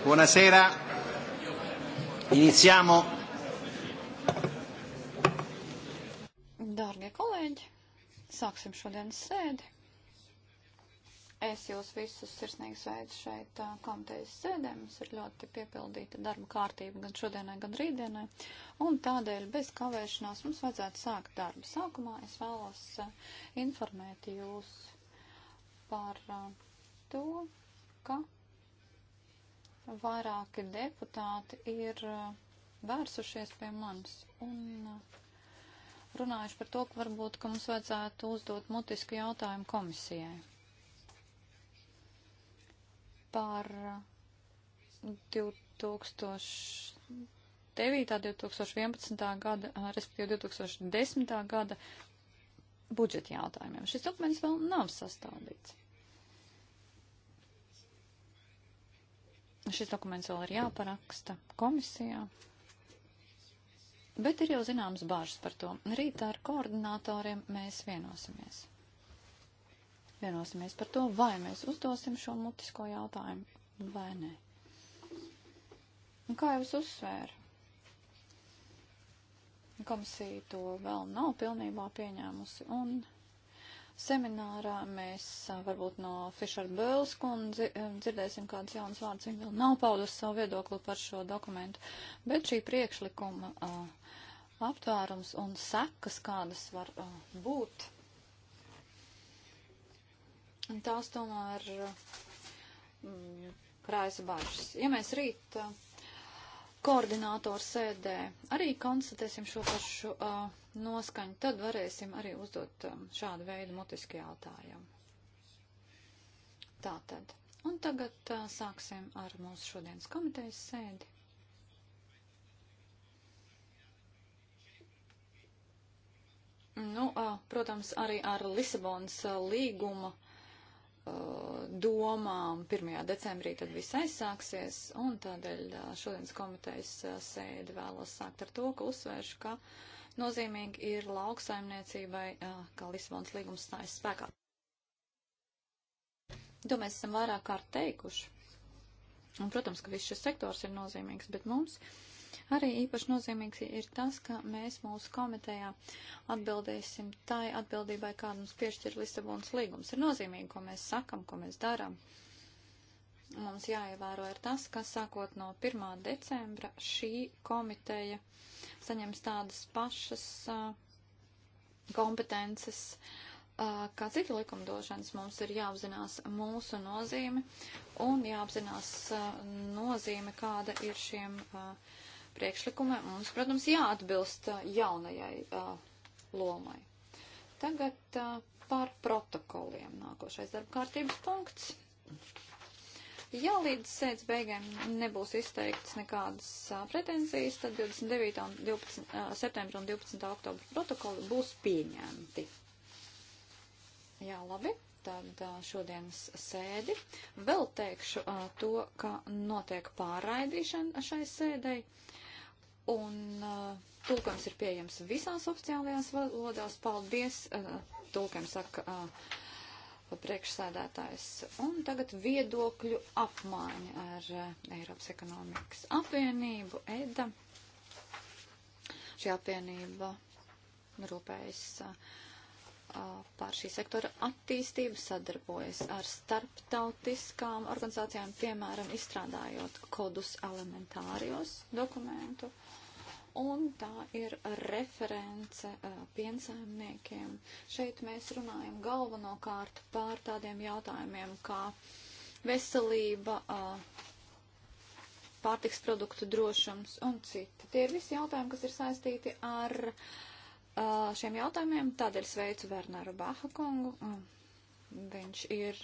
Buonasera, iniziamo. Dārgie kolēģi, sāksim šodienas sēdi. Es jūs visus sirsnīgi sveicu šeit komitejas sēdē. Mums ir ļoti piepildīta darba kārtība gan šodienai, gan rītdienai. Un tādēļ bez kavēšanās mums vajadzētu sākt darbu. Sākumā es vēlos informēt jūs par to, ka vairāki deputāti ir eh, vērsušies pie manis un eh, runājuši par to, ka varbūt, ka mums vajadzētu uzdot mutisku jautājumu komisijai par 2009. Eh, 2011. gada, respektīvi 2010. gada budžeta jautājumiem. Šis dokuments vēl nav sastādīts. Nu, šis dokuments vēl ir jāparaksta komisijā. Bet ir jau zināmas bāžas par to. Rīt ar koordinatoriem mēs vienosimies. Vienosimies par to, vai mēs uzdosim šo mutisko jautājumu vai nē. Un kā jau es uzsvēru, komisija to vēl nav pilnībā pieņēmusi un seminārā mēs varbūt no Fischer Bēls kundzi dzirdēsim kādus jaunus vārdus. Viņa vēl nav paudusi savu viedokli par šo dokumentu, bet šī priekšlikuma aptvērums un sekas, kādas var būt, tās tomēr krājas mm, bažas. Ja mēs rīt koordinātoru sēdē arī konstatēsim šo pašu. Uh, noskaņu, tad varēsim arī uzdot um, šādu veidu mutisku jautājumu. Tātad. Un tagad uh, sāksim ar mūsu šodienas komitejas sēdi. Nu, uh, protams, arī ar Lisabonas līguma domām 1. decembrī tad viss aizsāksies, un tādēļ šodienas komitejas sēdi vēlos sākt ar to, ka uzsvēršu, ka uh, nozīmīgi ir lauksaimniecībai, kā Lisabons līgums stājas spēkā. To mēs esam vairāk kārt teikuši. Un, protams, ka viss šis sektors ir nozīmīgs, bet mums arī īpaši nozīmīgs ir tas, ka mēs mūsu komitejā atbildēsim tai atbildībai, kādu mums piešķir Lisabonas līgums. Ir nozīmīgi, ko mēs sakam, ko mēs darām. Uh, mums jāievēro ir tas, ka sākot no 1. decembra šī komiteja saņems tādas pašas uh, kompetences, uh, kā cita likumdošanas. Mums ir jāapzinās mūsu nozīme un jāapzinās uh, nozīme, kāda ir šiem priekšlikumiem. Mums, protams, jāatbilst jaunajai lomai. Tagad par protokoliem nākošais darba kārtības punkts. Thank you. Ja līdz sēdz beigām nebūs izteiktas nekādas pretenzijas, tad 29. Un 12, septembra un 12. oktobra protokoli būs pieņemti. Jā, labi. Tad šodienas sēdi. Vēl teikšu to, ka notiek pārraidīšana šai sēdei. Un tulkojums ir pieejams visās oficiālajās valodās. Paldies! Tulkojums saka priekšsēdētājs. Un tagad viedokļu apmaiņa ar eh, Eiropas ekonomikas apvienību, EDA. Šī apvienība rūpējas eh, par šī sektora attīstību, sadarbojas ar starptautiskām organizācijām, piemēram, izstrādājot kodus elementārijos dokumentu un tā ir reference piensaimniekiem. Šeit mēs runājam galvenokārt pār tādiem jautājumiem kā veselība, pārtiks produktu drošums un citi. Tie ir visi jautājumi, kas ir saistīti ar šiem jautājumiem. Tādēļ sveicu Werneru Bahakungu. Viņš ir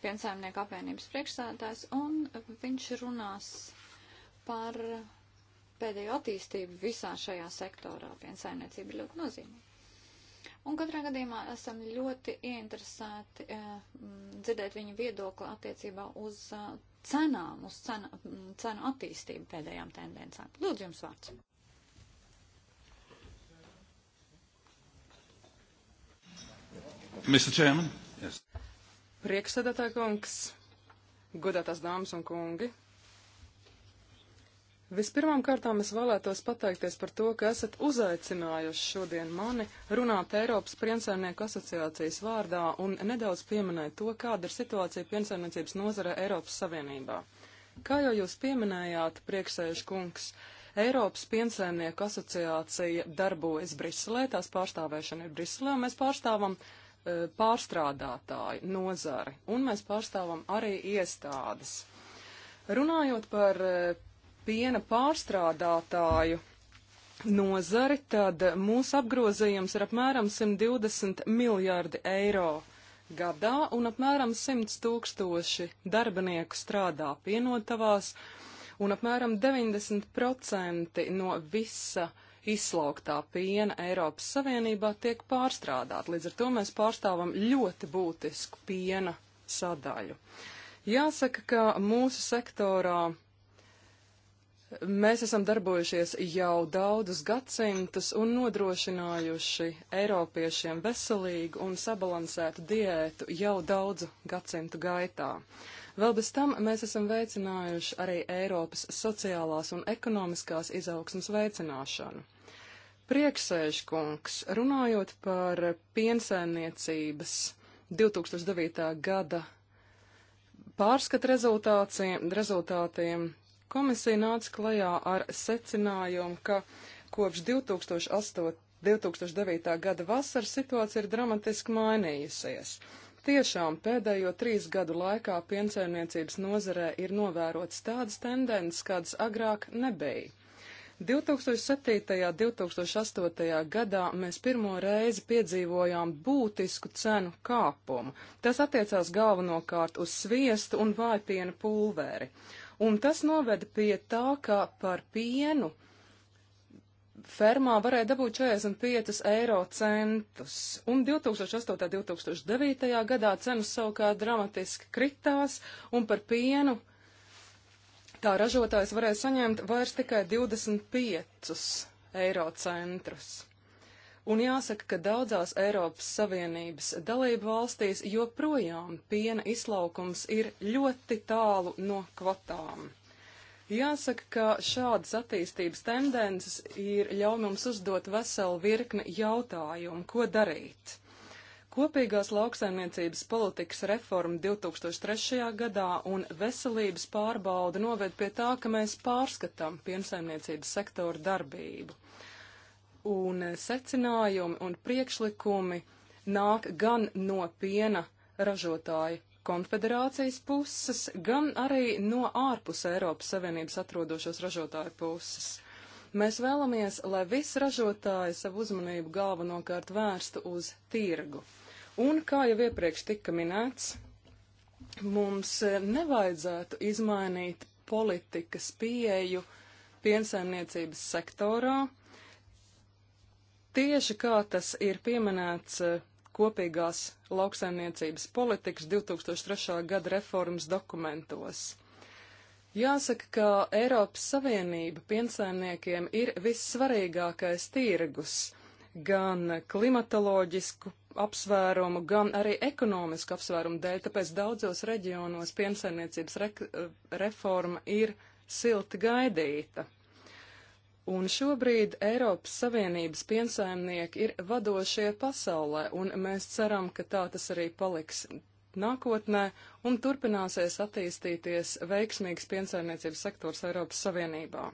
piensaimnieku apvienības priekšsēdētājs un viņš runās par pēdējo attīstību visā šajā sektorā. Piensaimniecība ir ļoti nozīmīga. Un katrā gadījumā esam ļoti ieinteresēti uh, dzirdēt viņa viedokli attiecībā uz uh, cenām, uz cena, cenu attīstību pēdējām tendencēm. Lūdzu, jums vārds. Mr. Chairman, yes. Prieksēdētā kungs, godātās dāmas un kungi, Vispirmām kārtām es vēlētos pateikties par to, ka esat uzaicinājuši šodien mani runāt Eiropas piensaimnieku asociācijas vārdā un nedaudz pieminēt to, kāda ir situācija piensaimniecības nozarē Eiropas Savienībā. Kā jau jūs pieminējāt, priekšsēžu kungs, Eiropas piensaimnieku asociācija darbojas Briselē, tās pārstāvēšana ir Briselē, un mēs pārstāvam e, pārstrādātāju nozari, un mēs pārstāvam arī iestādes. Runājot par e, piena pārstrādātāju nozari, tad mūsu apgrozījums ir apmēram 120 miljārdi eiro gadā un apmēram 100 tūkstoši darbinieku strādā pienotavās un apmēram 90% no visa izslaugtā piena Eiropas Savienībā tiek pārstrādāt. Līdz ar to mēs pārstāvam ļoti būtisku piena sadaļu. Jāsaka, ka mūsu sektorā Mēs esam darbojušies jau daudzus gadsimtus un nodrošinājuši Eiropiešiem veselīgu un sabalansētu diētu jau daudzu gadsimtu gaitā. Vēl bez tam mēs esam veicinājuši arī Eiropas sociālās un ekonomiskās izaugsmas veicināšanu. Prieksēžkungs, runājot par piensēniecības 2009. gada pārskata rezultātiem, rezultātiem Komisija nāca klajā ar secinājumu, ka kopš 2008, 2009. gada vasaras situācija ir dramatiski mainījusies. Tiešām pēdējo trīs gadu laikā piensaimniecības nozarē ir novērots tādas tendences, kādas agrāk nebija. 2007. un 2008. gadā mēs pirmo reizi piedzīvojām būtisku cenu kāpumu. Tas attiecās galvenokārt uz sviestu un vājpiena pulveri. Un tas noveda pie tā, ka par pienu fermā varēja dabūt 45 eiro centus, un 2008. 2009. gadā cenas savukārt dramatiski kritās, un par pienu tā ražotājs varēja saņemt vairs tikai 25 eiro centus. Un jāsaka, ka daudzās Eiropas Savienības dalību valstīs joprojām piena izlaukums ir ļoti tālu no kvotām. Jāsaka, ka šādas attīstības tendences ir ļauj mums uzdot veselu virkni jautājumu, ko darīt. Kopīgās lauksaimniecības politikas reforma 2003. gadā un veselības pārbauda noved pie tā, ka mēs pārskatām piensaimniecības sektoru darbību un secinājumi un priekšlikumi nāk gan no piena ražotāju konfederācijas puses, gan arī no ārpus Eiropas Savienības atrodošos ražotāju puses. Mēs vēlamies, lai viss ražotāji savu uzmanību galvenokārt vērstu uz tirgu. Un, kā jau iepriekš tika minēts, mums nevajadzētu izmainīt politikas pieeju piensaimniecības sektorā, uh, Tieši kā tas ir pieminēts eh, kopīgās lauksaimniecības politikas 2003. gada reformas dokumentos. Jāsaka, ka Eiropas Savienība piensaimniekiem ir vissvarīgākais tirgus gan klimatoloģisku apsvērumu, gan arī ekonomisku apsvērumu dēļ, tāpēc daudzos reģionos piensaimniecības re reforma ir silti gaidīta. Un šobrīd Eiropas Savienības piensaimnieki ir vadošie pasaulē, un mēs ceram, ka tā tas arī paliks nākotnē un turpināsies attīstīties veiksmīgs piensaimniecības sektors Eiropas Savienībā.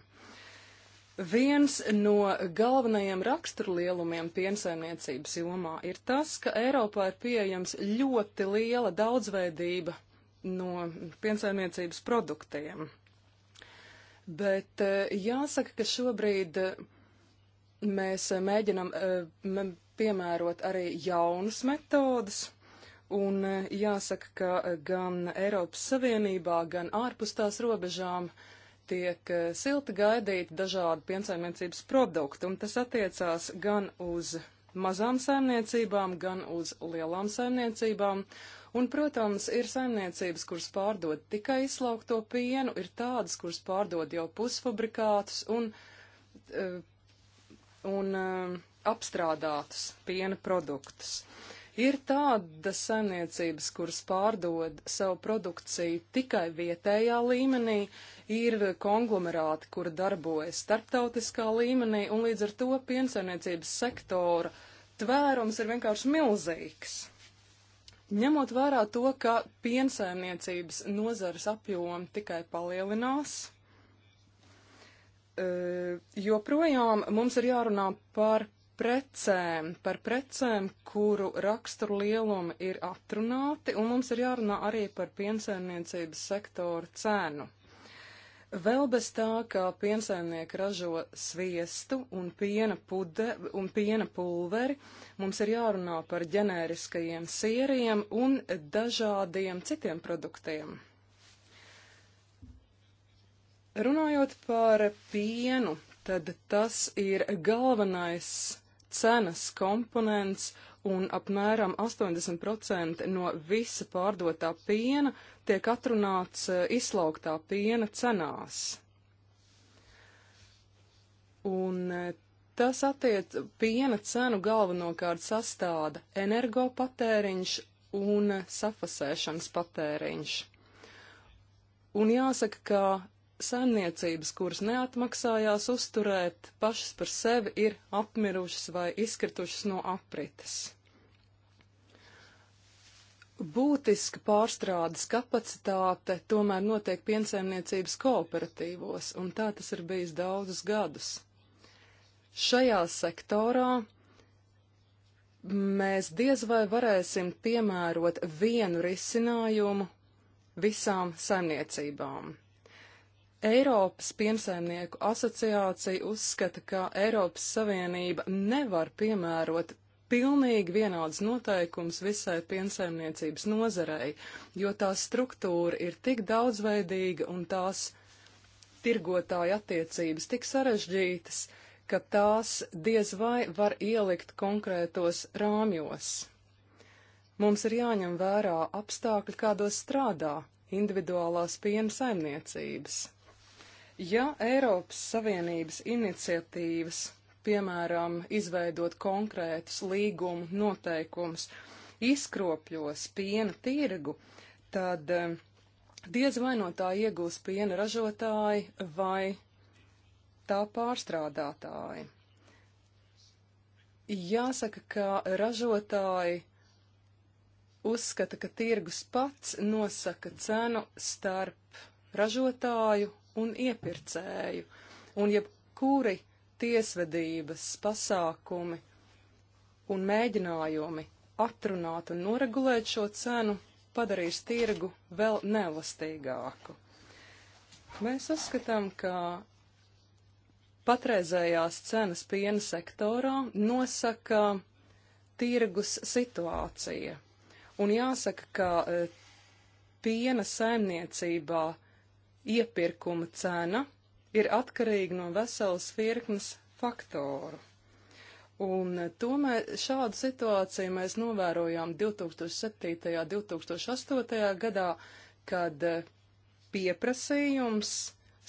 Viens no galvenajiem raksturlielumiem piensaimniecības jomā ir tas, ka Eiropā ir pieejams ļoti liela daudzveidība no piensaimniecības produktiem bet eh, jāsaka, ka šobrīd eh, mēs eh, mēģinam piemērot arī jaunas metodas. Un jāsaka, ka gan Eiropas Savienībā, gan ārpus tās robežām tiek silti gaidīti dažādi piensaimniecības produkti, un tas attiecās gan uz mazām saimniecībām, gan uz lielām saimniecībām. Un, protams, ir saimniecības, kuras pārdod tikai izslaukto pienu, ir tādas, kuras pārdod jau pusfabrikātus un, eh, un eh, apstrādātus piena produktus. Ir tādas saimniecības, kuras pārdod savu produkciju tikai vietējā līmenī, ir konglomerāti, kuri darbojas starptautiskā līmenī, un līdz ar to piensaimniecības sektora tvērums ir vienkārši milzīgs. Ņemot vērā to, ka piensaimniecības nozares apjomi tikai palielinās, eh, joprojām mums ir jārunā par precēm, par precēm, kuru raksturu lielumi ir atrunāti, un mums ir jārunā arī par piensaimniecības sektoru cenu. Vēl bez tā, ka piensaimnieki ražo sviestu un piena, pude, un piena pulveri, mums ir jārunā par ģenēriskajiem sieriem un dažādiem citiem produktiem. Runājot par pienu, tad tas ir galvenais cenas komponents un apmēram 80% no visa pārdotā piena tiek atrunāts eh, izslaugtā piena cenās. Un eh, tas attiec piena cenu galvenokārt sastāda energopatēriņš un safasēšanas patēriņš. Un jāsaka, ka saimniecības, kuras neatmaksājās uzturēt, pašas par sevi ir apmirušas vai izkritušas no aprites. Būtiska pārstrādes kapacitāte tomēr notiek piensaimniecības kooperatīvos, un tā tas ir bijis daudzus gadus. Šajā sektorā mēs diez vai varēsim piemērot vienu risinājumu visām saimniecībām. Eiropas piensaimnieku asociācija uzskata, ka Eiropas Savienība nevar piemērot pilnīgi vienādas noteikums visai piensaimniecības nozarei, jo tā struktūra ir tik daudzveidīga un tās tirgotāja attiecības tik sarežģītas, ka tās diez vai var ielikt konkrētos rāmjos. Mums ir jāņem vērā apstākļi, kādos strādā individuālās piena saimniecības. Ja Eiropas Savienības iniciatīvas, piemēram, izveidot konkrētus līgumu noteikumus, izkropļos piena tirgu, tad eh, diez vai no tā iegūs piena ražotāji vai tā pārstrādātāji. Jāsaka, ka ražotāji uzskata, ka tirgus pats nosaka cenu starp ražotāju un iepirkēju, un jebkuri tiesvedības pasākumi un mēģinājumi atrunāt un noregulēt šo cenu padarīs tirgu vēl nelastīgāku. Mēs uzskatām, ka patreizējās cenas piena sektorā nosaka tirgus situācija. Un jāsaka, ka eh, piena saimniecībā iepirkuma cena ir atkarīga no veselas virknes faktoru. Un eh, tomēr šādu situāciju mēs novērojām 2007. un 2008. gadā, kad eh, pieprasījums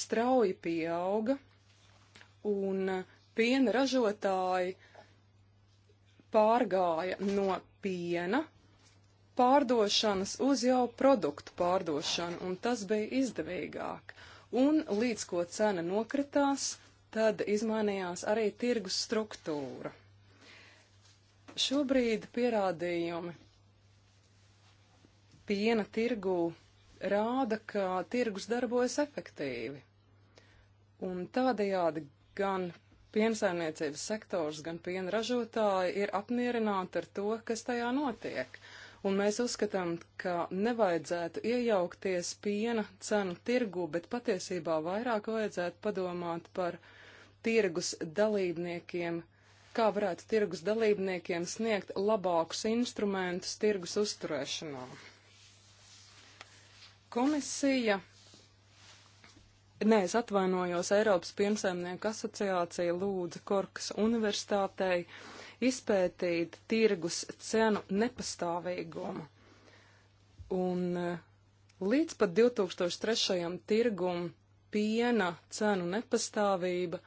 strauji pieauga un eh, piena ražotāji pārgāja no piena pārdošanas uz jau produktu pārdošanu, un tas bija izdevīgāk. Un līdz ko cena nokritās, tad izmainījās arī tirgus struktūra. Šobrīd pierādījumi piena tirgū rāda, ka tirgus darbojas efektīvi. Un tādējādi gan piensaimniecības sektors, gan piena ražotāji ir apmierināti ar to, kas tajā notiek un mēs uzskatām, ka nevajadzētu iejaukties piena cenu tirgu, bet patiesībā vairāk vajadzētu padomāt par tirgus dalībniekiem, kā varētu tirgus dalībniekiem sniegt labākus instrumentus tirgus uzturēšanā. Komisija Nē, es atvainojos Eiropas piensaimnieku asociācija lūdza Korkas universitātei izpētīt tirgus cenu nepastāvīgumu. Un eh, līdz pat 2003. tirgum piena cenu nepastāvība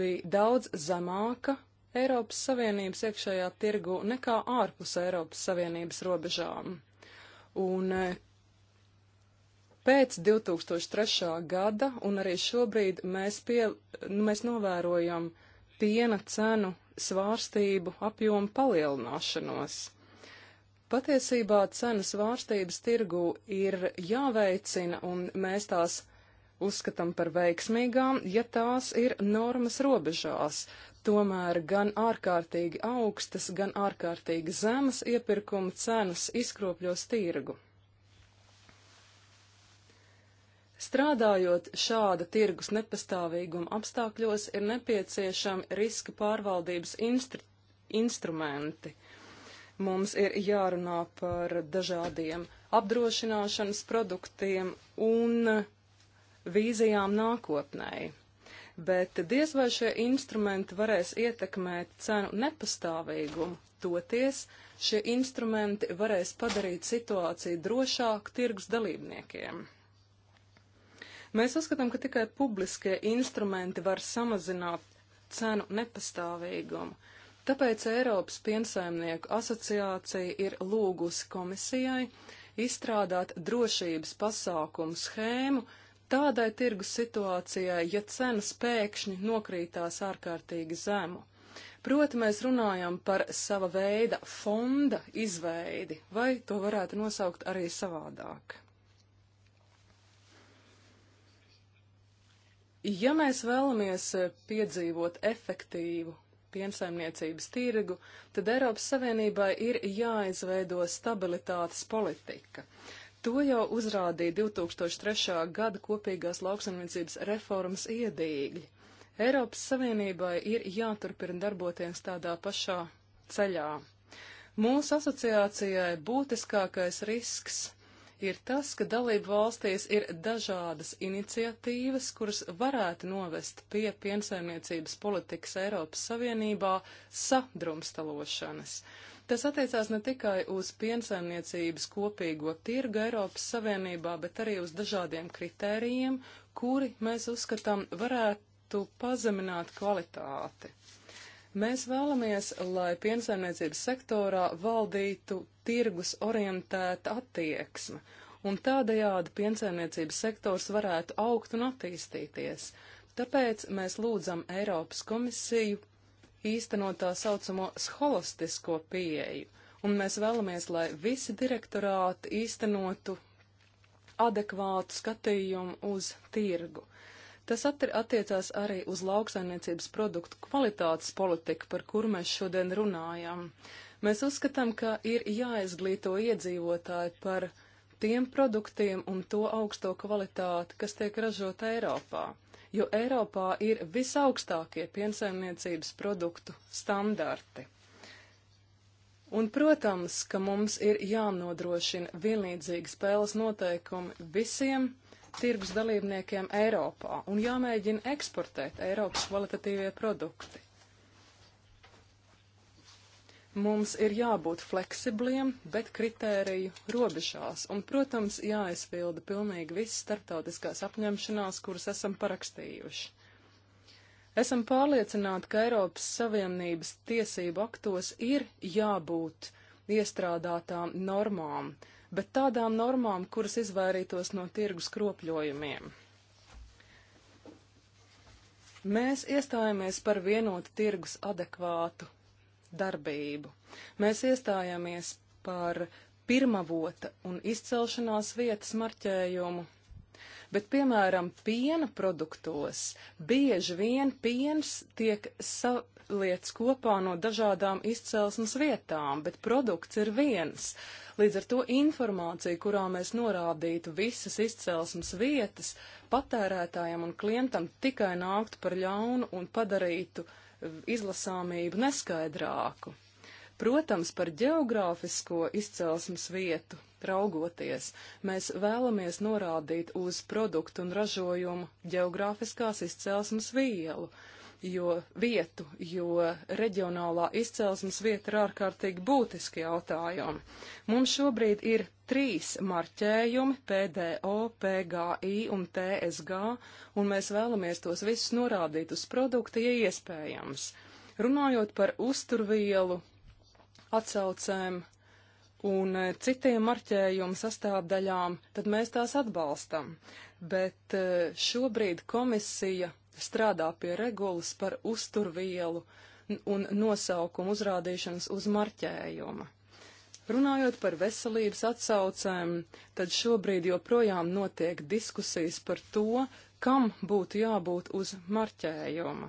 bija daudz zemāka Eiropas Savienības iekšējā tirgu nekā ārpus Eiropas Savienības robežām. Un eh, pēc 2003. gada, un arī šobrīd mēs, pie, nu, mēs novērojam piena cenu svārstību apjomu palielināšanos. Patiesībā cenas svārstības tirgu ir jāveicina, un mēs tās uzskatām par veiksmīgām, ja tās ir normas robežās. Tomēr gan ārkārtīgi augstas, gan ārkārtīgi zemas iepirkuma cenas izkropļos tirgu. Strādājot šāda tirgus nepastāvīguma apstākļos, ir nepieciešami riska pārvaldības instru instrumenti. Mums ir jārunā par dažādiem apdrošināšanas produktiem un vīzijām nākotnēji bet diez vai šie instrumenti varēs ietekmēt cenu nepastāvīgumu. Toties šie instrumenti varēs padarīt situāciju drošāku tirgus dalībniekiem. Mēs uzskatām, ka tikai publiskie instrumenti var samazināt cenu nepastāvīgumu. Tāpēc Eiropas piensaimnieku asociācija ir lūgusi komisijai izstrādāt drošības pasākumu schēmu, tādai tirgus situācijai, ja cenas pēkšņi nokrītās ārkārtīgi zemu. Proti mēs runājam par sava veida fonda izveidi, vai to varētu nosaukt arī savādāk. Ja mēs vēlamies eh, piedzīvot efektīvu piensaimniecības tirgu, tad Eiropas Savienībai ir jāizveido stabilitātes politika. To jau uzrādīja 2003. gada kopīgās lauksaimniecības reformas iedīgļi. Eiropas Savienībai ir jāturpina darboties tādā pašā ceļā. Mūsu asociācijai būtiskākais risks ir tas, ka dalību valstīs ir dažādas iniciatīvas, kuras varētu novest pie piensaimniecības politikas Eiropas Savienībā sadrumstalošanas. Tas attiecās ne tikai uz piensaimniecības kopīgo tirgu Eiropas Savienībā, bet arī uz dažādiem kritērijiem, kuri, mēs uzskatām, varētu pazemināt kvalitāti. Mēs vēlamies, lai piensaimniecības sektorā valdītu tirgus orientēta attieksme, un tādējādi piensaimniecības sektors varētu augt un attīstīties. Tāpēc mēs lūdzam Eiropas komisiju īstenot tā saucamo scholastisko pieeju, un mēs vēlamies, lai visi direktorāti īstenotu adekvātu skatījumu uz tirgu. Tas attiecās arī uz lauksainiecības produktu kvalitātes politiku, par kuru mēs šodien runājam. Mēs uzskatām, ka ir jāizglīto iedzīvotāji par tiem produktiem un to augsto kvalitāti, kas tiek ražot Eiropā, jo Eiropā ir visaugstākie piensaimniecības produktu standarti. Un, protams, ka mums ir jānodrošina vienlīdzīgi spēles noteikumi visiem tirgus dalībniekiem Eiropā un jāmēģina eksportēt Eiropas kvalitatīvie produkti. Mums ir jābūt fleksibliem, bet kritēriju robežās, un, protams, jāaizpilda pilnīgi visas starptautiskās apņemšanās, kuras esam parakstījuši. Esam pārliecināti, ka Eiropas Savienības tiesību aktos ir jābūt iestrādātām normām, bet tādām normām, kuras izvairītos no tirgus kropļojumiem. Mēs iestājāmies par vienotu tirgus adekvātu darbību. Mēs iestājamies par pirmavota un izcelšanās vietas marķējumu. Bet, piemēram, piena produktos bieži vien piens tiek saliec kopā no dažādām izcelsmes vietām, bet produkts ir viens. Līdz ar to informācija, kurā mēs norādītu visas izcelsmes vietas, patērētājiem un klientam tikai nāktu par ļaunu un padarītu uh, izlasāmību neskaidrāku. Protams, par geogrāfisko izcelsmes vietu raugoties, mēs vēlamies norādīt uz produktu un ražojumu geogrāfiskās izcelsmes vielu, jo vietu, jo reģionālā izcelsmes vieta ir ārkārtīgi būtiski jautājumi. Mums šobrīd ir trīs marķējumi - PDO, PGI un TSG, un mēs vēlamies tos visus norādīt uz produkta, ja iespējams. Runājot par uzturvielu atsaucēm un e, citiem marķējumu sastāvdaļām, tad mēs tās atbalstam. Bet e, šobrīd komisija strādā pie regulas par uzturvielu un nosaukumu uzrādīšanas uz marķējuma. Runājot par veselības atsaucēm, tad šobrīd joprojām notiek diskusijas par to, kam būtu jābūt uz marķējuma.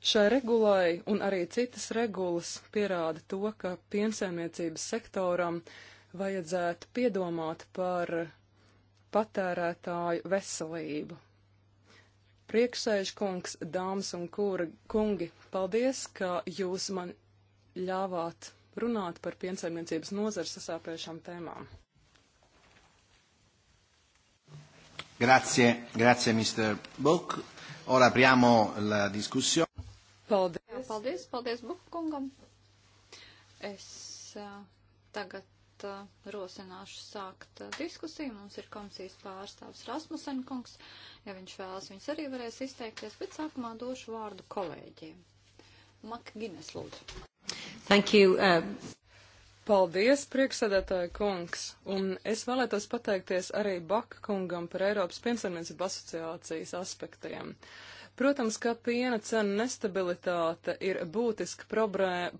Šai regulai un arī citas regulas pierāda to, ka piensēmniecības sektoram vajadzētu piedomāt par patērētāju veselību, Priekšsēžkungs, dāmas un kura, kungi, paldies, ka jūs man ļāvāt runāt par piensaimniecības nozars sasāpējušām tēmām. Grazie, grazie, Mr. Buk. Ora apriamo la discussione. Paldies. Paldies, paldies Buk kungam. Es uh, tagad tagad uh, rosināšu sākt uh, diskusiju. Mums ir komisijas pārstāvs Rasmussen kungs. Ja viņš vēlas, viņš arī varēs izteikties, bet sākumā došu vārdu kolēģiem. Makgines lūdzu. Thank you. Um... Paldies, priekšsēdētāja kungs, un es vēlētos pateikties arī Baka kungam par Eiropas piemsaimniecību asociācijas aspektiem. Uh, Protams, ka piena cena nestabilitāte ir būtiska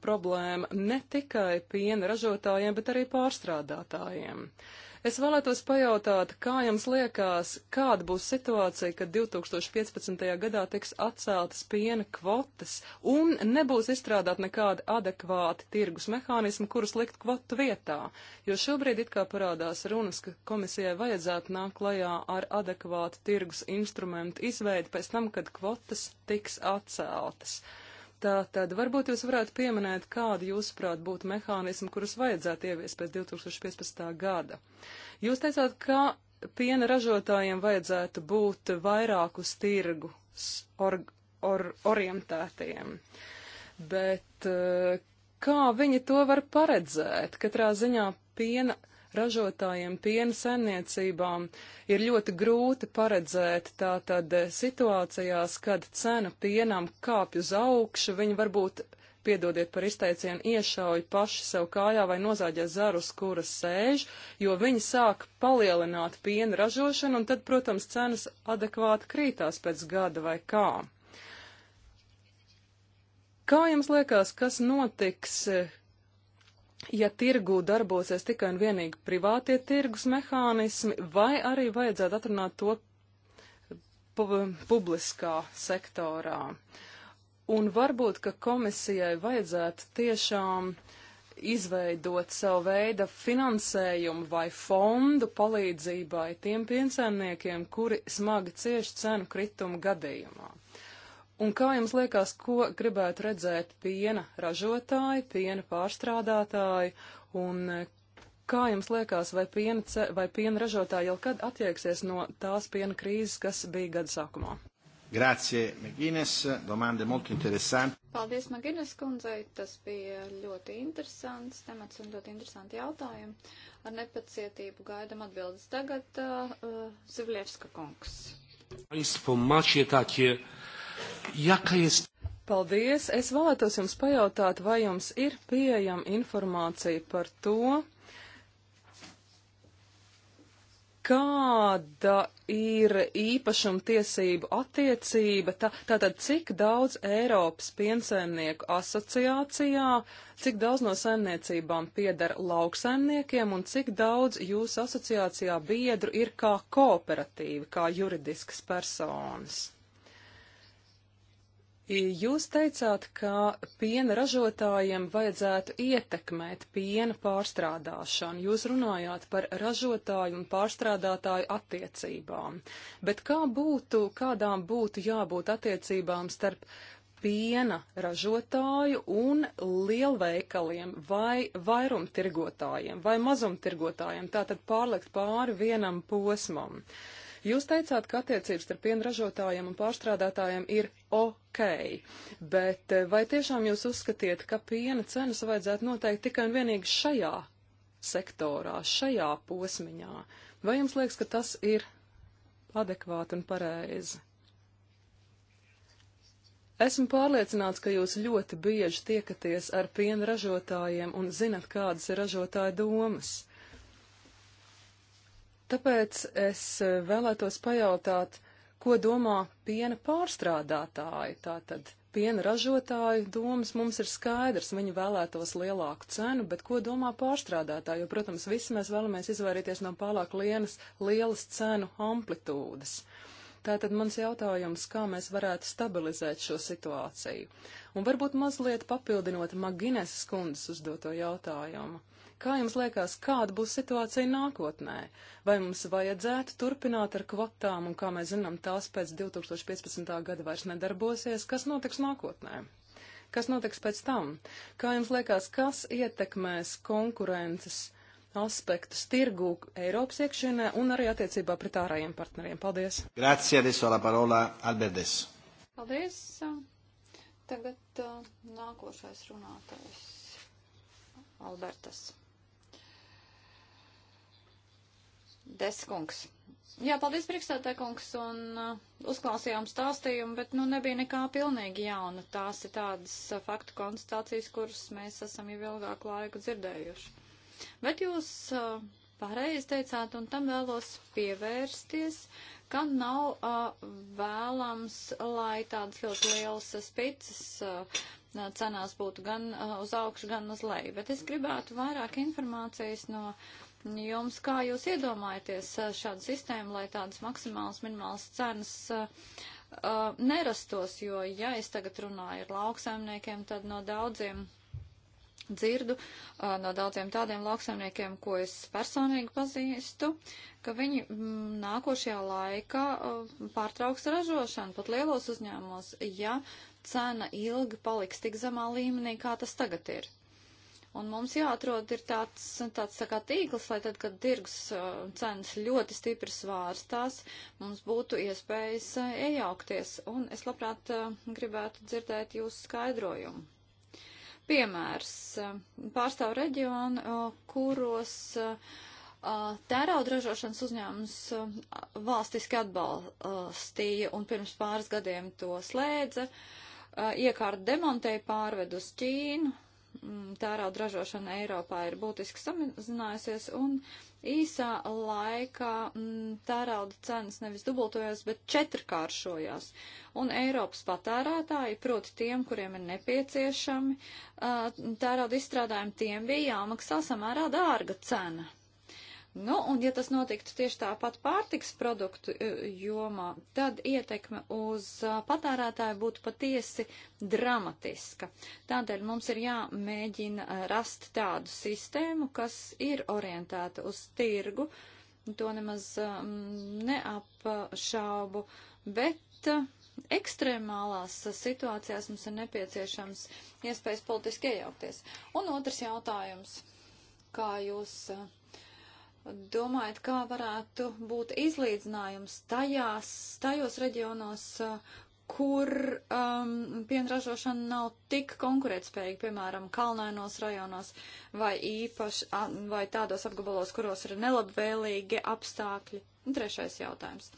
problēma ne tikai piena ražotājiem, bet arī pārstrādātājiem. Uh, Es vēlētos pajautāt, kā jums liekas, kāda būs situācija, kad 2015. gadā tiks atceltas piena kvotas un nebūs izstrādāt nekādi adekvāti tirgus mehānismi, kurus likt kvotu vietā, jo šobrīd it kā parādās runas, ka komisijai vajadzētu nākt klajā ar adekvātu tirgus instrumentu izveidi pēc tam, kad kvotas tiks atceltas. Uh, Tā tad varbūt jūs varētu pieminēt, kādi jūsuprāt būtu mehānismi, kurus vajadzētu ieviest pēc 2015. gada. Jūs teicāt, ka piena ražotājiem vajadzētu būt vairāk uz tirgu or, or, orientētiem. Bet eh, kā viņi to var paredzēt? Katrā ziņā piena ražotājiem, piena saimniecībām ir ļoti grūti paredzēt tātad situācijās, kad cena pienam kāpj uz augšu, viņi varbūt, piedodiet par izteicienu, iešauj paši sev kājā vai nozāģē zarus, kuras sēž, jo viņi sāk palielināt piena ražošanu, un tad, protams, cenas adekvāti krītās pēc gada vai kā. Kā jums liekas, kas notiks, ja tirgū darbosies tikai un vienīgi privātie tirgus mehānismi, vai arī vajadzētu atrunāt to pu publiskā sektorā. Un varbūt, ka komisijai vajadzētu tiešām izveidot savu veidu finansējumu vai fondu palīdzībai tiem piensaimniekiem, kuri smagi cieši cenu kritumu gadījumā. Un kā jums liekas, ko gribētu redzēt piena ražotāji, piena pārstrādātāji, un eh, kā jums liekas, vai piena, ce, vai piena ražotāji jau kad attieksies no tās piena krīzes, kas bija gada sākumā? Grazie, Magines, domande molto interesanti. Paldies, Magines kundzei, tas bija ļoti interesants temats un ļoti interesanti jautājumi. Ar nepacietību gaidam atbildes tagad uh, uh Zivlievska kungs. Państwo macie takie jaka jest. Paldies! Es vēlētos jums pajautāt, vai jums ir pieejama informācija par to, kāda ir īpašumtiesību attiecība, tā, tātad cik daudz Eiropas piensaimnieku asociācijā, cik daudz no saimniecībām piedara lauksaimniekiem un cik daudz jūsu asociācijā biedru ir kā kooperatīvi, kā juridiskas personas? Jūs teicāt, ka piena ražotājiem vajadzētu ietekmēt piena pārstrādāšanu. Jūs runājāt par ražotāju un pārstrādātāju attiecībām. Bet kā būtu, kādām būtu jābūt attiecībām starp piena ražotāju un lielveikaliem vai vairumtirgotājiem vai mazumtirgotājiem, tātad pārlikt pāri vienam posmam. Uh, Jūs teicāt, ka attiecības starp pienražotājiem un pārstrādātājiem ir ok, bet eh, vai tiešām jūs uzskatiet, ka piena cenas vajadzētu noteikt tikai un vienīgi šajā sektorā, šajā posmiņā? Vai jums liekas, ka tas ir adekvāti un pareizi? Esmu pārliecināts, ka jūs ļoti bieži tiekaties ar piena ražotājiem un zinat, kādas ir ražotāja domas. Tāpēc es eh, vēlētos pajautāt, ko domā piena pārstrādātāji. Tātad piena ražotāju domas mums ir skaidrs, viņi vēlētos lielāku cenu, bet ko domā pārstrādātāji? Jo, protams, visi mēs vēlamies izvairīties no pārāk lienas, lielas cenu amplitūdas. Tātad mans jautājums, kā mēs varētu stabilizēt šo situāciju? Un varbūt mazliet papildinot Magineses kundzes uzdoto jautājumu. Kā jums liekas, kāda būs situācija nākotnē? Vai mums vajadzētu turpināt ar kvotām, un kā mēs zinām, tās pēc 2015. gada vairs nedarbosies? Kas notiks nākotnē? Kas notiks pēc tam? Kā jums liekas, kas ietekmēs konkurences aspektus tirgū Eiropas iekšienē un arī attiecībā pret ārējiem partneriem? Paldies! Grazie, adesso la parola Alberdes. Paldies! Tagad uh, nākošais runātājs. Albertas. Deskungs. Jā, paldies, priekšstādā kungs, un uh, uzklausījām stāstījumu, bet, nu, nebija nekā pilnīgi jauna. Tās ir tādas uh, faktu konstatācijas, kuras mēs esam jau ilgāku laiku dzirdējuši. Bet jūs uh, pareizi teicāt, un tam vēlos pievērsties, ka nav uh, vēlams, lai tādas ļoti lielas spicas uh, cenās būtu gan uh, uz augšu, gan uz leju. Bet es gribētu vairāk informācijas no. Uh, jums, kā jūs iedomājaties eh, šādu sistēmu, lai tādas maksimālas minimālas cenas uh, uh, nerastos, jo, ja es tagad runāju ar lauksaimniekiem, tad no daudziem dzirdu, uh, no daudziem tādiem lauksaimniekiem, ko es personīgi pazīstu, ka viņi m, mm, nākošajā laikā pārtrauks ražošanu pat lielos uzņēmumos, ja cena ilgi paliks tik zemā līmenī, kā tas tagad ir. Un mums jāatrod ir tāds, tāds tā kā tīkls, lai tad, kad tirgus uh, cenas ļoti stipri svārstās, mums būtu iespējas uh, iejaukties. Un es labprāt uh, gribētu dzirdēt jūsu skaidrojumu. Piemērs. Pārstāv reģionu, kuros tērauda ražošanas uzņēmums valstiski atbalstīja un pirms pāris gadiem to slēdza, iekārt demontēja pārved uz Ķīnu, Mm, tērauda ražošana Eiropā ir būtiski samazinājusies, un īsā laikā mm, tērauda cenas nevis dubultojās, bet četrkāršojās. Un Eiropas patērētāji, proti tiem, kuriem ir nepieciešami tērauda izstrādājumi, tiem bija jāmaksā samērā dārga cena. Nu, un ja tas notiktu tieši tāpat pārtiks produktu e, jomā, tad ietekme uz e, patērētāju būtu patiesi dramatiska. Tādēļ mums ir jāmēģina e, rast tādu sistēmu, kas ir orientēta uz tirgu, to nemaz neapšaubu, bet ekstrēmālās situācijās mums ir nepieciešams iespējas politiski iejaukties. Un otrs jautājums, kā jūs uh, domājat, kā varētu būt izlīdzinājums tajās, tajos reģionos, kur um, pienražošana nav tik konkurētspējīga, piemēram, kalnainos rajonos vai īpaši, vai tādos apgabalos, kuros ir nelabvēlīgi apstākļi. Un trešais jautājums.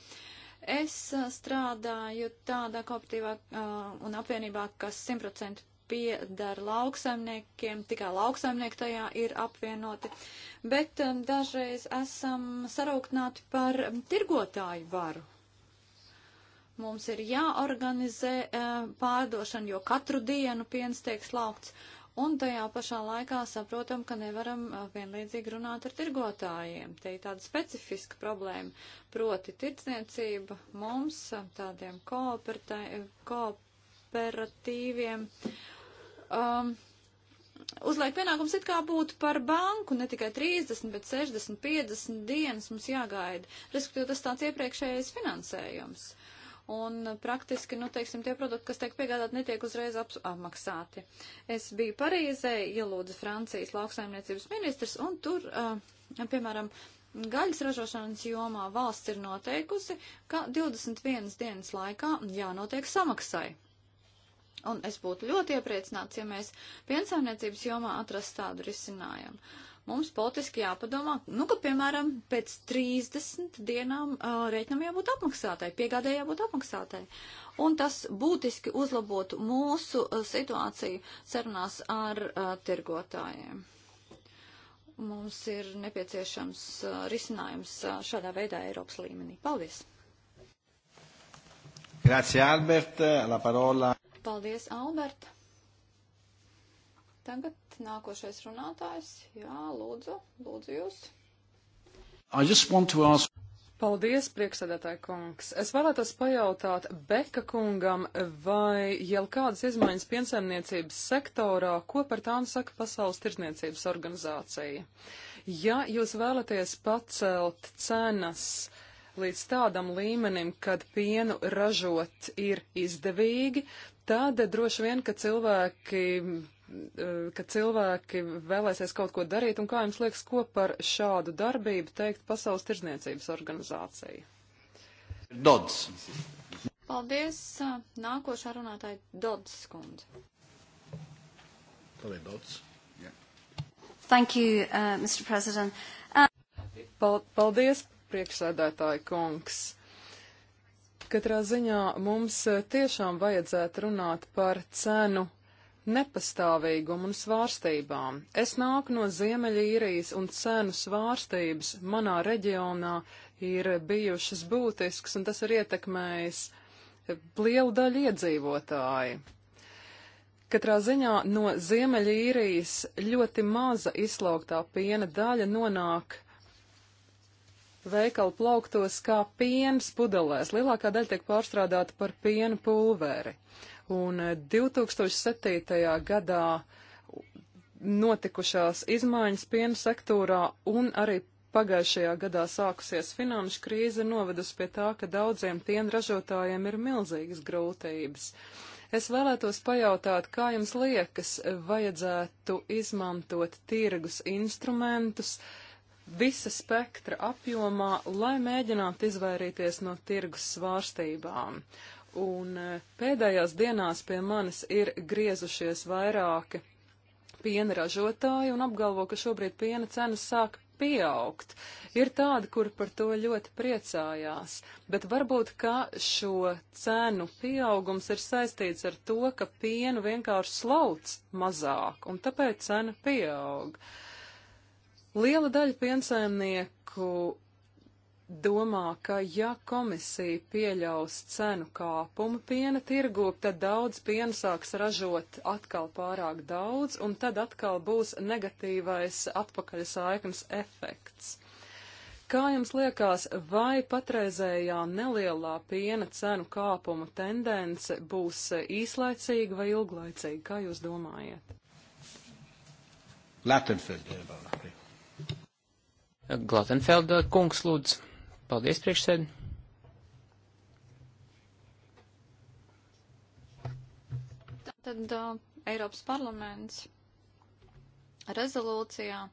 Es uh, strādāju tādā kooperatīvā uh, un apvienībā, kas simtprocentīgi piedara lauksaimniekiem, tikai lauksaimnieki tajā ir apvienoti, bet um, dažreiz esam sarūknāti par um, tirgotāju varu. Mums ir jāorganizē um, pārdošana, jo katru dienu piens tiek slaukts, un tajā pašā laikā saprotam, ka nevaram uh, vienlīdzīgi runāt ar tirgotājiem. Te ir tāda specifiska problēma, proti tirdzniecība mums, uh, tādiem kooperatīviem um, uzliek pienākums it kā būtu par banku, ne tikai 30, bet 60, 50 dienas mums jāgaida. Respektīvi, tas tāds iepriekšējais finansējums. Un praktiski, nu, teiksim, tie produkti, kas tiek piegādāti, netiek uzreiz apmaksāti. Es biju Parīzē, ielūdzu Francijas lauksaimniecības ministrs, un tur, uh, piemēram, gaļas ražošanas jomā valsts ir noteikusi, ka 21 dienas laikā jānotiek samaksai Un es būtu ļoti iepriecināts, ja mēs piensaimniecības jomā atrastu tādu risinājumu. Mums politiski jāpadomā, nu, ka, piemēram, pēc 30 dienām uh, rēķinam jābūt apmaksātai, piegādē jābūt apmaksātai. Un tas būtiski uzlabotu mūsu uh, situāciju sarunās ar uh, tirgotājiem. Mums ir nepieciešams uh, risinājums uh, šādā veidā Eiropas līmenī. Paldies! Grazie Albert, la parola. Paldies, Albert. Tagad nākošais runātājs. Jā, lūdzu, lūdzu jūs. I just want to ask. Paldies, priekšsēdētāji kungs. Es vēlētos pajautāt Beka kungam, vai jau kādas izmaiņas piensaimniecības sektorā, ko par tām saka Pasaules tirdzniecības organizācija? Ja jūs vēlaties pacelt cenas līdz tādam līmenim, kad pienu ražot ir izdevīgi, tad droši vien, ka cilvēki eh, ka cilvēki vēlēsies kaut ko darīt, un kā jums liekas, ko par šādu darbību teikt Pasaules tirzniecības organizācija? Dods. Paldies. Eh, nākošā runātāja Dods skundze. Paldies, Dods. Yeah. Thank you, uh, eh, Mr. President. Uh... Paldies, priekšsēdētāja kungs. Katrā ziņā mums eh, tiešām vajadzētu runāt par cenu nepastāvīgumu un svārstībām. Es nāku no Ziemeļīrijas, un cenu svārstības manā reģionā ir bijušas būtisks, un tas ir ietekmējis eh, lielu daļu iedzīvotāju. Katrā ziņā no Ziemeļīrijas ļoti maza izslaugtā piena daļa nonāk veikalu plauktos kā piens pudelēs. Lielākā daļa tiek pārstrādāta par piena pulveri. Un 2007. Eh, gadā notikušās izmaiņas piena sektorā un arī pagājušajā gadā sākusies finanšu krīze novedusi pie tā, ka daudziem piena ražotājiem ir milzīgas grūtības. Es vēlētos pajautāt, kā jums liekas, vajadzētu izmantot tirgus instrumentus, uh, visa spektra apjomā, lai mēģinātu izvairīties no tirgus svārstībām. Un e, pēdējās dienās pie manis ir griezušies vairāki piena ražotāji un apgalvo, ka šobrīd piena cenas sāk pieaugt. Ir tādi, kur par to ļoti priecājās, bet varbūt, ka šo cenu pieaugums ir saistīts ar to, ka pienu vienkārši slauc mazāk, un tāpēc cena pieaug. Uh, Liela daļa piensaimnieku domā, ka ja komisija pieļaus cenu kāpumu piena tirgū, tad daudz piena sāks ražot atkal pārāk daudz, un tad atkal būs negatīvais atpakaļsaiknes efekts. Kā jums liekas, vai patreizējā nelielā piena cenu kāpuma tendence būs īslaicīga vai ilglaicīga? Kā jūs domājat? Latvijas. Glotenfelda kungs lūdzu. Paldies priekšsēdi. Tad uh, Eiropas parlaments rezolūcijā,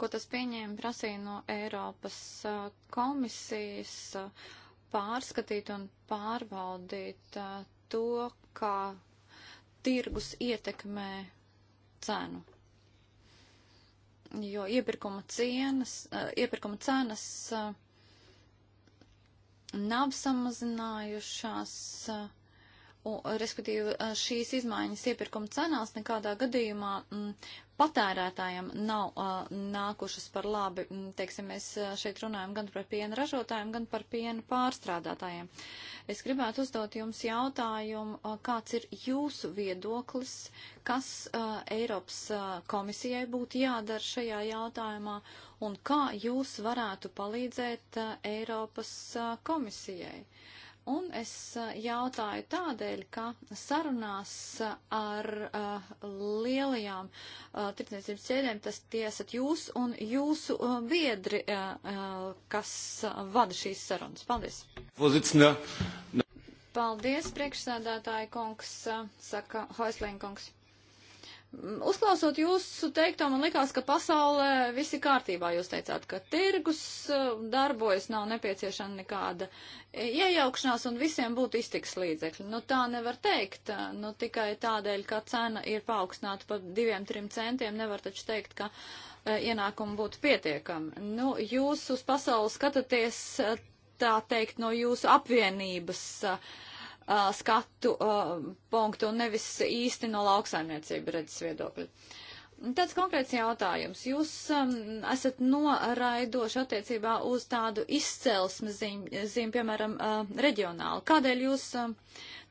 ko tas pieņēma, prasīja no Eiropas uh, komisijas uh, pārskatīt un pārbaudīt uh, to, kā tirgus ietekmē cenu jo iepirkuma, cienas, eh, iepirkuma cenas eh, nav samazinājušās. Uh, U, respektīvi, šīs izmaiņas iepirkuma cenās nekādā gadījumā m, patērētājiem nav a, nākušas par labi. M, teiksim, mēs šeit runājam gan par piena ražotājiem, gan par piena pārstrādātājiem. Es gribētu uzdot jums jautājumu, a, kāds ir jūsu viedoklis, kas a, Eiropas a, komisijai būtu jādara šajā jautājumā un kā jūs varētu palīdzēt a, Eiropas a, komisijai. A, Un es eh, jautāju tādēļ, ka sarunās eh, ar uh, lielajām uh, tirdzniecības ķēdēm tas tiesat jūs un jūsu uh, biedri, uh, uh, kas uh, vada šīs sarunas. Paldies! Pozicina. Paldies, priekšsēdētāji kungs, uh, saka Hoislīna kungs. Uzklausot jūsu teikto, man likās, ka pasaulē visi kārtībā. Jūs teicāt, ka tirgus uh, darbojas, nav nepieciešama nekāda iejaukšanās un visiem būtu iztiks līdzekļi. Nu, tā nevar teikt. Nu, tikai tādēļ, ka cena ir paaugstināta pa diviem, trim centiem, nevar taču teikt, ka uh, ienākumi būtu pietiekami. Nu, jūs uz pasauli skatāties, uh, tā teikt, no jūsu apvienības. Uh, uh, skatu uh, punktu un nevis īsti no lauksaimniecība redzes viedokļa. Tāds konkrēts jautājums. Jūs um, esat noraidoši attiecībā uz tādu izcelsmes zīmi, zīm, piemēram, uh, reģionāli. Kādēļ jūs um,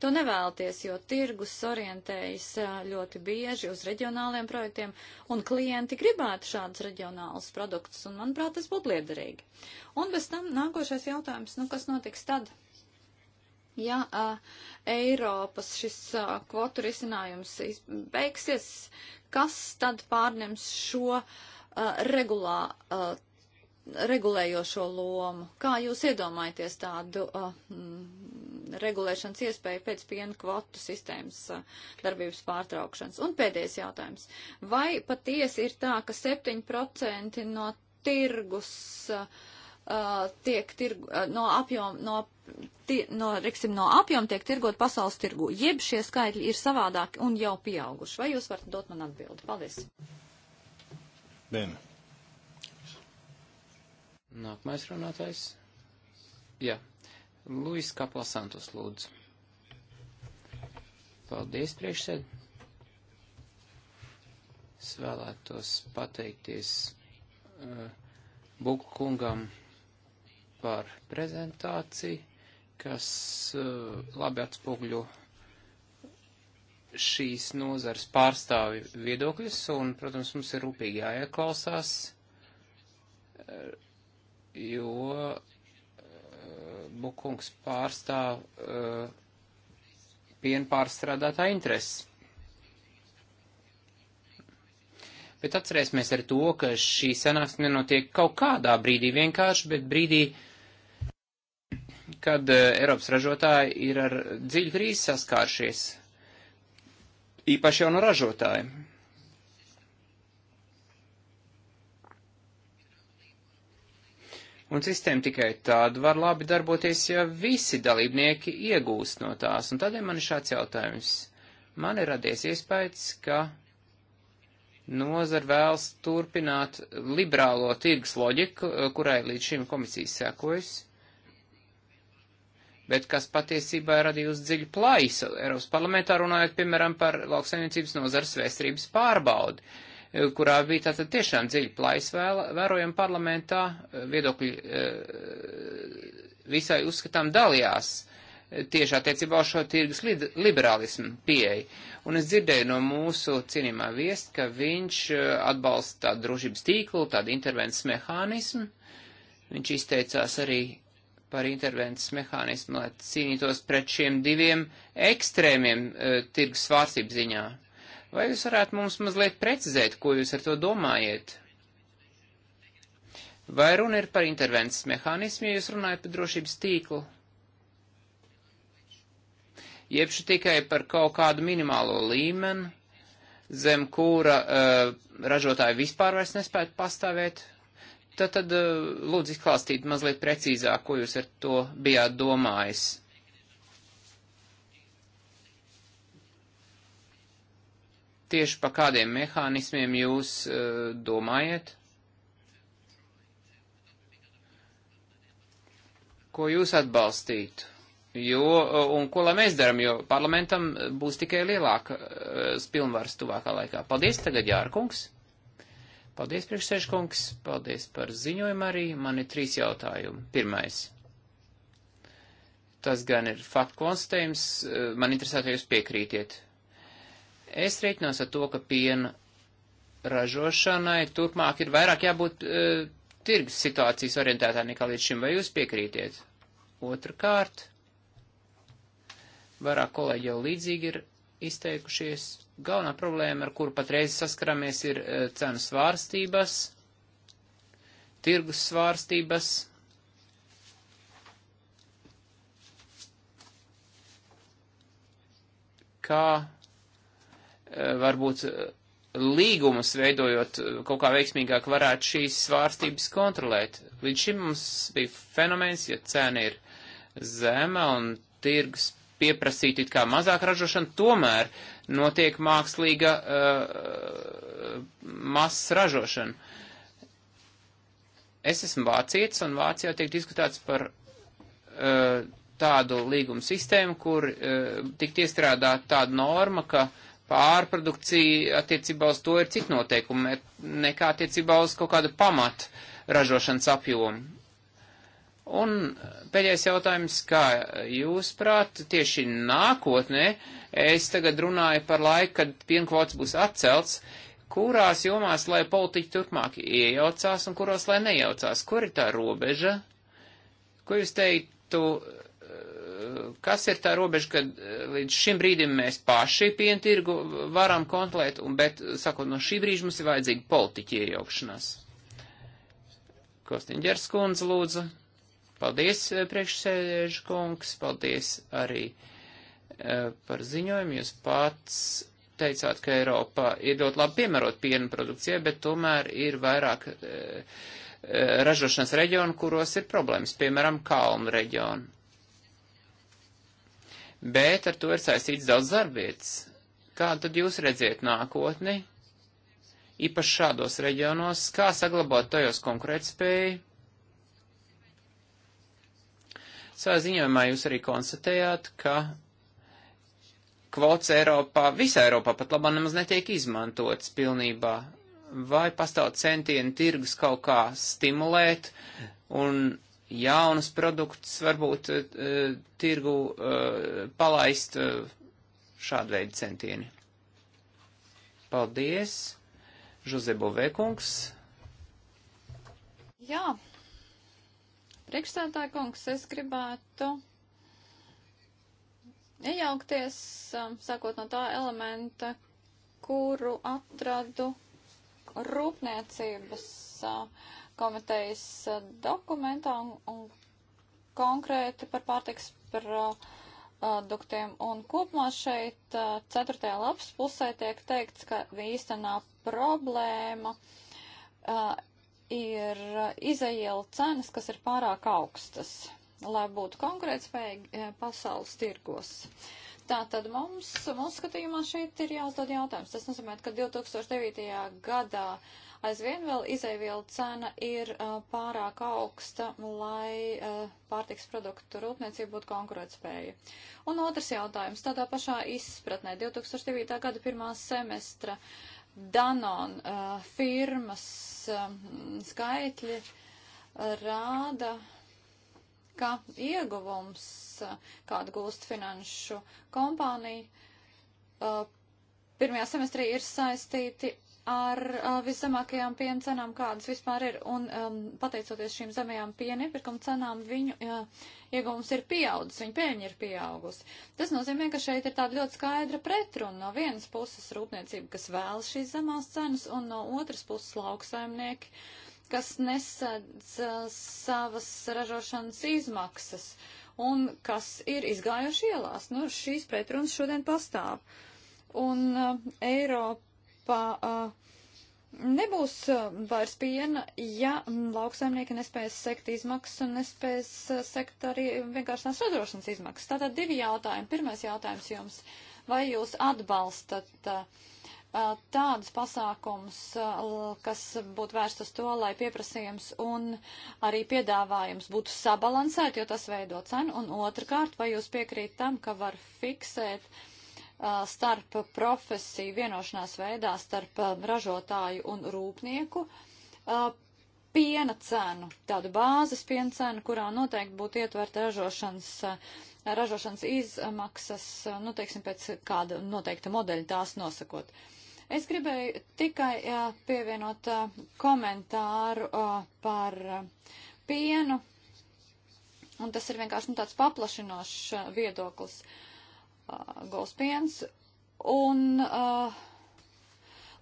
to nevēlaties, jo tirgus orientējas uh, ļoti bieži uz reģionāliem projektiem, un klienti gribētu šādus reģionālus produktus, un, manuprāt, tas būtu liederīgi. Un bez tam nākošais jautājums, nu, kas notiks tad, Ja a, Eiropas šis a, kvotu risinājums beigsies, kas tad pārņems šo a, regulā, a, regulējošo lomu? Kā jūs iedomājaties tādu a, m, regulēšanas iespēju pēc piena kvotu sistēmas a, darbības pārtraukšanas? Un pēdējais jautājums. Vai patiesi ir tā, ka 7% no tirgus. A, uh, tiek tirgu, uh, no apjoma, no, ti, no, reksim, no apjoma tiek tirgot pasaules tirgu. Jeb šie skaitļi ir savādāki un jau pieauguši. Vai jūs varat dot man atbildi? Paldies. Bēn. Nākamais runātājs. Jā. Luis Kaplasantos lūdzu. Paldies, priekšsēd. Es vēlētos pateikties uh, Buku kungam par prezentāciju, kas eh, labi atspūgļo šīs nozars pārstāvi viedokļus, un, protams, mums ir rūpīgi jāieklausās, eh, jo eh, Bukungs pārstāv pienpārstrādātā intereses. Bet atcerēsimies ar to, ka šī sanāksme nenotiek kaut kādā brīdī vienkārši, bet brīdī, uh, kad eh, Eiropas ražotāji ir ar dziļu krīzi saskāršies, īpaši jau no ražotājiem. Un sistēma tikai tāda var labi darboties, ja visi dalībnieki iegūst no tās. Un tādēļ man ir šāds jautājums. Man ir radies iespējas, ka nozar vēlas turpināt liberālo tirgus loģiku, eh, kurai līdz šim komisijas sekojas bet kas patiesībā radīja uz dziļu plaisu. Eiropas parlamentā runājot, piemēram, par lauksaimniecības nozars vēsturības pārbaudi, eh, kurā bija tātad tiešām dziļa plaisa vērojama parlamentā, eh, viedokļi eh, visai uzskatām dalījās tieši attiecībā uz šo tirgus liberālismu pieeju. Un es dzirdēju no mūsu cienījumā viest, ka viņš atbalsta tādu drošības tīklu, tādu intervences mehānismu. Viņš izteicās arī par intervences mehānismu, lai cīnītos pret šiem diviem ekstrēmiem e, tirgus svārstību ziņā. Vai jūs varētu mums mazliet precizēt, ko jūs ar to domājat? Vai runa ir par intervences mehānismu, ja jūs runājat par drošības tīklu? Jebšu tikai par kaut kādu minimālo līmeni, zem kura uh, e, ražotāji vispār vairs nespētu pastāvēt, Tad, tad eh, lūdzu izklāstīt mazliet precīzāk, ko jūs ar to bijāt domājis. Tieši pa kādiem mehānismiem jūs uh, domājat? Ko jūs atbalstītu? Jo, eh, un ko lai mēs darām, jo parlamentam būs tikai lielāka uh, pilnvaras tuvākā laikā. Paldies tagad, Jārkungs! Paldies, priekšsēžkungs, paldies par ziņojumu arī. Man ir trīs jautājumi. Pirmais. Tas gan ir faktu konstatējums, eh, man interesētu, ja jūs piekrītiet. Es reiķinos ar to, ka piena ražošanai turpmāk ir vairāk jābūt e, tirgus situācijas orientētā nekā līdz šim, vai jūs piekrītiet? Otrakārt, vairāk kolēģi jau līdzīgi ir izteikušies, Galvenā problēma, ar kuru patreiz saskaramies, ir e, cenu svārstības, tirgus svārstības. Kā e, varbūt e, līgumus veidojot kaut kā veiksmīgāk varētu šīs svārstības kontrolēt. Līdz šim mums bija fenomens, ja cena ir zema un tirgus pieprasīt it kā mazāk ražošanu, tomēr notiek mākslīga uh, masas ražošana. Es esmu vācietis, un Vācijā tiek diskutēts par uh, tādu līgumu sistēmu, kur uh, tikt iestrādāt tāda norma, ka pārprodukcija attiecībā uz to ir cita noteikuma nekā attiecībā uz kaut kādu pamatu ražošanas apjomu Un pēdējais jautājums, kā jūs prāt, tieši nākotnē, es tagad runāju par laiku, kad pienkvots būs atcelts, kurās jomās, lai politiķi turpmāk iejaucās un kuros, lai nejaucās, kur ir tā robeža, ko jūs teiktu, kas ir tā robeža, kad eh, līdz šim brīdim mēs paši pientirgu varam kontrolēt, un, bet, sakot, no šī brīža mums ir vajadzīga politiķa iejaukšanās. Kostiņģers kundze lūdzu. Paldies, eh, priekšsēdēžu kungs, paldies arī eh, par ziņojumu. Jūs pats teicāt, ka Eiropā ir ļoti labi piemērot piena produkcijai, bet tomēr ir vairāk eh, ražošanas reģionu, kuros ir problēmas, piemēram, kalnu reģionu. Bet ar to ir saistīts daudz darbvietas. Kā tad jūs redziet nākotni, īpaši šādos reģionos, kā saglabāt tajos konkurētspēju? Savā ziņojumā jūs arī konstatējāt, ka kvots Eiropā, visā Eiropā pat labā nemaz netiek izmantots pilnībā. Vai pastāv centieni tirgus kaut kā stimulēt un jaunus produktus varbūt e, tirgu e, palaist e, šādu veidu centieni? Paldies, Žuzebo Vekungs. Jā, Priekšstādāja kungs, es gribētu iejaukties, um, sākot no tā elementa, kuru atradu rūpniecības um, komitejas um, dokumentā un, un konkrēti par pārtiks produktiem. Un kopumā šeit uh, ceturtajā lapas pusē tiek teikts, ka īstenā problēma uh, ir uh, izaiela cenas, kas ir pārāk augstas, lai būtu konkurētspējīgi eh, pasaules tirgos. Tātad mums, mums skatījumā šeit ir jāuzdod jautājums. Tas nozīmē, ka 2009. gadā aizvien vēl izēvielu cena ir uh, pārāk augsta, lai uh, pārtiks produktu rūpniecība būtu konkurētspēja. Un otrs jautājums, tādā pašā izpratnē, 2009. gada pirmā semestra uh, Danon uh, firmas uh, skaitļi rāda, ka ieguvums, uh, kādu gūst finanšu kompānija, uh, pirmajā semestrī ir saistīti ar uh, viszemākajām piena cenām, kādas vispār ir, un um, pateicoties šīm zemajām piena iepirkuma cenām, viņu uh, ieguvums ir pieaudzis, viņa pēļņa ir pieaugusi. Tas nozīmē, ka šeit ir tāda ļoti skaidra pretruna no vienas puses rūpniecība, kas vēlas šīs zemās cenas, un no otras puses lauksaimnieki, kas nesadz uh, savas ražošanas izmaksas un kas ir izgājuši ielās. Nu, šīs pretrunas šodien pastāv. Un uh, Eiropa Eiropā uh, nebūs vairs piena, ja lauksaimnieki nespēs sekt izmaksas un nespēs sekt arī vienkārši tās radošanas izmaksas. Tātad divi jautājumi. Pirmais jautājums jums. Vai jūs atbalstat tādus pasākumus, kas būtu vērst uz to, lai pieprasījums un arī piedāvājums būtu sabalansēti, jo tas veido cenu? Un otrkārt, vai jūs piekrīt tam, ka var fiksēt uh, starp profesiju vienošanās veidā starp ražotāju un rūpnieku piena cenu, tādu bāzes piena cenu, kurā noteikti būtu ietverta ražošanas, ražošanas izmaksas, nu, teiksim, pēc kāda noteikta modeļa tās nosakot. Es gribēju tikai pievienot komentāru par pienu, un tas ir vienkārši nu, tāds paplašinošs viedoklis. Uh, Uh, gauspiens. Un uh,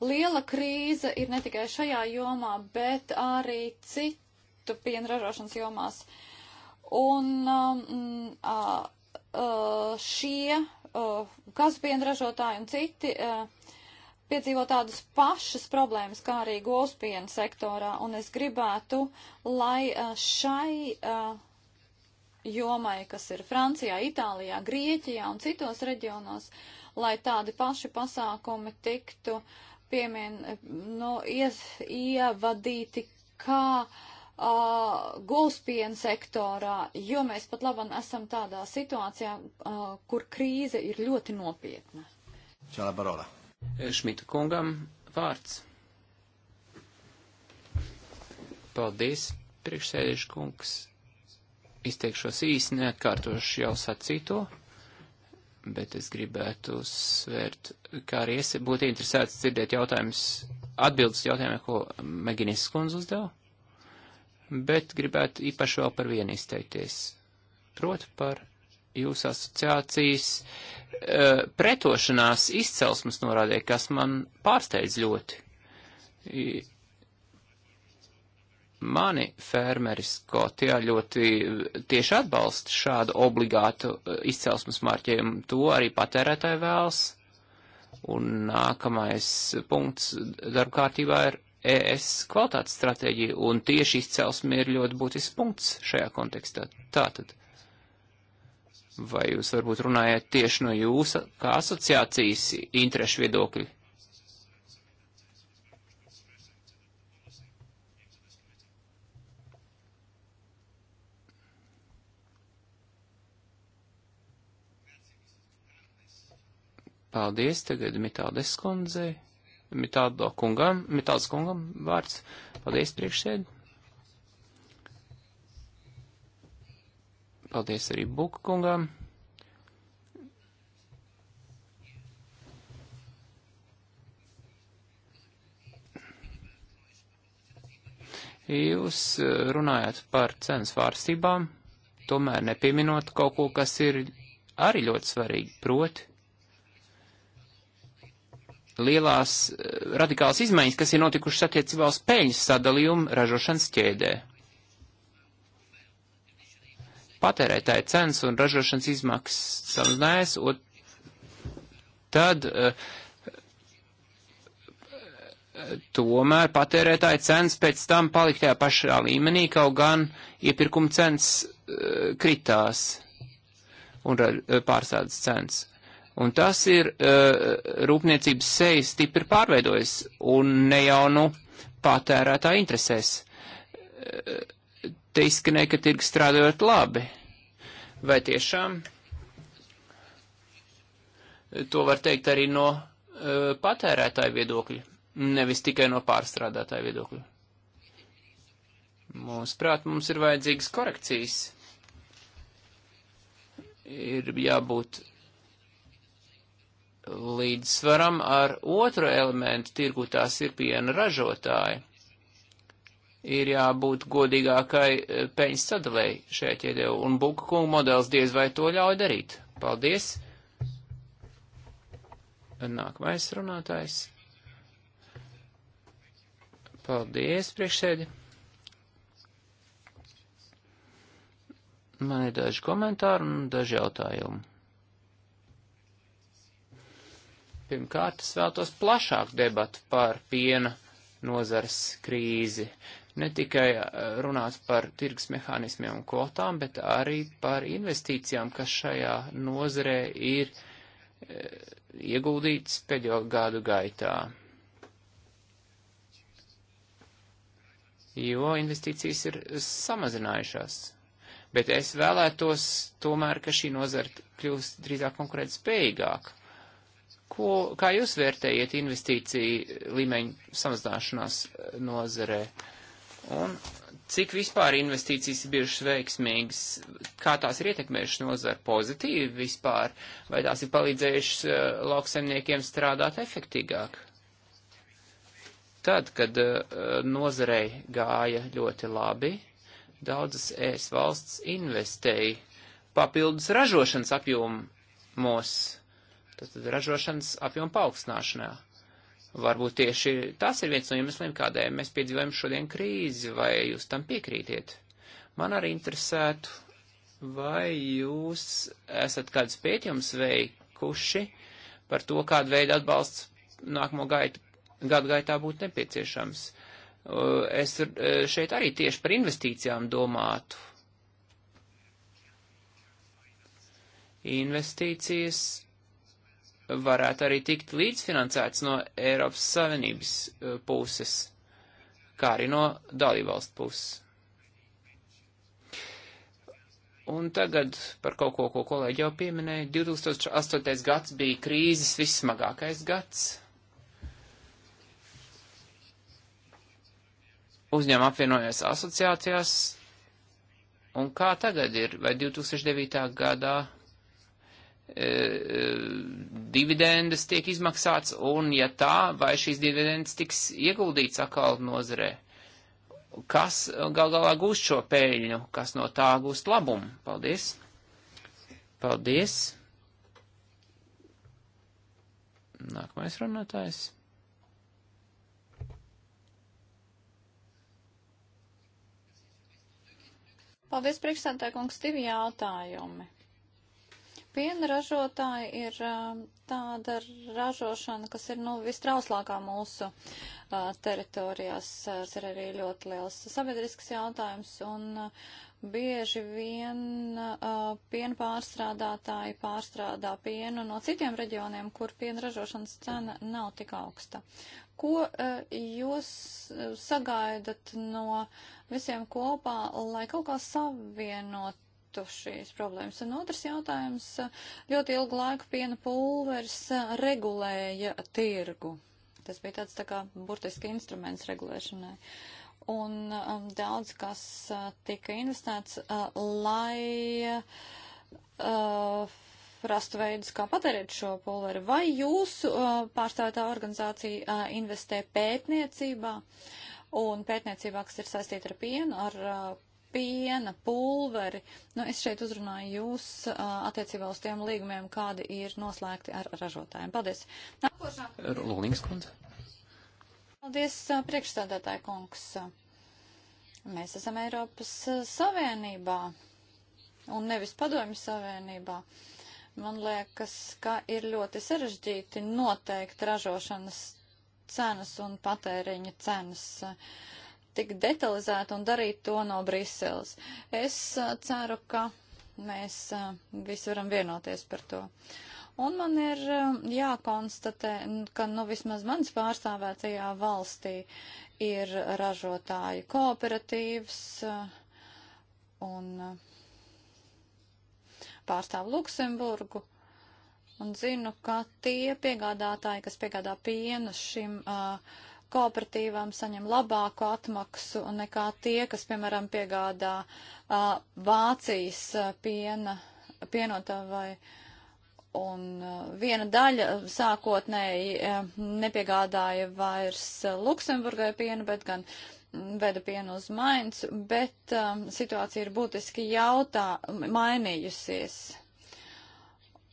liela krīze ir ne tikai šajā jomā, bet arī citu piena ražošanas jomās. Un um, mm, uh, uh, šie uh, gauspiena ražotāji un citi. Uh, piedzīvo tādas pašas problēmas, kā arī gospienu sektorā, un es gribētu, lai uh, šai uh, jomai, kas ir Francijā, Itālijā, Grieķijā un citos reģionos, lai tādi paši pasākumi tiktu piemien, nu, ies, ievadīti kā uh, gulspienu sektorā, jo mēs pat labam esam tādā situācijā, uh, kur krīze ir ļoti nopietna. Čala Barola. Šmita kungam vārds. Paldies, priekšsēdiešu kungs izteikšos īsi, neatkārtošu jau sacīto, bet es gribētu uzsvērt, kā arī es būtu interesēts dzirdēt jautājumus, atbildes jautājumiem, ko Meginis Skundz uzdeva, bet gribētu īpaši vēl par vienu izteikties. Proti par jūsu asociācijas uh, pretošanās izcelsmes norādē, kas man pārsteidz ļoti. Mani fermeri Skotijā ļoti eh, tieši atbalsta šādu obligātu eh, izcelsmes marķējumu. To arī patērētāji vēlas. Un nākamais punkts darba kārtībā ir ES kvalitātes stratēģija, un tieši izcelsme ir ļoti būtisks punkts šajā kontekstā. Tātad, vai jūs varbūt runājat tieši no jūsu kā asociācijas interešu viedokļa? Paldies tagad Mitādes kundzei, Mitādo kungam, Mitādes kungam vārds. Paldies priekšsēd. Paldies arī Buka kungam. Jūs eh, runājat par cenas vārstībām, tomēr nepieminot kaut ko, kas ir arī ļoti svarīgi, proti lielās eh, radikālas izmaiņas, kas ir notikušas attiecībā uz peļņas sadalījumu ražošanas ķēdē. Patērētāja cenas un ražošanas izmaksas samazinājās, tad uh, tomēr patērētāja cenas pēc tam palika tajā pašā līmenī, kaut gan iepirkuma cenas uh, kritās un uh, pārstādes cenas. Un tas ir uh, rūpniecības seja stipri pārveidojis un ne jau nu patērētā interesēs. Uh, te izskanēja, ka tirgi strādājot labi. Vai tiešām eh, to var teikt arī no uh, patērētāja viedokļa, nevis tikai no pārstrādātāja viedokļa? Mūsuprāt, mums ir vajadzīgas korekcijas. Ir jābūt līdzsvaram ar otru elementu tirgu tās ir piena ražotāji. Ir jābūt godīgākai e, peļņas sadalēji šajā ķēdē, un Buka kunga modelis diez vai to ļauj darīt. Paldies! Nākamais runātājs. Paldies, priekšsēdi. Man ir daži komentāri un daži jautājumi. Pirmkārt, es vēlos plašāku debatu par piena nozars krīzi. Ne tikai eh, runāt par tirgus mehānismiem un kvotām, bet arī par investīcijām, kas šajā nozarē ir e, ieguldīts pēdējo gadu gaitā. Jo investīcijas ir samazinājušās. Bet es vēlētos tomēr, ka šī nozara kļūst drīzāk konkurētspējīgāka Ko, kā jūs vērtējat investīciju līmeņu samazināšanās eh, nozarē? Un cik vispār investīcijas ir bijušas veiksmīgas, kā tās ir ietekmējušas nozaru pozitīvi vispār, vai tās ir palīdzējušas uh, eh, lauksemniekiem strādāt efektīgāk? Tad, kad uh, eh, nozarei gāja ļoti labi, daudzas ES valsts investēja papildus ražošanas apjomos tātad ražošanas apjomu paaugstināšanā. Varbūt tieši tas ir viens no iemesliem, kādēļ mēs piedzīvojam šodien krīzi, vai jūs tam piekrītiet. Man arī interesētu, vai jūs esat kādus pētījumus veikuši par to, kādu veidu atbalsts nākamo gaitu, gadu gaitā būtu nepieciešams. Eh, es eh, šeit arī tieši par investīcijām domātu. Investīcijas varētu arī tikt līdzfinansēts no Eiropas Savienības eh, puses, kā arī no dalībvalstu puses. Un tagad par kaut ko, ko kolēģi jau pieminēja. 2008. gads bija krīzes vissmagākais gads. Uzņēma apvienojās asociācijās. Un kā tagad ir? Vai 2009. gadā E, e, dividendes tiek izmaksāts, un ja tā, vai šīs dividendes tiks ieguldīts atkal nozarē. Kas gal galā gūst šo pēļņu, kas no tā gūst labumu? Paldies! Paldies! Nākamais runātājs. Paldies, priekšsēdētāj, kungs, divi jautājumi. Piena ražotāji ir um, tāda ražošana, kas ir nu, vistrauslākā mūsu uh, teritorijās. Tas ir arī ļoti liels sabiedrisks jautājums. Un, uh, Bieži vien uh, piena pārstrādātāji pārstrādā pienu no citiem reģioniem, kur piena ražošanas cena nav tik augsta ko uh, jūs sagaidat no visiem kopā, lai kaut kā savienot risinātu šīs problēmas. Un otrs jautājums - ļoti ilgu laiku piena pulveris regulēja tirgu. Tas bija tāds tā kā burtiski instruments regulēšanai. Un um, daudz kas uh, tika investēts, uh, lai uh, rastu veidus, kā patērēt šo pulveri. Vai jūsu uh, pārstāvētā organizācija uh, investē pētniecībā? Uh, un pētniecībā, kas ir saistīta ar pienu, ar uh, piena, pulveri. Nu, es šeit uzrunāju jūs attiecībā uz tiem līgumiem, kādi ir noslēgti ar ražotājiem. Paldies. Nākošā. Lūnīgs kundze. Paldies, priekšstādātāja kungs. Mēs esam Eiropas Savienībā un nevis Padomju Savienībā. Man liekas, ka ir ļoti sarežģīti noteikt ražošanas cenas un patēriņa cenas. Uh, tik detalizēti un darīt to no Briseles. Es uh, ceru, ka mēs uh, visi varam vienoties par to. Un man ir uh, jākonstatē, ka nu vismaz manas pārstāvētajā valstī ir ražotāju kooperatīvas un pārstāv Luksemburgu. Un zinu, ka tie piegādātāji, kas piegādā pienu šim uh, kooperatīvām saņem labāku atmaksu nekā tie, kas, piemēram, piegādā uh, Vācijas uh, piena, pienotā vai. Un uh, viena daļa sākotnēji uh, nepiegādāja vairs Luksemburgai pienu, bet gan veda pienu uz Mainz, bet um, situācija ir būtiski jautā, mainījusies. Uh,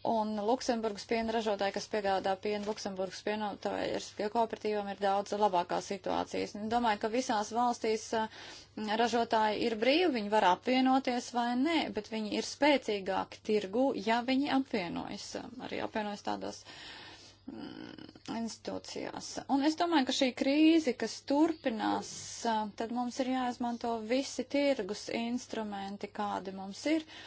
Un Luksemburgas piena ražotāji, kas piegādā pienu Luksemburgas pienotājiem, pie kooperatīvām ir daudz labākā situācijas. Domāju, ka visās valstīs mm, ražotāji ir brīvi, viņi var apvienoties vai nē, bet viņi ir spēcīgāki tirgu, ja viņi apvienojas. Mm, arī apvienojas tādos mm, institūcijās. Un es domāju, ka šī krīze, kas turpinās, tad mums ir jāizmanto visi tirgus instrumenti, kādi mums ir. Uh,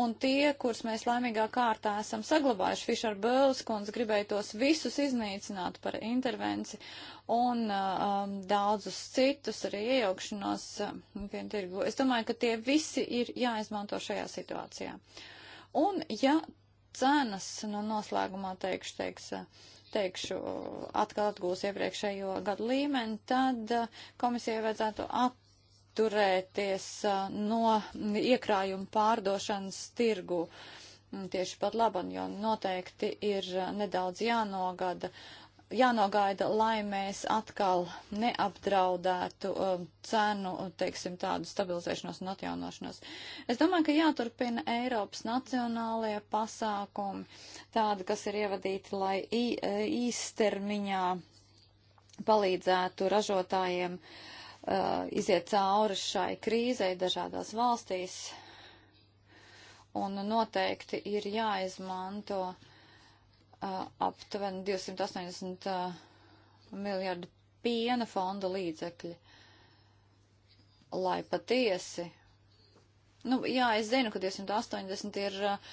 un tie, kurus mēs laimīgā kārtā esam saglabājuši, Fišer Bēls kundze gribēja tos visus iznīcināt par intervenci un uh, um, daudzus citus arī iejaukšanos uh, vientirgu. Es domāju, ka tie visi ir jāizmanto šajā situācijā. Un ja cenas, nu noslēgumā teikšu, teiks, uh, teikšu, atkal atgūs iepriekšējo gadu līmeni, tad komisijai vajadzētu at turēties eh, no iekrājuma pārdošanas tirgu. Mm, tieši pat labam, jo noteikti ir eh, nedaudz jānogada, jānogaida, lai mēs atkal neapdraudētu eh, cenu, teiksim, tādu stabilizēšanos un atjaunošanos. Es domāju, ka jāturpina Eiropas nacionālajie pasākumi, tādi, kas ir ievadīti, lai īstermiņā palīdzētu ražotājiem uh, uh, iziet cauri šai krīzei dažādās valstīs. Un noteikti ir jāizmanto uh, aptuveni 280 uh, miljardu piena fonda līdzekļi, lai patiesi. Nu, jā, es zinu, ka 280 ir uh,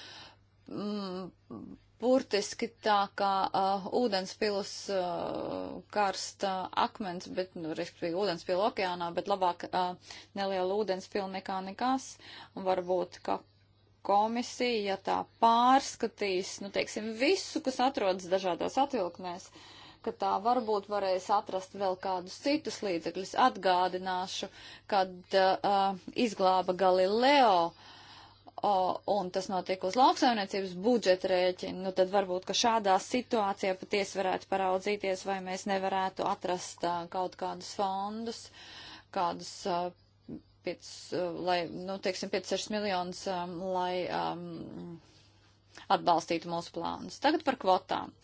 mm, burtiski tā kā uh, ūdenspils uh, karsta akmens, bet, nu, respektīvi, ūdenspila okeānā, bet labāk uh, neliela ūdenspila nekā nekas. Un varbūt, ka komisija, ja tā pārskatīs, nu, teiksim, visu, kas atrodas dažādās atvilknēs, ka tā varbūt varēs atrast vēl kādus citus līdzekļus. Atgādināšu, kad uh, izglāba Galileo. Uh, un tas notiek uz lauksaimniecības budžeta rēķina, nu tad varbūt, ka šādā situācijā patiesi varētu paraudzīties, vai mēs nevarētu atrast kaut kādus fondus, kādus, piec, lai, nu, teiksim, 5-6 miljonus, lai um, atbalstītu mūsu plānus. Tagad par kvotām.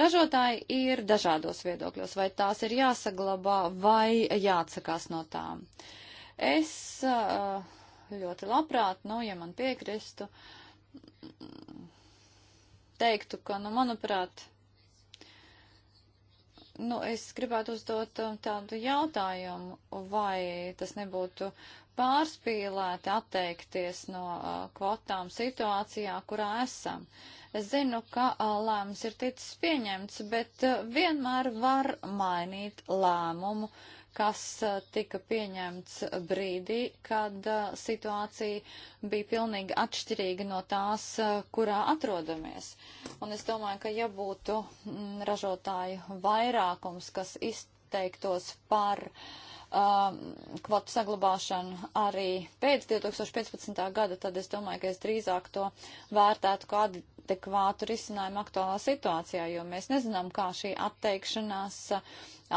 Ražotāji ir dažādos viedokļos, vai tās ir jāsaglabā vai jāatsakās no tām. Es uh, ļoti labprāt, nu, ja man piekristu, teiktu, ka, nu, manuprāt, nu, es gribētu uzdot um, tādu jautājumu, vai tas nebūtu pārspīlēti atteikties no uh, kvotām situācijā, kurā esam. Es zinu, ka uh, lēmums ir ticis pieņemts, bet uh, vienmēr var mainīt lēmumu, uh, kas tika pieņemts brīdī, kad situācija bija pilnīgi atšķirīga no tās, kurā atrodamies. Un es domāju, ka ja būtu mm, ražotāju vairākums, kas izteiktos par uh, Um, kvotu saglabāšanu arī pēc 2015. gada, tad es domāju, ka es drīzāk to vērtētu kā adekvātu risinājumu aktuālā situācijā, jo mēs nezinām, kā šī atteikšanās uh,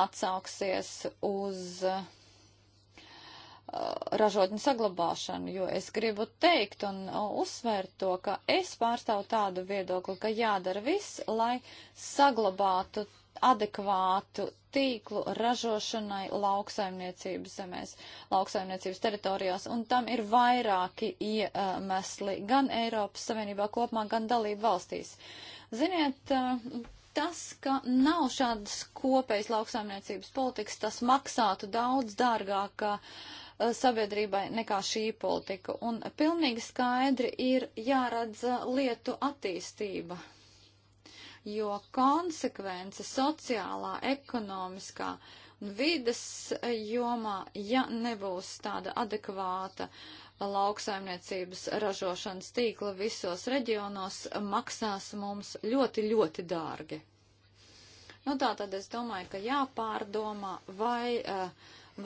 atsauksies uz uh, ražotņu saglabāšanu, jo es gribu teikt un uh, uzsvērt to, ka es pārstāvu tādu viedokli, ka jādara viss, lai saglabātu adekvātu tīklu ražošanai lauksaimniecības zemēs, lauksaimniecības teritorijās, un tam ir vairāki iemesli gan Eiropas Savienībā kopumā, gan dalību valstīs. Ziniet, eh, tas, ka nav šādas kopējas lauksaimniecības politikas, tas maksātu daudz dārgāk eh, sabiedrībai nekā šī politika, un pilnīgi skaidri ir jāredz eh, lietu attīstība jo konsekvence sociālā, ekonomiskā un vidas jomā, ja nebūs tāda adekvāta lauksaimniecības ražošanas tīkla visos reģionos, maksās mums ļoti, ļoti dārgi. Nu, tā tad es domāju, ka jāpārdomā, vai uh,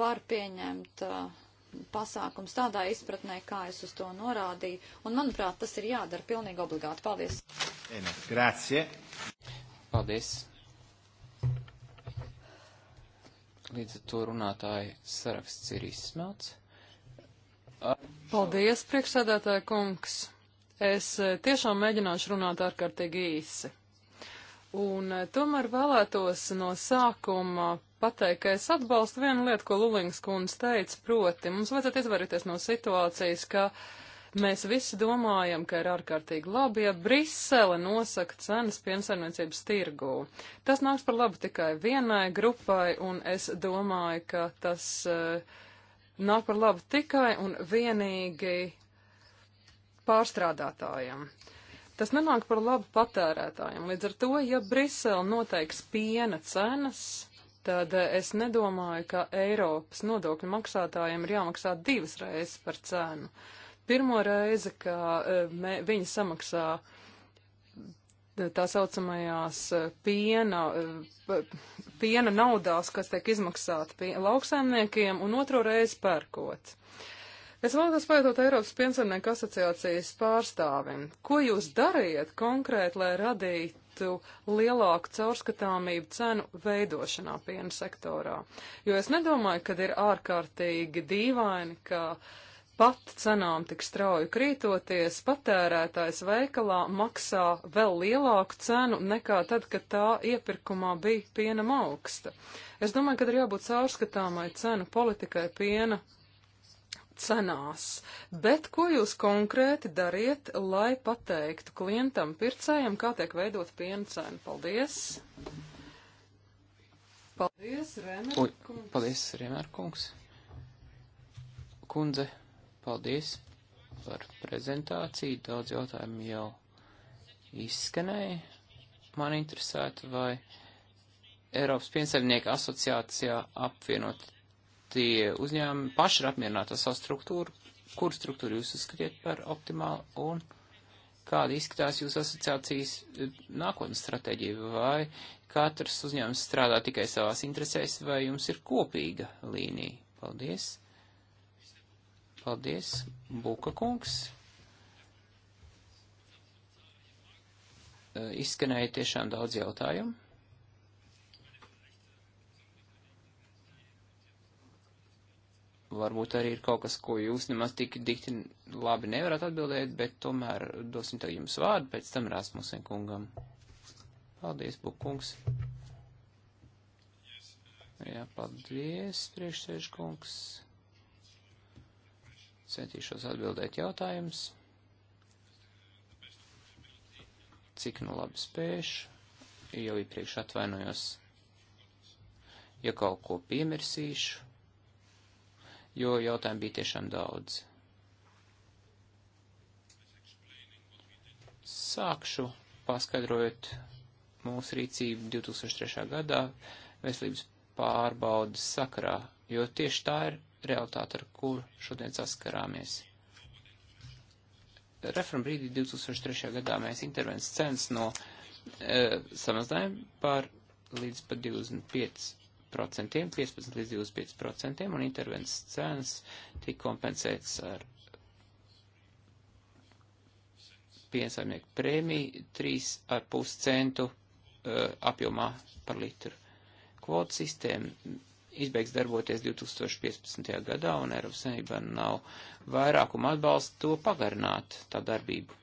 var pieņemt uh, pasākums tādā izpratnē, kā es uz to norādīju. Un, manuprāt, tas ir jādara pilnīgi obligāti. Paldies! Grazie! Paldies! Līdz ar to runātāju saraksts ir izsmelts. Ar... Paldies, priekšsēdētāja kungs! Es e, tiešām mēģināšu runāt ārkārtīgi īsi. Un e, tomēr vēlētos no sākuma pateikt, ka es atbalstu vienu lietu, ko Lulings kundze teica, proti mums vajadzētu izvairīties no situācijas, ka uh, Mēs visi domājam, ka ir ārkārtīgi labi, ja Brisele nosaka cenas piensaimniecības tirgū. Tas nāks par labu tikai vienai grupai, un es domāju, ka tas uh, nāk par labu tikai un vienīgi pārstrādātājiem. Tas nenāk par labu patērētājiem. Līdz ar to, ja Brisele noteiks piena cenas, tad eh, es nedomāju, ka Eiropas nodokļu maksātājiem ir jāmaksā divas reizes par cenu. Uh, pirmo reizi, ka e, mē, viņi samaksā e, tā saucamajās e, piena, piena naudās, kas tiek izmaksāta lauksaimniekiem, un otro reizi pērkot. Es vēlētos pajautāt Eiropas piensaimnieku asociācijas pārstāvim, ko jūs dariet konkrēti, lai radītu lielāku caurskatāmību cenu veidošanā piena sektorā? Jo es nedomāju, ka ir ārkārtīgi dīvaini, ka uh, pat cenām tik strauji krītoties, patērētājs veikalā maksā vēl lielāku cenu nekā tad, kad tā iepirkumā bija piena augsta. Es domāju, ka ir jābūt caurskatāmai cenu politikai piena cenās. Bet ko jūs konkrēti dariet, lai pateiktu klientam, pircējam, kā tiek veidot piena cena? Paldies! Paldies, Remērkungs! Paldies, Remērkungs! Kundze! Paldies par prezentāciju. Daudz jautājumu jau izskanēja. Man interesētu, vai Eiropas piensaimnieku asociācijā apvienot tie uzņēmumi paši ir apmierināti ar savu struktūru. Kur struktūru jūs uzskatiet par optimālu un kāda izskatās jūsu asociācijas e, nākotnes stratēģija? Vai katrs uzņēmums strādā tikai savās interesēs vai jums ir kopīga līnija? Paldies! Paldies, Būka kungs. Eh, izskanēja tiešām daudz jautājumu. Varbūt arī ir kaut kas, ko jūs nemaz tik dikti labi nevarat atbildēt, bet tomēr dosim tev jums vārdu, pēc tam Rasmusen kungam. Paldies, Bukungs. Jā, paldies, priekšsēžkungs. Centīšos atbildēt jautājumus, cik nu labi spēšu, jau iepriekš atvainojos, ja kaut ko piemirsīšu, jo jautājumu bija tiešām daudz. Sākšu paskaidrojot mūsu rīcību 2003. gadā veselības pārbaudas sakarā, jo tieši tā ir realitāte, ar kuru šodien saskarāmies. Reforma brīdī 2003. gadā mēs intervences cenas no e, samazinājām par līdz pat 25%, 15 līdz 25%, un intervences cenas tika kompensētas ar piensaimnieku prēmiju 3,5 centu e, apjomā par litru. Kvotu sistēma izbeigs darboties 2015. gadā, un Eiropas Savienībā nav vairākuma atbalsta to pagarināt, tā darbību.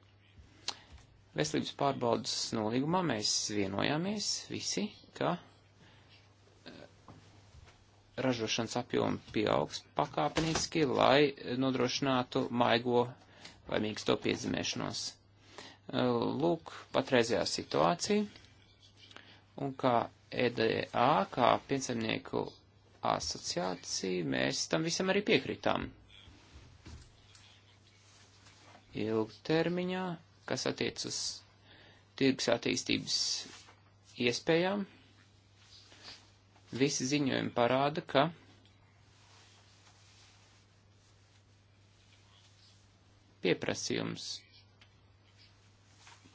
Veselības pārbaudas nolīgumā mēs vienojāmies visi, ka eh, ražošanas apjoma pieaugs pakāpeniski, lai nodrošinātu maigo vai mīksto piezemēšanos. Eh, lūk, patreizējā situācija, un kā EDA, kā piensaimnieku asociāciju, mēs tam visam arī piekritām. Ilgtermiņā, kas attiec uz tirgus attīstības iespējām, visi ziņojumi parāda, ka pieprasījums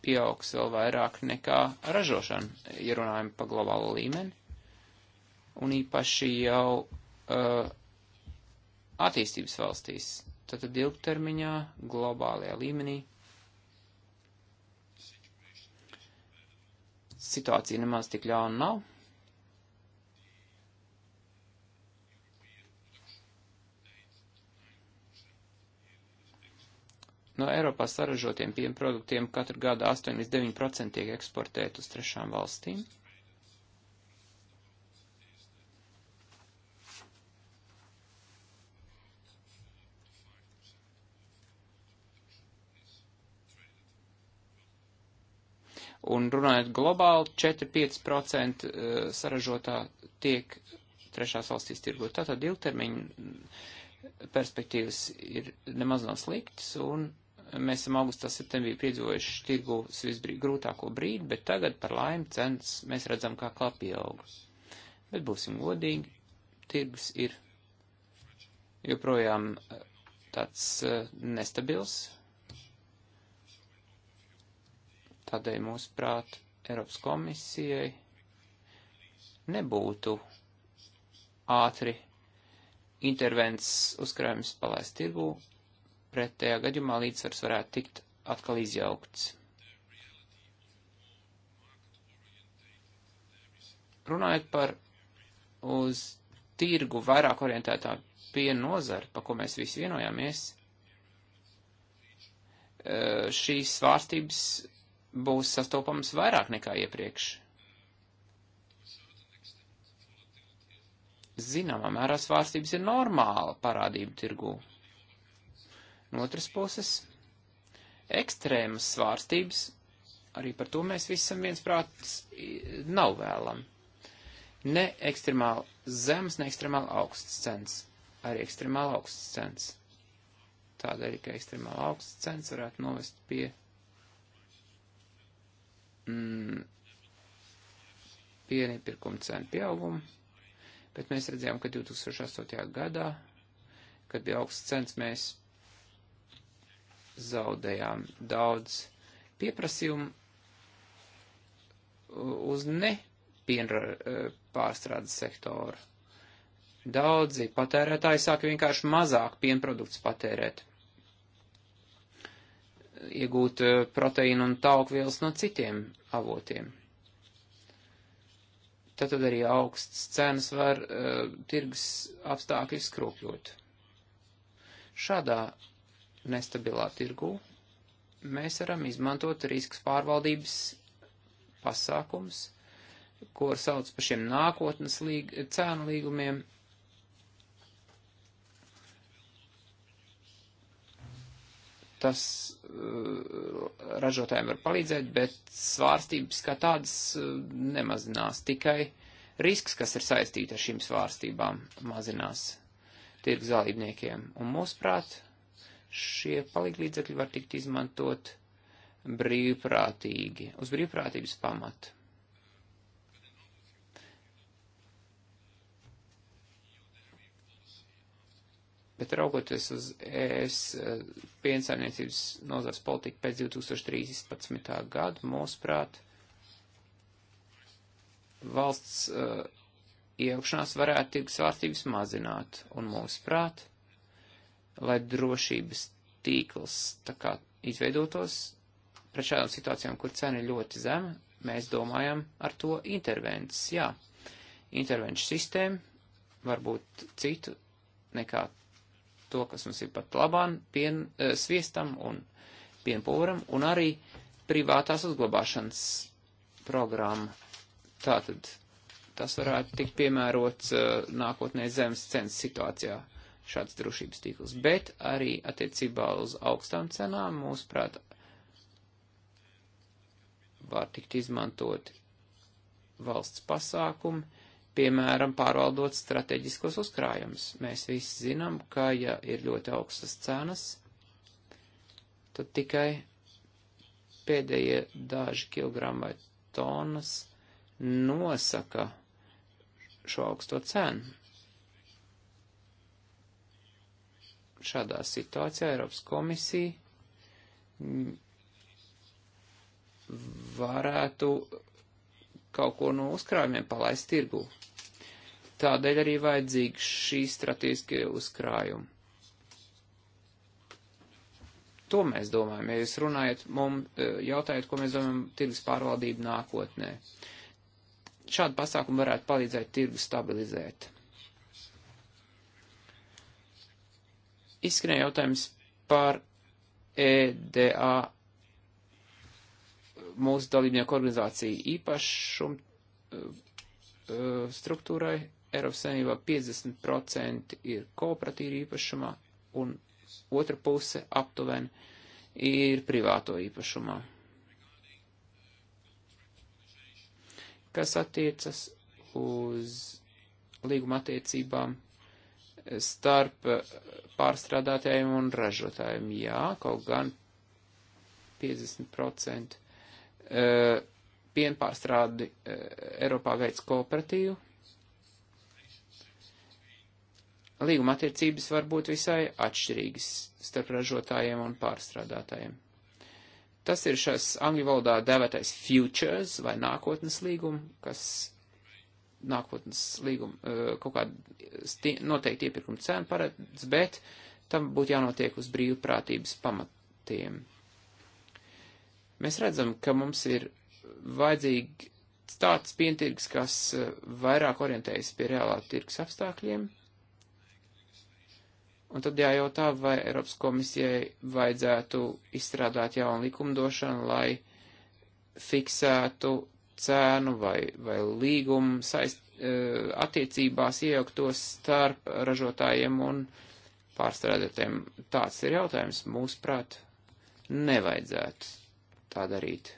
pieaugs vēl vairāk nekā ražošana, ja runājam pa globālo līmeni un īpaši jau uh, attīstības valstīs. Tātad ilgtermiņā, globālajā līmenī situācija nemaz tik ļauna nav. No Eiropā saražotiem piemproduktiem katru gadu 8 līdz 9% tiek eksportēt uz trešām valstīm. Un runājot globāli, 4-5% eh, saražotā tiek trešās valstīs tirgot. Tātad ilgtermiņa mm, perspektīvas ir nemaz nav sliktas, un mēs esam augustā septembrī piedzīvojuši tirgu visgrūtāko brīdi, bet tagad par laimi cenas mēs redzam, kā klāp pieaug. Bet būsim godīgi, tirgus ir joprojām eh, tāds uh, nestabils, Tādēļ mūsu prāt Eiropas komisijai nebūtu ātri intervences uzkrājums palaist tirgū, pretējā gadījumā līdzsvars varētu tikt atkal izjaukts. Runājot par uz tirgu vairāk orientētā piena nozara, pa ko mēs visi vienojāmies, eh, šīs svārstības būs sastopams vairāk nekā iepriekš. Zināmā mērā svārstības ir normāla parādība tirgū. No otras puses, ekstrēmas svārstības, arī par to mēs visi esam viensprāts, nav vēlam. Ne ekstremāli zemes, ne ekstremāli augsts cenas. Arī ekstremāli augsts cenas. Tādēļ, ka ekstremāli augsts cenas varētu novest pie mm, piena iepirkuma cenu pieaugumu, bet mēs redzējām, ka 2008. gadā, kad bija augsts cenas, mēs zaudējām daudz pieprasījumu uz ne piena eh, pārstrādes sektoru. Daudzi patērētāji sāk vienkārši mazāk pienprodukts patērēt iegūt eh, proteīnu un taukvielas no citiem avotiem. Tad arī augsts cenas var uh, tirgus apstākļus skropļot. Šādā nestabilā tirgū mēs varam izmantot risks pārvaldības pasākums, ko sauc par šiem nākotnes līg, cēnu līgumiem, tas uh, ražotājiem var palīdzēt, bet svārstības kā tādas uh, nemazinās. Tikai risks, kas ir saistīti ar šīm svārstībām, mazinās tirgus dalībniekiem. Un mūsuprāt, šie palīglīdzekļi var tikt izmantot brīvprātīgi, uz brīvprātības pamatu. Bet raugoties uz ES eh, piensaimniecības nozars politiku pēc 2013. gada, mūsuprāt, valsts uh, iejaukšanās varētu tirgus vārstības mazināt. Un mūsuprāt, lai drošības tīkls tā kā izveidotos pret šādām situācijām, kur cena ir ļoti zema, mēs domājam ar to intervences, jā. Intervences sistēma, varbūt citu nekā to, kas mums ir pat labāk, pien, eh, sviestam un pienpūram, un arī privātās uzglabāšanas programma. Tātad tas varētu tikt piemērots eh, nākotnē zemes cenas situācijā šāds drošības tīkls, bet arī attiecībā uz augstām cenām, mūsuprāt, var tikt izmantot valsts pasākumi, piemēram, pārvaldot strateģiskos uzkrājumus. Mēs visi zinām, ka, ja ir ļoti augstas cenas, tad tikai pēdējie daži kilogrami vai tonas nosaka šo augsto cenu. Šādā situācijā Eiropas komisija varētu kaut ko no uzkrājumiem palaist tirgu. Tādēļ arī vajadzīgi šī strateģiskie uzkrājumi. To mēs domājam, ja jūs runājat, mums e, jautājat, ko mēs domājam tirgus pārvaldību nākotnē. Šādi pasākumi varētu palīdzēt tirgu stabilizēt. Izskanēja jautājums par EDA mūsu dalībnieku organizāciju īpašumu eh, eh, struktūrai. Eiropas Savienībā 50% ir kooperatīva īpašumā un otra puse aptuveni ir privāto īpašumā. Kas attiecas uz līguma attiecībām starp pārstrādātājiem un ražotājiem? Jā, kaut gan 50% Eh, pienpārstrādi eh, Eiropā veids kooperatīvu. Līguma attiecības var būt visai atšķirīgas starp ražotājiem un pārstrādātājiem. Tas ir šis angļu valodā dēvētais futures vai nākotnes līguma, kas nākotnes līguma eh, kaut kādu noteikti iepirkuma cenu paredz, bet tam būtu jānotiek uz brīvprātības pamatiem. Mēs redzam, ka mums ir vajadzīgi tāds pientirgs, kas eh, vairāk orientējas pie reālā tirgs apstākļiem. Un tad jājautā, vai Eiropas komisijai vajadzētu izstrādāt jaunu likumdošanu, lai fiksētu cēnu vai, vai līgumu saist, eh, attiecībās iejauktos starp ražotājiem un pārstrādētiem. Tāds ir jautājums, mūsuprāt, nevajadzētu tā darīt.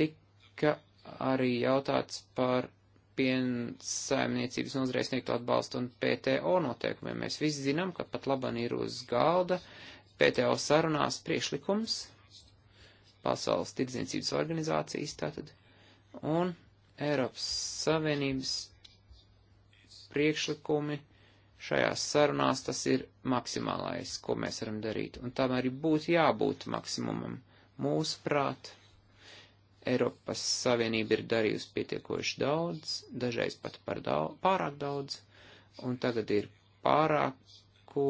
Tika arī jautāts par piensaimniecības nozarei sniegtu atbalstu un PTO noteikumiem. Mēs visi zinām, ka pat laban ir uz galda PTO sarunās priekšlikums Pasaules tirdzniecības organizācijas tātad. Un Eiropas Savienības priekšlikumi šajās sarunās tas ir maksimālais, ko mēs varam darīt, un tam arī būtu jābūt maksimumam. Mūsuprāt, Eiropas Savienība ir darījusi pietiekoši daudz, dažreiz pat par daudz, pārāk daudz, un tagad ir pārāk ko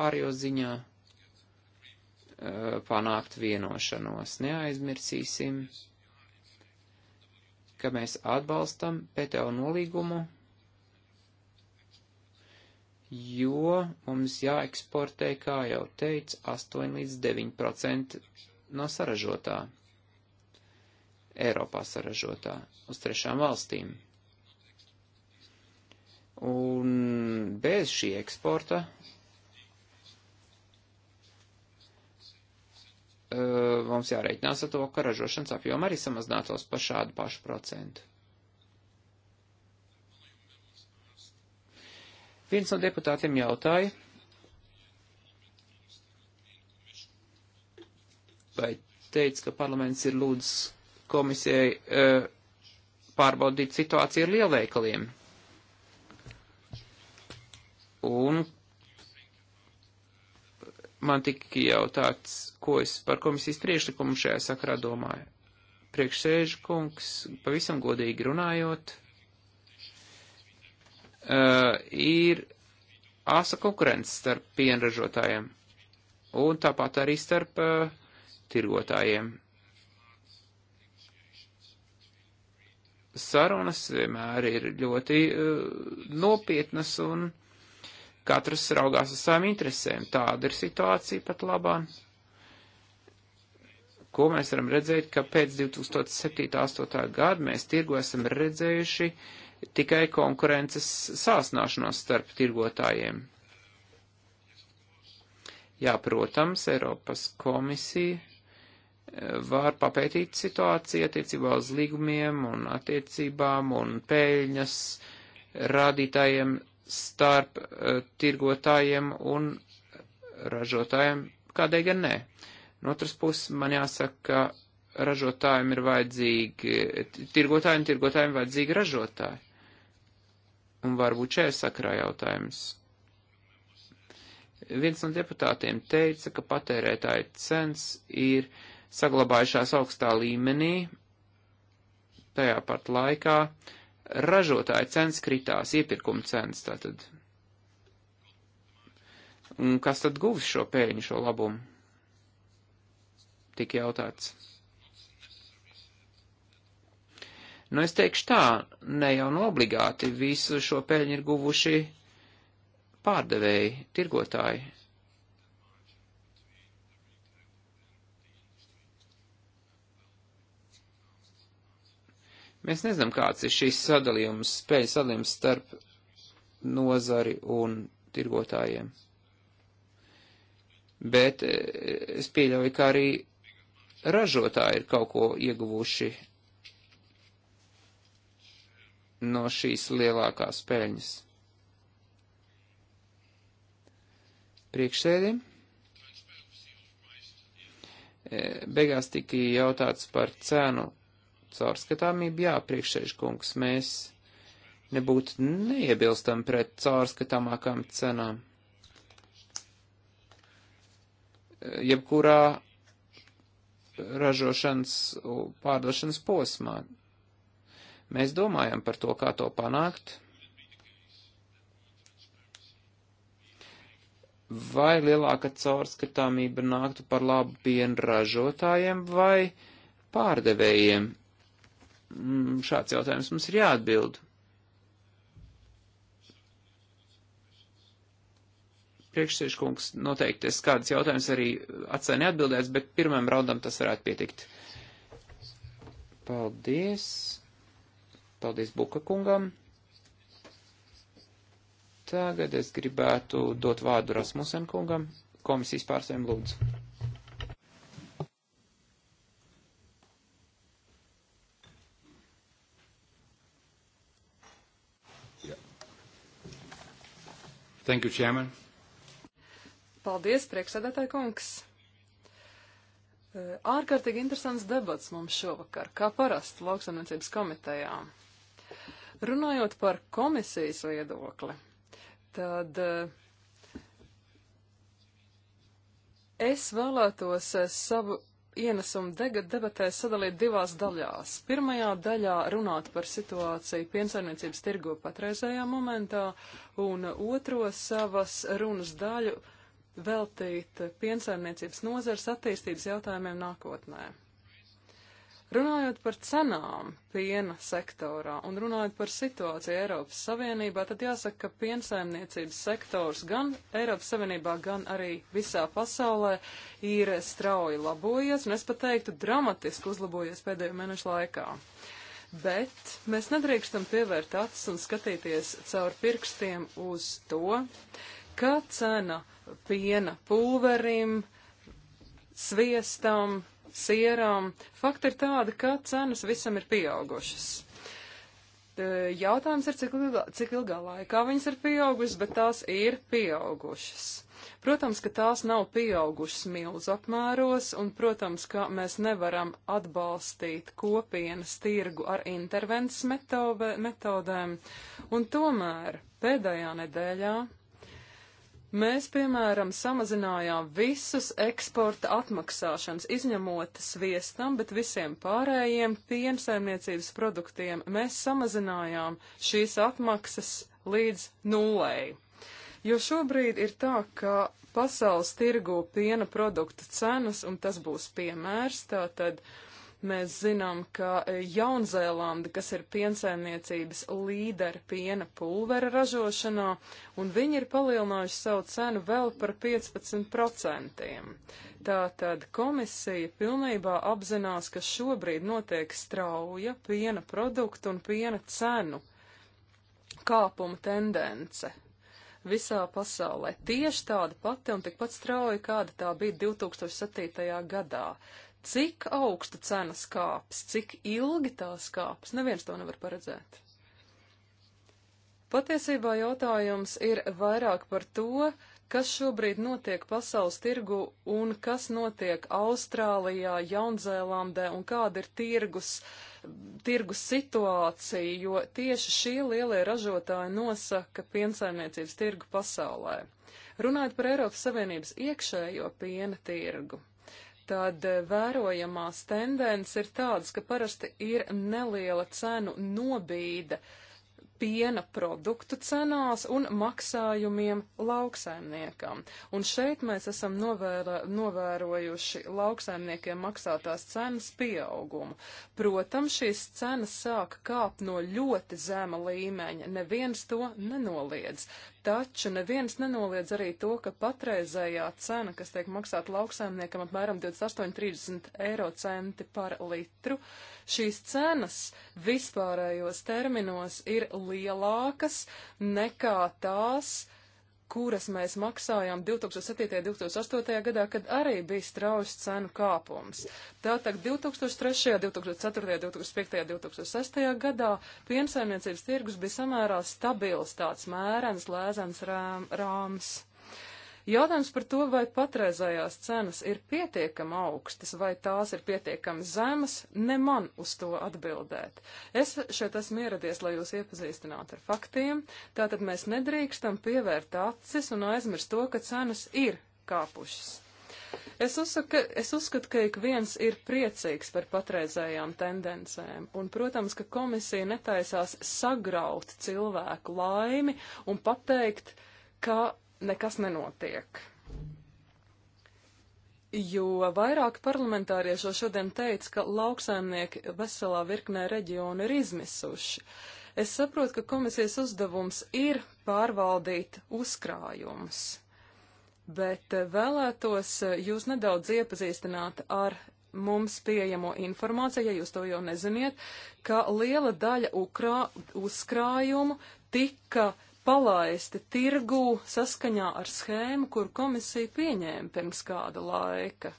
pārējo ziņā eh, panākt vienošanos. Neaizmirsīsim, ka mēs atbalstam PTO nolīgumu, jo mums jāeksportē, kā jau teicu, 8 līdz 9% no saražotā, Eiropā saražotā, uz trešām valstīm. Un bez šī eksporta Eh, mums jārēķinās ar to, ka ražošanas apjoma arī samazinātos par šādu pašu procentu. Viens no deputātiem jautāja, vai teica, ka parlaments ir lūdzis komisijai uh, pārbaudīt situāciju ar lielveikaliem. Un man tika jautāts, ko es par komisijas priekšlikumu šajā sakarā domāju. Priekšsēžu kungs, pavisam godīgi runājot, uh, ir āsa konkurence starp pienražotājiem un tāpat arī starp uh, tirgotājiem. Sarunas vienmēr ir ļoti uh, nopietnas un Katrs raugās uz savām interesēm. Tāda ir situācija pat labā. Ko mēs varam redzēt, ka pēc 2007.8. gada mēs tirgu esam redzējuši tikai konkurences sāsnāšanos starp tirgotājiem. Jā, protams, Eiropas komisija eh, var papētīt situāciju attiecībā uz līgumiem un attiecībām un peļņas rādītājiem starp uh, tirgotājiem un ražotājiem, kādēļ gan nē. No otras puses, man jāsaka, ka ražotājiem ir vajadzīgi, tirgotājiem, tirgotājiem vajadzīgi ražotāji. Un varbūt šajā sakrā jautājums. Viens no deputātiem teica, ka patērētāju cens ir saglabājušās augstā līmenī, tajā pat laikā ražotāja cenas kritās, iepirkuma cenas tātad. Un kas tad guvis šo pēļņu, šo labumu? Tik jautāts. Nu, es teikšu tā, ne jau no obligāti visu šo pēļņu ir guvuši pārdevēji, tirgotāji. Mēs nezinām, kāds ir šīs sadalījums, spēļu sadalījums starp nozari un tirgotājiem. Bet e, es pieļauju, ka arī ražotāji ir kaut ko ieguvuši no šīs lielākās peļņas. Priekšsēdim. E, beigās tika jautāts par cenu Caurskatāmība, jā, priekšsēžkungs, mēs nebūtu neiebilstam pret caurskatāmākām cenām. Jebkurā ražošanas pārdošanas posmā. Mēs domājam par to, kā to panākt. Vai lielāka caurskatāmība nāktu par labu piena ražotājiem vai pārdevējiem? Mm, šāds jautājums mums ir jāatbild. Priekšsēžkungs noteikti es kādas jautājumas arī atsēni atbildēs, bet pirmajam raundam tas varētu pietikt. Paldies. Paldies Buka kungam. Tagad es gribētu dot vārdu Rasmusen kungam, komisijas pārstāvjiem lūdzu. Thank you, Chairman. Paldies, priekšsēdētāji kungs. Eh, ārkārtīgi interesants debats mums šovakar, kā parasti lauksaimniecības komitejā. Runājot par komisijas viedokli, tad eh, es vēlētos eh, savu ienesumu debatēs sadalīt divās daļās. Pirmajā daļā runāt par situāciju piensaimniecības tirgo patreizējā momentā, un otro savas runas daļu veltīt piensaimniecības nozars attīstības jautājumiem nākotnē. Runājot par cenām piena sektorā un runājot par situāciju Eiropas Savienībā, tad jāsaka, ka piensaimniecības sektors gan Eiropas Savienībā, gan arī visā pasaulē ir strauji labojies, un es pat teiktu, dramatiski uzlabojies pēdējo mēnešu laikā. Bet mēs nedrīkstam pievērt acis un skatīties caur pirkstiem uz to, ka cena piena pulverim, sviestam, sierām. Fakti ir tādi, ka cenas visam ir pieaugušas. E, jautājums ir, cik ilgā, cik ilgā laikā viņas ir pieaugušas, bet tās ir pieaugušas. Protams, ka tās nav pieaugušas milzu apmēros, un, protams, ka mēs nevaram atbalstīt kopienas tirgu ar intervences metode, metodēm, un tomēr pēdējā nedēļā Mēs, piemēram, samazinājām visus eksporta atmaksāšanas, izņemot sviestam, bet visiem pārējiem piensaimniecības produktiem mēs samazinājām šīs atmaksas līdz nulēji. Jo šobrīd ir tā, ka pasaules tirgo piena produktu cenas, un tas būs piemērs, tātad. tad Mēs zinām, ka Jaunzēlanda, kas ir piensaimniecības līderi piena pulvera ražošanā, un viņi ir palielinājuši savu cenu vēl par 15%. Tātad komisija pilnībā apzinās, ka šobrīd notiek strauja piena produktu un piena cenu kāpuma tendence visā pasaulē. Tieši tāda pati un tikpat strauja, kāda tā bija 2007. gadā. Cik augsta cena skāps, cik ilgi tā skāps, neviens to nevar paredzēt. Patiesībā jautājums ir vairāk par to, kas šobrīd notiek pasaules tirgu un kas notiek Austrālijā, Jaunzēlandē un kāda ir tirgus, tirgus situācija, jo tieši šie lielie ražotāji nosaka piensaimniecības tirgu pasaulē. Runājot par Eiropas Savienības iekšējo piena tirgu tad vērojamās tendences ir tādas, ka parasti ir neliela cenu nobīde piena produktu cenās un maksājumiem lauksaimniekam. Un šeit mēs esam novēra, novērojuši lauksaimniekiem maksātās cenas pieaugumu. Protams, šīs cenas sāk kāpt no ļoti zema līmeņa, neviens to nenoliedz. Taču neviens nenoliedz arī to, ka patreizējā cena, kas tiek maksāta lauksaimniekam apmēram 28,30 eiro centi par litru, šīs cenas vispārējos terminos ir lielākas nekā tās, uh, kuras mēs maksājām 2007. un 2008. gadā, kad arī bija strauji cenu kāpums. Tātad 2003., 2004., 2005., 2006. gadā piensaimniecības tirgus bija samērā stabils tāds mērens, lēzens rāms. Rām, Jautājums par to, vai patreizējās cenas ir pietiekami augstas, vai tās ir pietiekami zemas, ne man uz to atbildēt. Es šeit esmu ieradies, lai jūs iepazīstinātu ar faktiem, tātad mēs nedrīkstam pievērt acis un aizmirst to, ka cenas ir kāpušas. Es, uzsaka, es uzskatu, ka ik viens ir priecīgs par patreizējām tendencēm, un, protams, ka komisija netaisās sagraut cilvēku laimi un pateikt, ka nekas nenotiek. Jo vairāk parlamentāriešu šodien teica, ka lauksaimnieki veselā virknē reģionu ir izmisuši. Es saprotu, ka komisijas uzdevums ir pārvaldīt uzkrājumus, bet vēlētos jūs nedaudz iepazīstināt ar mums pieejamo informāciju, ja jūs to jau neziniet, ka liela daļa ukrā, uzkrājumu tika uh, palaisti tirgū saskaņā ar schēmu, kur komisija pieņēma pirms kāda laika.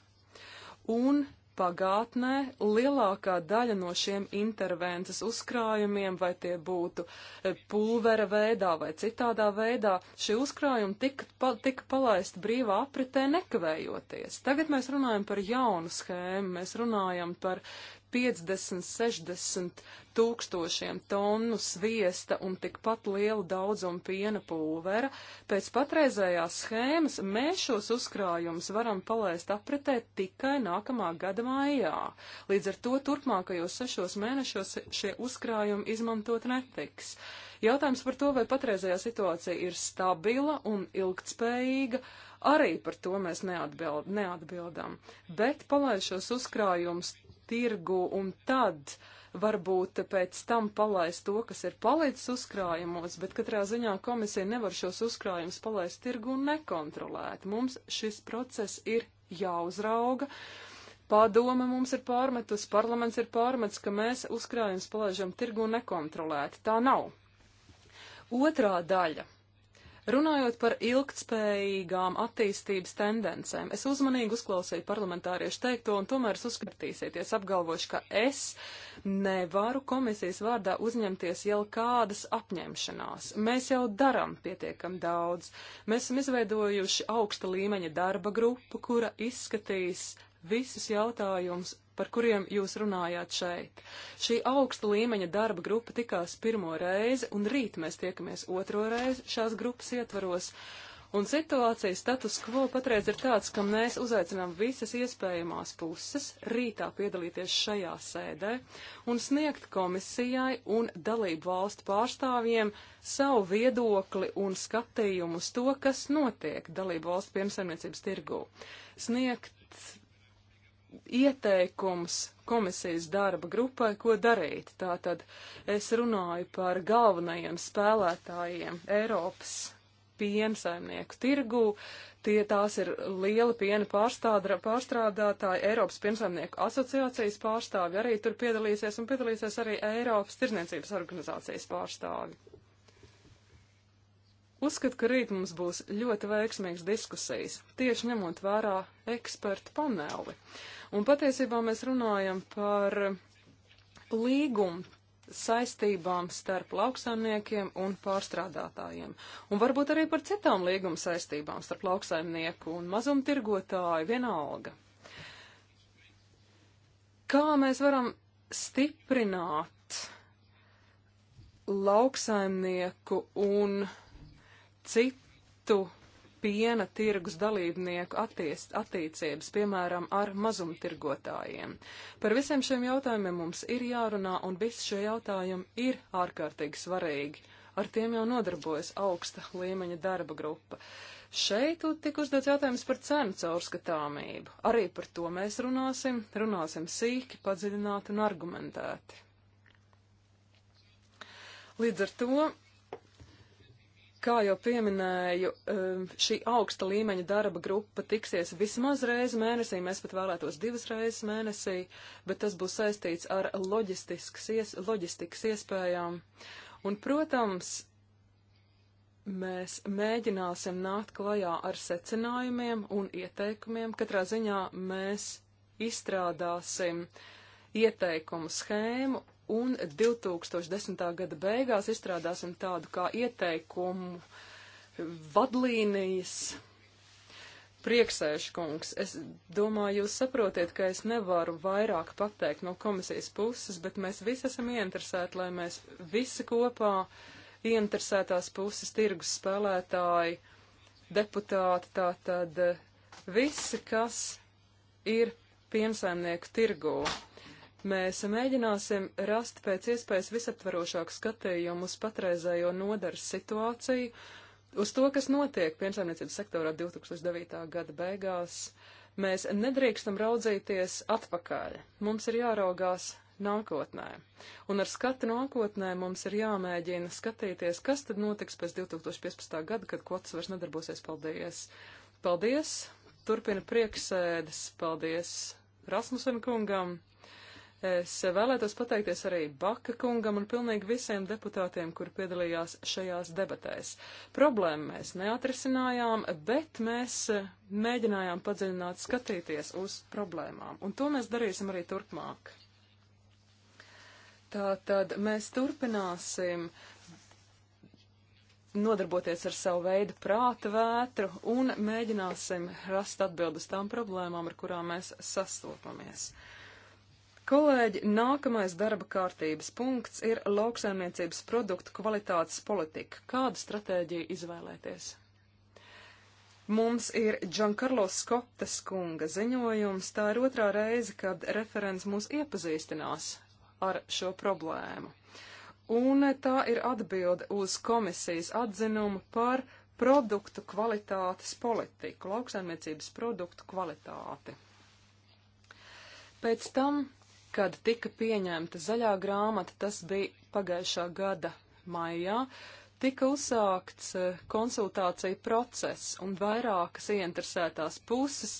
Un pagātnē lielākā daļa no šiem intervences uzkrājumiem, vai tie būtu e, pulvera veidā vai citādā veidā, šie uzkrājumi tika, pa, tika palaisti brīvā apritē nekavējoties. Tagad mēs runājam par jaunu schēmu, mēs runājam par 50, 60 tūkstošiem tonu sviesta un tikpat lielu daudzumu piena pulvera, pēc patreizējās schēmas mēs šos uzkrājumus varam palaist apritē tikai nākamā gada maijā. Līdz ar to turpmākajos sešos mēnešos šie uzkrājumi izmantot netiks. Jautājums par to, vai patreizējā situācija ir stabila un ilgtspējīga, arī par to mēs neatbild, neatbildam. Bet palaišos uzkrājumus tirgu un tad varbūt pēc tam palaist to, kas ir palicis uzkrājumos, bet katrā ziņā komisija nevar šos uzkrājumus palaist tirgu un nekontrolēt. Mums šis process ir jāuzrauga. Padome mums ir pārmetus, parlaments ir pārmetis, ka mēs uzkrājumus palaižam tirgu nekontrolēt. Tā nav. Otrā daļa Runājot par ilgtspējīgām attīstības tendencēm, es uzmanīgi uzklausīju parlamentāriešu teikto un tomēr es uzskatīsieties apgalvošu, ka es nevaru komisijas vārdā uzņemties jau kādas apņemšanās. Mēs jau daram pietiekam daudz. Mēs esam izveidojuši augsta līmeņa darba grupu, kura izskatīs visus jautājumus par kuriem jūs runājāt šeit. Šī augsta līmeņa darba grupa tikās pirmo reizi, un rīt mēs tiekamies otro reizi šās grupas ietvaros. Un situācija status quo patreiz ir tāds, ka mēs uzaicinām visas iespējamās puses rītā piedalīties šajā sēdē un sniegt komisijai un dalību valstu pārstāvjiem savu viedokli un skatījumu uz to, kas notiek dalību valstu piemsaimniecības tirgū. Sniegt ieteikums komisijas darba grupai, ko darīt. Tātad es runāju par galvenajiem spēlētājiem Eiropas piensaimnieku tirgū. Tie tās ir liela piena pārstrādātāji, Eiropas piensaimnieku asociācijas pārstāvi arī tur piedalīsies un piedalīsies arī Eiropas tirzniecības organizācijas pārstāvi. Uzskatu, ka rīt mums būs ļoti veiksmīgs diskusijas, tieši ņemot vērā ekspertu paneli. Uh, Un patiesībā mēs runājam par līgumu saistībām starp lauksaimniekiem un pārstrādātājiem. Un varbūt arī par citām līguma saistībām starp lauksaimnieku un mazumtirgotāju vienalga. Kā mēs varam stiprināt lauksaimnieku un citu piena tirgus dalībnieku attiest, attīcības, piemēram, ar mazumtirgotājiem. Par visiem šiem jautājumiem mums ir jārunā, un visi šie jautājumi ir ārkārtīgi svarīgi. Ar tiem jau nodarbojas augsta līmeņa darba grupa. Šeit tika uzdots jautājums par cenu caurskatāmību. Arī par to mēs runāsim, runāsim sīki, padziļināti un argumentēti. Līdz ar to Kā jau pieminēju, um, šī augsta līmeņa darba grupa tiksies vismaz reizi mēnesī, mēs pat vēlētos divas reizes mēnesī, bet tas būs saistīts ar ies, loģistikas iespējām. Un, protams, mēs mēģināsim nākt klajā ar secinājumiem un ieteikumiem. Katrā ziņā mēs izstrādāsim ieteikumu schēmu un 2010. gada beigās izstrādāsim tādu kā ieteikumu vadlīnijas. Prieksēškungs, es domāju, jūs saprotiet, ka es nevaru vairāk pateikt no komisijas puses, bet mēs visi esam ieinteresēti, lai mēs visi kopā, ieinteresētās puses, tirgus spēlētāji, deputāti, tātad visi, kas ir piensaimnieku tirgū, Mēs mēģināsim rast pēc iespējas visaptvarošāku skatījumu uz patreizējo nodaras situāciju, uz to, kas notiek piensaimniecības sektorā 2009. gada beigās. Mēs nedrīkstam raudzīties atpakaļ. Mums ir jāraugās nākotnē. Un ar skatu nākotnē mums ir jāmēģina skatīties, kas tad notiks pēc 2015. gada, kad kots vairs nedarbosies. Paldies! Paldies! Turpina prieksēdes. Paldies Rasmusen kungam! Es vēlētos pateikties arī Baka kungam un pilnīgi visiem deputātiem, kur piedalījās šajās debatēs. Problēmu mēs neatrisinājām, bet mēs eh, mēģinājām padziļināt skatīties uz problēmām, un to mēs darīsim arī turpmāk. Tātad mēs turpināsim nodarboties ar savu veidu prāta vētru un mēģināsim rast atbildus tām problēmām, ar kurām mēs sastopamies. Kolēģi, nākamais darba kārtības punkts ir lauksaimniecības produktu kvalitātes politika. Kādu stratēģiju izvēlēties? Mums ir Giancarlo Skotas kunga ziņojums. Tā ir otrā reize, kad referents mūs iepazīstinās ar šo problēmu. Un tā ir atbilde uz komisijas atzinumu par produktu kvalitātes politiku, lauksaimniecības produktu kvalitāti. Pēc tam kad tika pieņemta zaļā grāmata, tas bija pagājušā gada maijā, tika uzsākts e, konsultācija process un vairākas ieinteresētās puses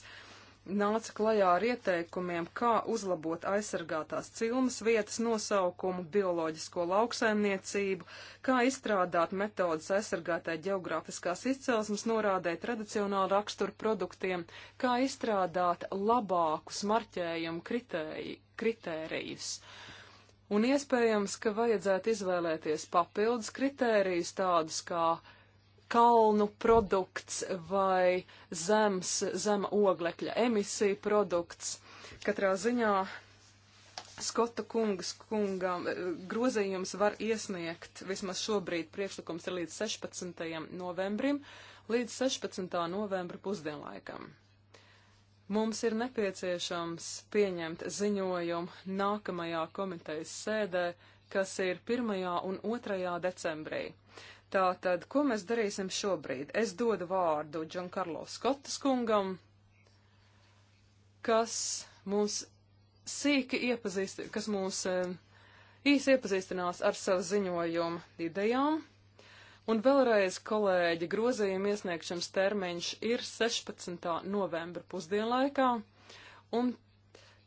nāca klajā ar ieteikumiem, kā uzlabot aizsargātās cilmas vietas nosaukumu, bioloģisko lauksaimniecību, kā izstrādāt metodas aizsargātai geogrāfiskās izcelsmes norādē tradicionālu raksturu produktiem, kā izstrādāt labākus marķējumu kritēriju, kritērijus. Un iespējams, ka vajadzētu izvēlēties papildus kritērijus tādus kā kalnu produkts vai zemes, zema oglekļa emisija produkts. Katrā ziņā Skota kungas kungam eh, grozījums var iesniegt, vismaz šobrīd priekšlikums ir līdz 16. novembrim, līdz 16. novembra pusdienlaikam. Mums ir nepieciešams pieņemt ziņojumu nākamajā komitejas sēdē, kas ir 1. un 2. decembrī. Tātad, ko mēs darīsim šobrīd? Es dodu vārdu Džankarlo Skotas kungam, kas mūs sīki iepazīst, kas mūs eh, īsi iepazīstinās ar savu ziņojumu idejām, Un vēlreiz, kolēģi, grozījuma iesniegšanas termiņš ir 16. novembra pusdienlaikā, un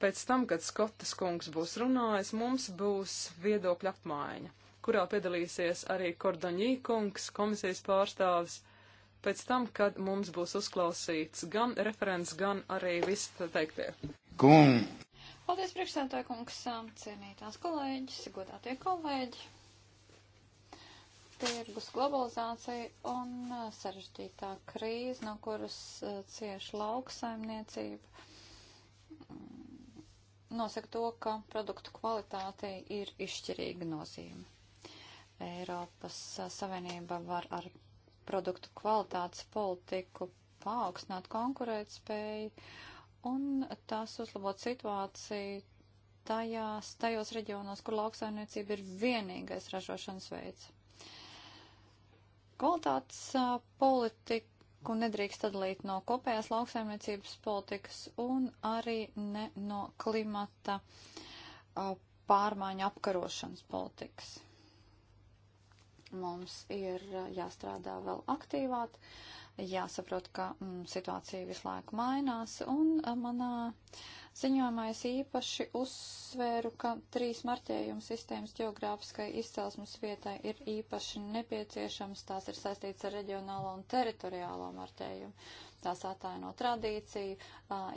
pēc tam, kad Skotas kungs būs runājis, mums būs viedokļa apmaiņa, kurā piedalīsies arī Kordoņī kungs, komisijas pārstāvis, pēc tam, kad mums būs uzklausīts gan referents, gan arī viss teiktie. Kung. Paldies, priekšsēdētāji kungs, cienītās kolēģis, godātie kolēģi tirgus globalizācija un uh, sarežģītā krīze, no kuras uh, cieši lauksaimniecība, mm, nosaka to, ka produktu kvalitātei ir izšķirīga nozīme. Eiropas uh, Savienība var ar produktu kvalitātes politiku paaugstināt konkurētspēju un tas uzlabot situāciju tajās, tajos reģionos, kur lauksaimniecība ir vienīgais ražošanas veids. Kvalitātes uh, politiku nedrīkst atdalīt no kopējās lauksaimniecības politikas un arī ne no klimata uh, pārmaiņu apkarošanas politikas. Mums ir uh, jāstrādā vēl aktīvāk jāsaprot, ka mm, situācija visu laiku mainās, un manā ziņojumā es īpaši uzsvēru, ka trīs marķējuma sistēmas geogrāfiskai izcelsmes vietai ir īpaši nepieciešams, tās ir saistīts ar reģionālo un teritoriālo marķējumu. Tās ataino tradīciju,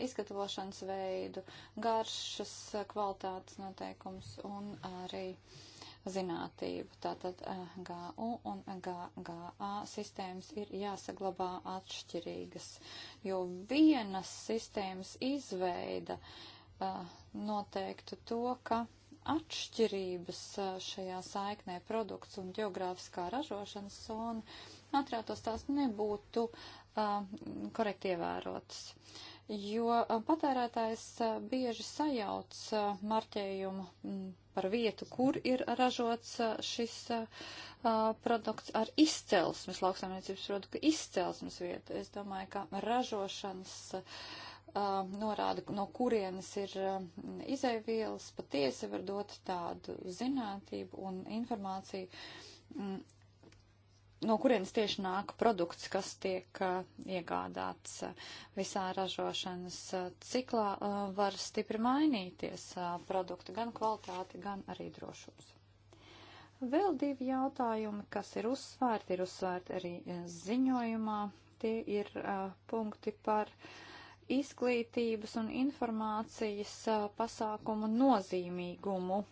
izgatavošanas veidu, garšas kvalitātes noteikums un arī uh, zinātību. Tātad eh, GU un GGA sistēmas ir jāsaglabā atšķirīgas, jo vienas sistēmas izveida eh, noteiktu to, ka atšķirības eh, šajā saiknē produkts un geogrāfiskā ražošanas zona atrātos tās nebūtu uh, korekti ievērotas. Jo patērētājs bieži sajauc marķējumu mm, par vietu, kur ir ražots šis produkts ar izcelsmes, lauksaimniecības produktu izcelsmes vietu. Es domāju, ka ražošanas norāda, no kurienes ir izaivielas, patiesi var dot tādu zinātību un informāciju mm, no kurienes tieši nāk produkts, kas tiek uh, iegādāts eh, visā ražošanas eh, ciklā, uh, var stipri mainīties uh, produktu gan kvalitāti, gan arī drošums. Vēl divi jautājumi, kas ir uzsvērti, ir uzsvērti arī ziņojumā. Tie ir punkti par izglītības un informācijas pasākumu nozīmīgumu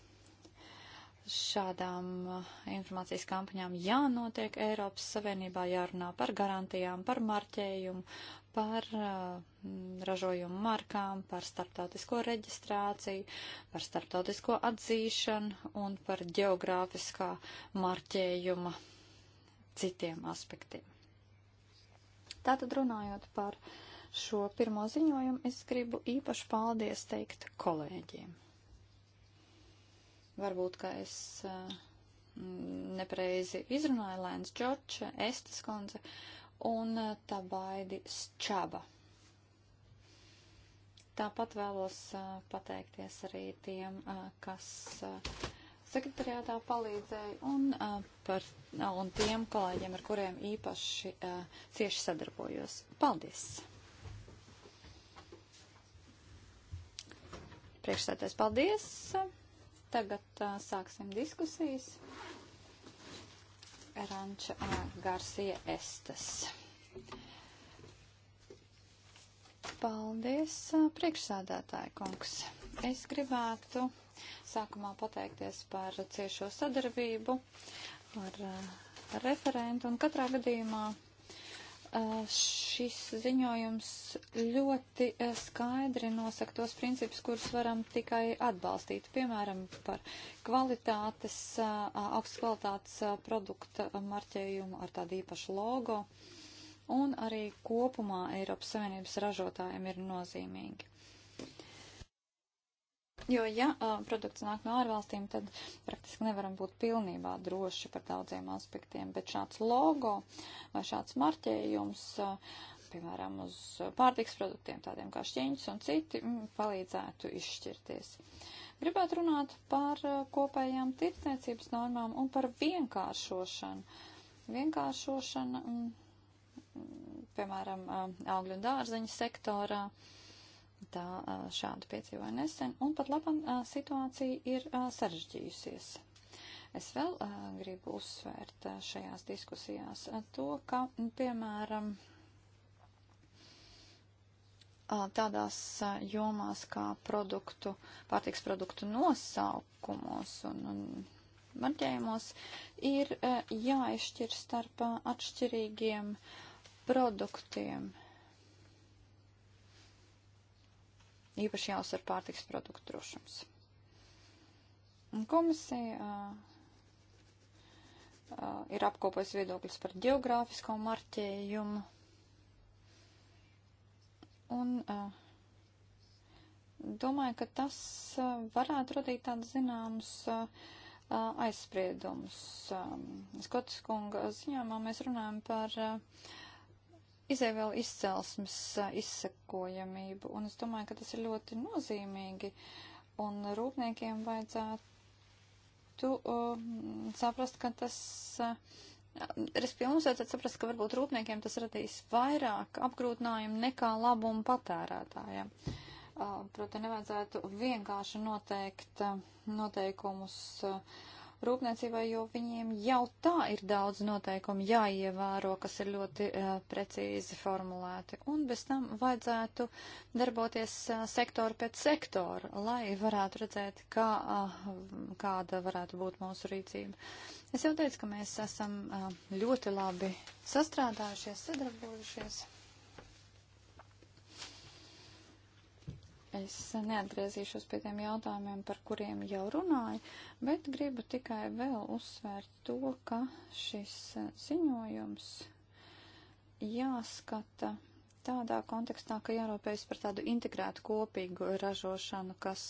šādām eh, informācijas kampaņām jānotiek Eiropas Savienībā, jārunā par garantijām, par marķējumu, par eh, ražojumu markām, par starptautisko reģistrāciju, par starptautisko atzīšanu un par geogrāfiskā marķējuma citiem aspektiem. Tātad runājot par šo pirmo ziņojumu, es gribu īpaši paldies teikt kolēģiem. Varbūt, ka es eh, nepareizi izrunāju Lēns Čorča, Estes konce un eh, Tabaidi Ščaba. Tāpat vēlos eh, pateikties arī tiem, kas sekretariātā palīdzēja un, par, un tiem kolēģiem, ar kuriem īpaši cieši sadarbojos. Paldies! Priekšsētais paldies! Tagad uh, sāksim diskusijas. Ranča uh, Garcia Estes. Paldies, uh, priekšsādātāja kungs. Es gribētu sākumā pateikties par ciešo sadarbību ar uh, referentu un katrā gadījumā šis ziņojums ļoti skaidri nosaka tos principus, kurus varam tikai atbalstīt. Piemēram, par kvalitātes, augstas kvalitātes produkta marķējumu ar tādu īpašu logo. Un arī kopumā Eiropas Savienības ražotājiem ir nozīmīgi. Jo, ja uh, produkts nāk no ārvalstīm, tad praktiski nevaram būt pilnībā droši par daudziem aspektiem, bet šāds logo vai šāds marķējums, uh, piemēram, uz pārtiks produktiem, tādiem kā šķiņķis un citi, mm, palīdzētu izšķirties. Gribētu runāt par uh, kopējām tirdzniecības normām un par vienkāršošanu. Vienkāršošana, mm, piemēram, uh, augļu un dārzeņu sektorā. Uh, tā šādu piedzīvoja nesen, un pat labam situācija ir sarežģījusies. Es vēl gribu uzsvērt šajās diskusijās to, ka, piemēram, tādās jomās kā produktu, pārtiks produktu nosaukumos un, un marķējumos ir jāizšķir starp atšķirīgiem produktiem, īpaši jāuzsver pārtiks produktu drošums. Komisija uh, uh, ir apkopojis viedokļus par geogrāfisko marķējumu un uh, domāju, ka tas varētu radīt tādus zināmus aizspriedumus. Skotas kunga ziņojumā mēs runājam par uh, izēvēlu izcelsmes izsekojamību, un es domāju, ka tas ir ļoti nozīmīgi, un rūpniekiem vajadzētu uh, saprast, ka tas. Uh, Respektīvi, mums vajadzētu saprast, ka varbūt rūpniekiem tas radīs vairāk apgrūtinājumu nekā labumu patērētājiem. Proti, nevajadzētu vienkārši noteikt noteikumus uh, rūpniecībai, jo viņiem jau tā ir daudz noteikumu jāievēro, kas ir ļoti uh, precīzi formulēti. Un bez tam vajadzētu darboties uh, sektoru pēc sektora, lai varētu redzēt, kā, uh, kāda varētu būt mūsu rīcība. Es jau teicu, ka mēs esam uh, ļoti labi sastrādājušies, sadarbojušies. Es neatgriezīšos pie tiem jautājumiem, par kuriem jau runāju, bet gribu tikai vēl uzsvērt to, ka šis ziņojums jāskata tādā kontekstā, ka jārūpējas par tādu integrētu kopīgu ražošanu, kas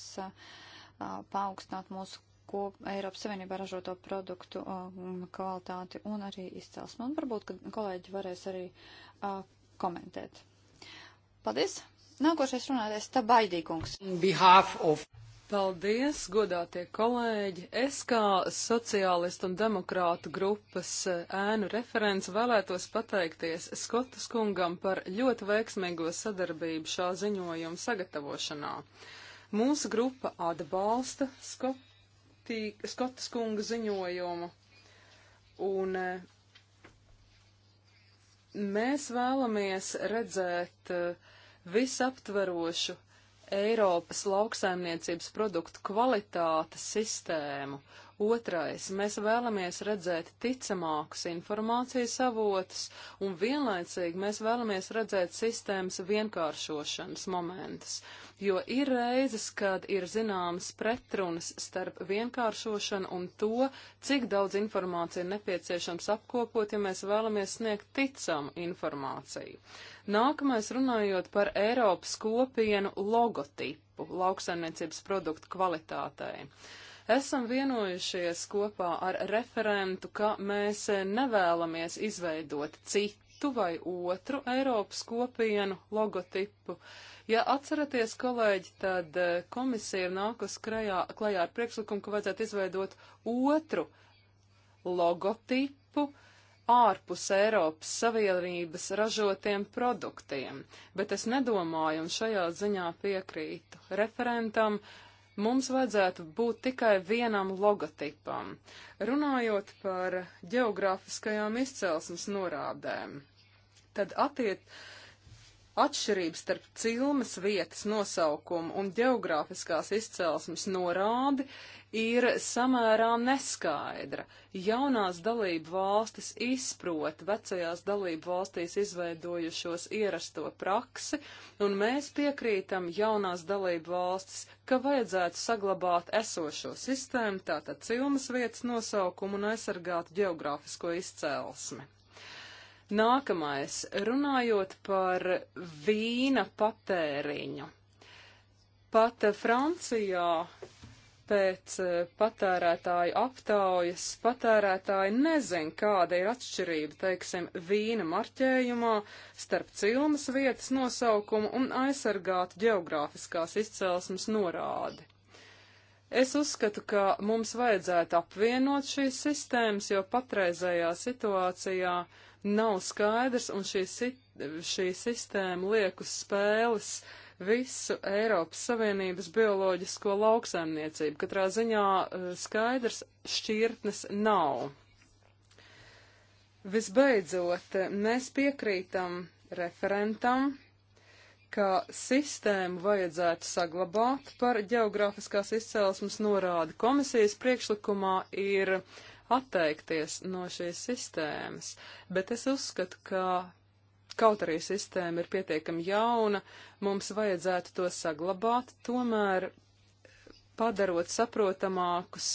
paaugstināt mūsu kop, Eiropas Savienībā ražoto produktu a, kvalitāti un arī izcelsmi. Un varbūt, ka kolēģi varēs arī a, komentēt. Paldies! Nākošais runātais Tabaidīkungs. Of... Paldies, godātie kolēģi! Es kā sociālistu un demokrātu grupas e, ēnu referents vēlētos pateikties Skotas kungam par ļoti veiksmīgo sadarbību šā ziņojuma sagatavošanā. Mūsu grupa atbalsta Skotī, Skotas kunga ziņojumu un e, mēs vēlamies redzēt uh, visaptverošu Eiropas lauksaimniecības produktu kvalitātes sistēmu Otrais, mēs vēlamies redzēt ticamākus informācijas avotus, un vienlaicīgi mēs vēlamies redzēt sistēmas vienkāršošanas momentus, jo ir reizes, kad ir zināmas pretrunas starp vienkāršošanu un to, cik daudz informācija ir nepieciešams apkopot, ja mēs vēlamies sniegt ticamu informāciju. Nākamais runājot par Eiropas kopienu logotipu lauksaimniecības produktu kvalitātei. Esam vienojušies kopā ar referentu, ka mēs nevēlamies izveidot citu vai otru Eiropas kopienu logotipu. Ja atceraties, kolēģi, tad eh, komisija ir nākus krajā, klajā ar priekšlikumu, ka vajadzētu izveidot otru logotipu ārpus Eiropas Savienības ražotiem produktiem, bet es nedomāju un šajā ziņā piekrītu referentam, Mums vajadzētu būt tikai vienam logotipam, runājot par geogrāfiskajām izcelsmes norādēm. Tad attiecībā Atšķirības starp cilmes vietas nosaukumu un geogrāfiskās izcelsmes norādi ir samērā neskaidra. Jaunās dalību valstis izprot vecajās dalību valstīs izveidojušos ierasto praksi, un mēs piekrītam jaunās dalību valstis, ka vajadzētu saglabāt esošo sistēmu, tātad cilmes vietas nosaukumu un aizsargāt geogrāfisko izcelsmi. Nākamais, runājot par vīna patēriņu. Pat Francijā pēc eh, patērētāju aptaujas patērētāji nezin, kāda ir atšķirība, teiksim, vīna marķējumā starp cilmas vietas nosaukumu un aizsargātu geogrāfiskās izcelsmes norādi. Es uzskatu, ka mums vajadzētu apvienot šīs sistēmas, jo patreizējā situācijā uh, nav skaidrs, un šī, šī sistēma liek uz spēles visu Eiropas Savienības bioloģisko lauksaimniecību. Katrā ziņā eh, skaidrs šķirtnes nav. Visbeidzot, mēs piekrītam referentam, ka sistēmu vajadzētu saglabāt par geogrāfiskās izcelsmes norādi. Komisijas priekšlikumā ir uh, atteikties no šīs sistēmas, bet es uzskatu, ka kaut arī sistēma ir pietiekami jauna, mums vajadzētu to saglabāt, tomēr padarot saprotamākus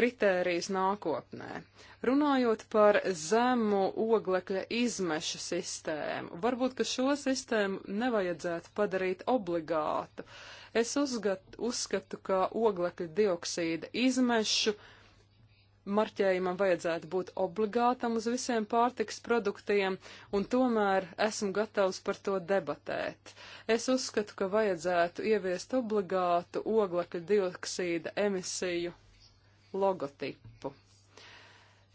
kritērijas nākotnē. Runājot par zemu oglekļa izmeša sistēmu, varbūt, ka šo sistēmu nevajadzētu padarīt obligātu. Es uzgat, uzskatu, ka oglekļa dioksīda izmešu uh, marķējumam vajadzētu būt obligātam uz visiem pārtiks produktiem, un tomēr esmu gatavs par to debatēt. Es uzskatu, ka vajadzētu ieviest obligātu oglekļa dioksīda emisiju logotipu.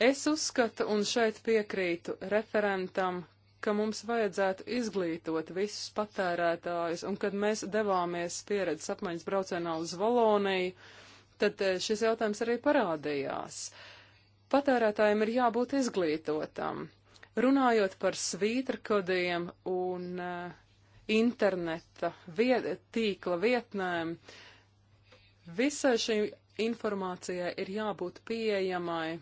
Es uzskatu, un šeit piekrītu referentam, ka mums vajadzētu izglītot visus patērētājus, un kad mēs devāmies pieredzes apmaiņas braucienā uz Valoniju, uh, tad eh, šis jautājums arī parādījās. Patērētājiem ir jābūt izglītotam. Runājot par svītrakodiem un eh, interneta vied tīkla vietnēm, visai šī informācijai ir jābūt pieejamai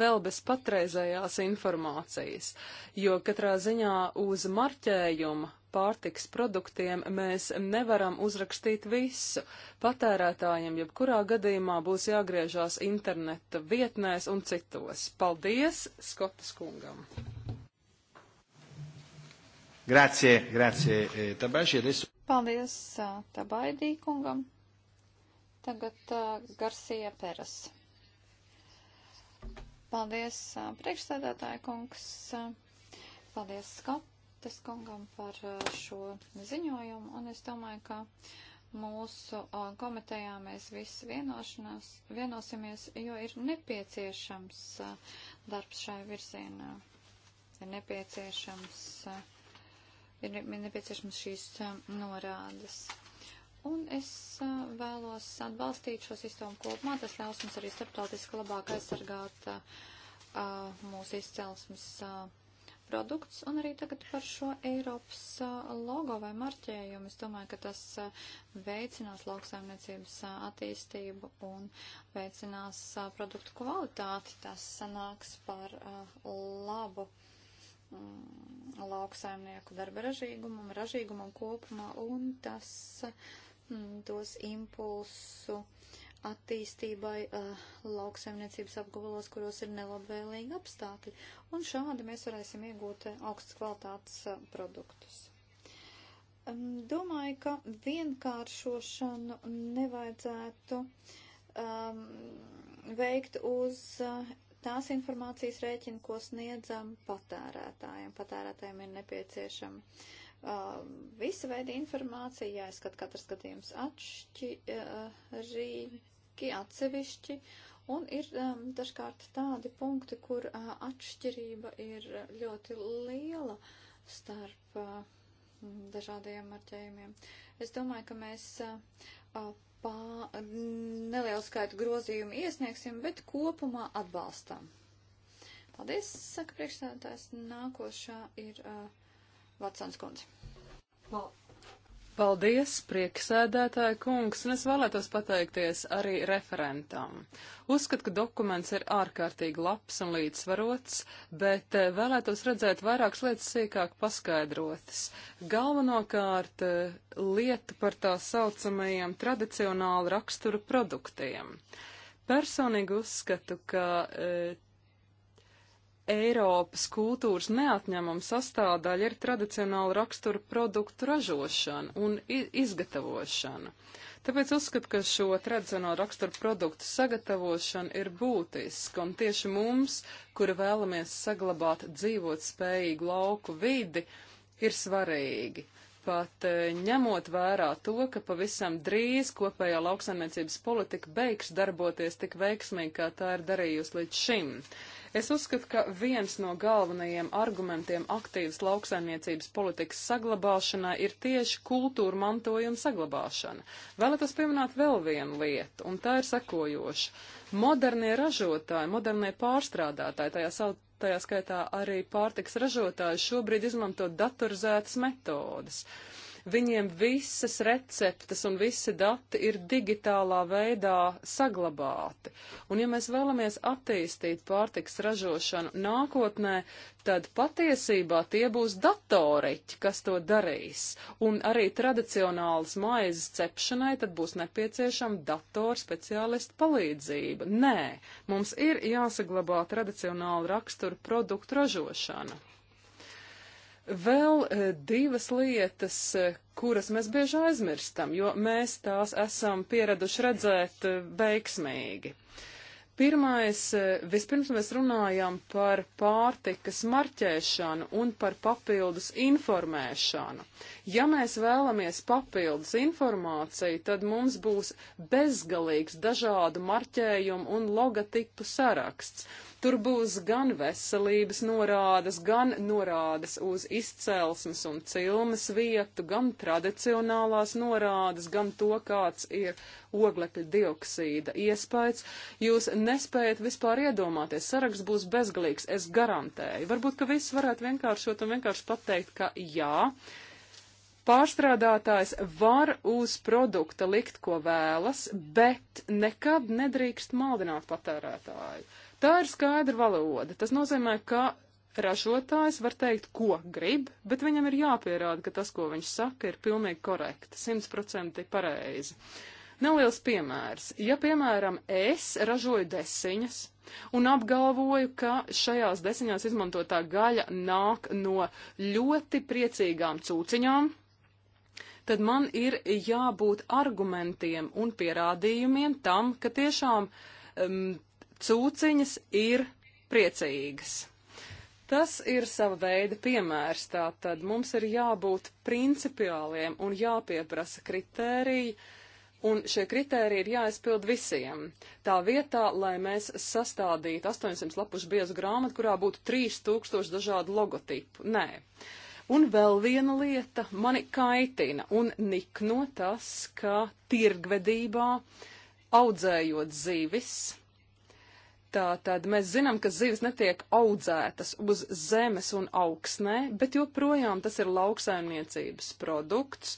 vēl bez patreizējās informācijas, jo katrā ziņā uz marķējuma pārtiks produktiem mēs nevaram uzrakstīt visu. Patērētājiem jebkurā gadījumā būs jāgriežās interneta vietnēs un citos. Paldies Skotas kungam! Grazie, grazie, eh, Tabaši. Adesso... Paldies eh, Tabaidī kungam. Tagad uh, eh, Garcija Peras. Paldies, priekšstādātāja kungs. Paldies, Skot Dantes kungam par eh, šo ziņojumu, un es domāju, ka mūsu eh, komitejā mēs visi vienosimies, jo ir nepieciešams eh, darbs šai virzienā. Ir nepieciešams, ir nepieciešams šīs norādes. Un es vēlos atbalstīt šo sistēmu kopumā, tas ļaus mums arī starptautiski labāk aizsargāt uh, mūsu izcelsmes uh, produkts, un arī tagad par šo Eiropas logo vai marķējumu. Es domāju, ka tas veicinās lauksaimniecības attīstību un veicinās produktu kvalitāti. Tas sanāks par labu mm, lauksaimnieku darba ražīgumam, ražīgumam kopumā, un tas mm, dos impulsu uh, attīstībai uh, lauksaimniecības apgabalos, kuros ir nelabvēlīgi apstākļi. Un šādi mēs varēsim iegūt eh, augstas kvalitātes uh, produktus. Um, domāju, ka vienkāršošanu nevajadzētu um, veikt uz uh, tās informācijas rēķina, ko sniedzam patērētājiem. Patērētājiem ir nepieciešama uh, visa veida informācija, jāizskat katrs gadījums atšķirīgi. Uh, bloki atsevišķi, un ir um, dažkārt tādi punkti, kur uh, atšķirība ir ļoti liela starp uh, dažādiem marķējumiem. Es domāju, ka mēs uh, uh pā, nelielu skaitu grozījumu iesniegsim, bet kopumā atbalstam. Paldies, saka priekšstādātājs. Nākošā ir uh, Vatsons kundze. Well. Paldies, prieksēdētāja kungs, un es vēlētos pateikties arī referentam. Uzskatu, ka dokuments ir ārkārtīgi labs un līdzsvarots, bet eh, vēlētos redzēt vairākas lietas sīkāk paskaidrotas. Galvenokārt eh, lieta par tā saucamajiem tradicionālu raksturu produktiem. Personīgi uzskatu, ka e, Eiropas kultūras neatņemama sastāvdaļa ir tradicionāla rakstura produktu ražošana un izgatavošana. Tāpēc uzskatu, ka šo tradicionālo rakstura produktu sagatavošana ir būtiska, un tieši mums, kuri vēlamies saglabāt dzīvot spējīgu lauku vidi, ir svarīgi. Pat e, ņemot vērā to, ka pavisam drīz kopējā lauksaimniecības politika beigs darboties tik veiksmīgi, kā tā ir darījusi līdz šim. Uh, Es uzskatu, ka viens no galvenajiem argumentiem aktīvas lauksaimniecības politikas saglabāšanā ir tieši kultūra mantojuma saglabāšana. Vēlētos pieminēt vēl vienu lietu, un tā ir sekojoša. Modernie ražotāji, modernie pārstrādātāji, tajā sauc tajā skaitā arī pārtiks ražotāji šobrīd izmanto datorizētas metodas. Uh, Viņiem visas receptes un visi dati ir digitālā veidā saglabāti. Un ja mēs vēlamies attīstīt pārtiks ražošanu nākotnē, tad patiesībā tie būs datoriķi, kas to darīs. Un arī tradicionālas maizes cepšanai tad būs nepieciešama datora speciālista palīdzība. Nē, mums ir jāsaglabā tradicionāla rakstura produktu ražošana. Vēl e, divas lietas, e, kuras mēs bieži aizmirstam, jo mēs tās esam pieraduši redzēt e, veiksmīgi. Pirmais, vispirms mēs runājam par pārtikas marķēšanu un par papildus informēšanu. Ja mēs vēlamies papildus informāciju, tad mums būs bezgalīgs dažādu marķējumu un logotipu saraksts. Tur būs gan veselības norādes, gan norādes uz izcelsmes un cilmes vietu, gan tradicionālās norādes, gan to, kāds ir oglekļa dioksīda iespējas. Jūs nespējat vispār iedomāties, saraksts būs bezgalīgs, es garantēju. Varbūt, ka viss varētu vienkāršot un vienkārši pateikt, ka jā. Pārstrādātājs var uz produkta likt, ko vēlas, bet nekad nedrīkst maldināt patērētāju. Tā ir skaidra valoda. Tas nozīmē, ka ražotājs var teikt, ko grib, bet viņam ir jāpierāda, ka tas, ko viņš saka, ir pilnīgi korekti, simtprocentīgi pareizi. Neliels piemērs. Ja, piemēram, es ražoju desiņas un apgalvoju, ka šajās desiņās izmantotā gaļa nāk no ļoti priecīgām cūciņām, tad man ir jābūt argumentiem un pierādījumiem tam, ka tiešām um, cūciņas ir priecīgas. Tas ir sava veida piemērs, tātad mums ir jābūt principiāliem un jāpieprasa kritēriji, un šie kritēriji ir jāizpild visiem. Tā vietā, lai mēs sastādītu 800 lapušu biezu grāmatu, kurā būtu 3000 dažādu logotipu. Nē. Un vēl viena lieta mani kaitina un nikno tas, ka tirgvedībā audzējot zīvis, Tātad mēs zinām, ka zivis netiek audzētas uz zemes un augsnē, bet joprojām tas ir lauksaimniecības produkts,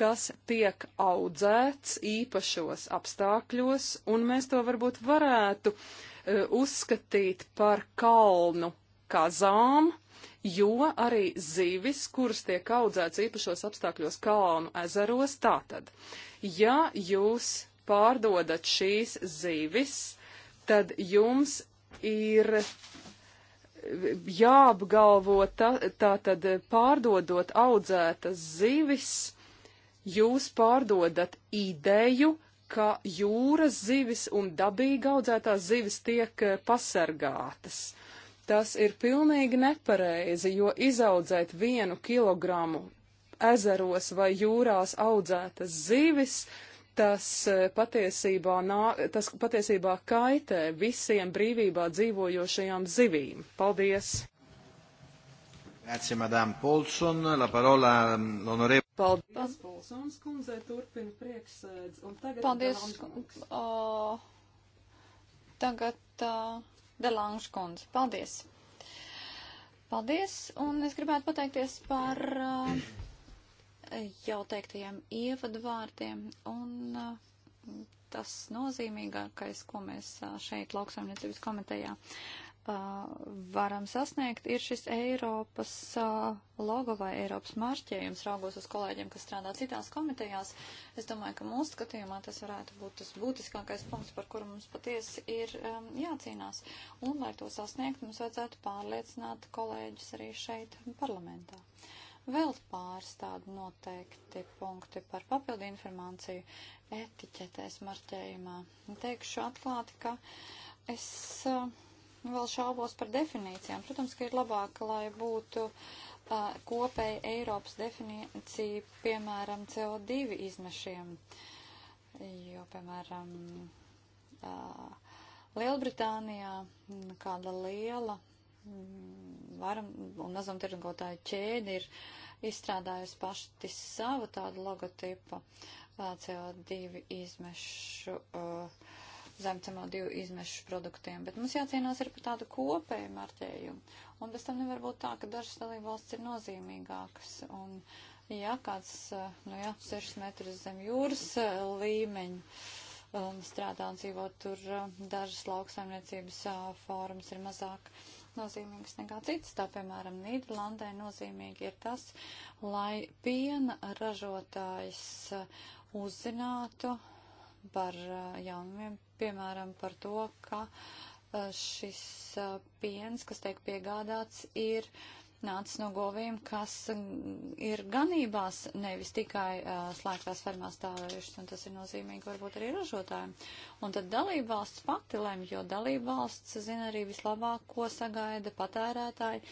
kas tiek audzēts īpašos apstākļos, un mēs to varbūt varētu uh, uzskatīt par kalnu kazām, jo arī zivis, kuras tiek audzētas īpašos apstākļos kalnu ezeros, tātad, ja jūs pārdodat šīs zivis, tad jums ir jāapgalvo tā, tā tad pārdodot audzētas zivis, jūs pārdodat ideju, ka jūras zivis un dabīgi audzētās zivis tiek eh, pasargātas. Tas ir pilnīgi nepareizi, jo izaudzēt vienu kilogramu ezeros vai jūrās audzētas zivis, tas eh, patiesībā, nā, tas patiesībā kaitē visiem brīvībā dzīvojošajām zivīm. Paldies! Grazie, Madame Polson. La parola mm, l'onorevole. Paldies, Polsons kundze, turpina priekšsēdz. Un tagad Paldies, uh, tagad uh, Delange kundze. Paldies. Paldies, un es gribētu pateikties par. Uh, jau teiktajiem ievadvārdiem un uh, tas nozīmīgākais, ko mēs uh, šeit lauksaimniecības komitejā uh, varam sasniegt, ir šis Eiropas logo vai Eiropas mārķējums. Raugos uz kolēģiem, kas strādā citās komitejās, es domāju, ka mūsu skatījumā tas varētu būt tas būtiskākais punkts, par kuru mums patiesi ir um, jācīnās. Un, lai to sasniegt, mums vajadzētu pārliecināt kolēģis arī šeit parlamentā. Uh, Vēl pāris tādi noteikti punkti par papildu informāciju etiķetēs marķējumā. Teikšu atklāti, ka es vēl šaubos par definīcijām. Protams, ka ir labāk, lai būtu uh, kopēja Eiropas definīcija, piemēram, CO2 izmešiem, jo, piemēram, uh, Lielbritānijā kāda liela varam un mazumtirgotāju ķēdi ir izstrādājusi paši savu tādu logotipu CO2 izmešu, zem CO2 izmešu produktiem, bet mums jācīnās arī par tādu kopēju marķējumu. Un bez tam nevar būt tā, ka dažas dalība valsts ir nozīmīgākas. Un, ja kāds, nu jā, 6 metrus zem jūras līmeņa um, strādā un dzīvo tur. Dažas lauksaimniecības uh, formas ir mazāk nozīmīgs nekā cits. Tā, piemēram, Nīderlandē nozīmīgi ir tas, lai piena ražotājs uh, uzzinātu par uh, jaunumiem, piemēram, par to, ka uh, šis piens, kas tiek piegādāts, ir uh, nācis no govīm, kas ir ganībās, nevis tikai uh, slēgtās fermās stāvējušas, un tas ir nozīmīgi varbūt arī ražotājiem. Un tad dalība valsts pati lem, jo dalība valsts zina arī vislabāk, ko sagaida patērētāji,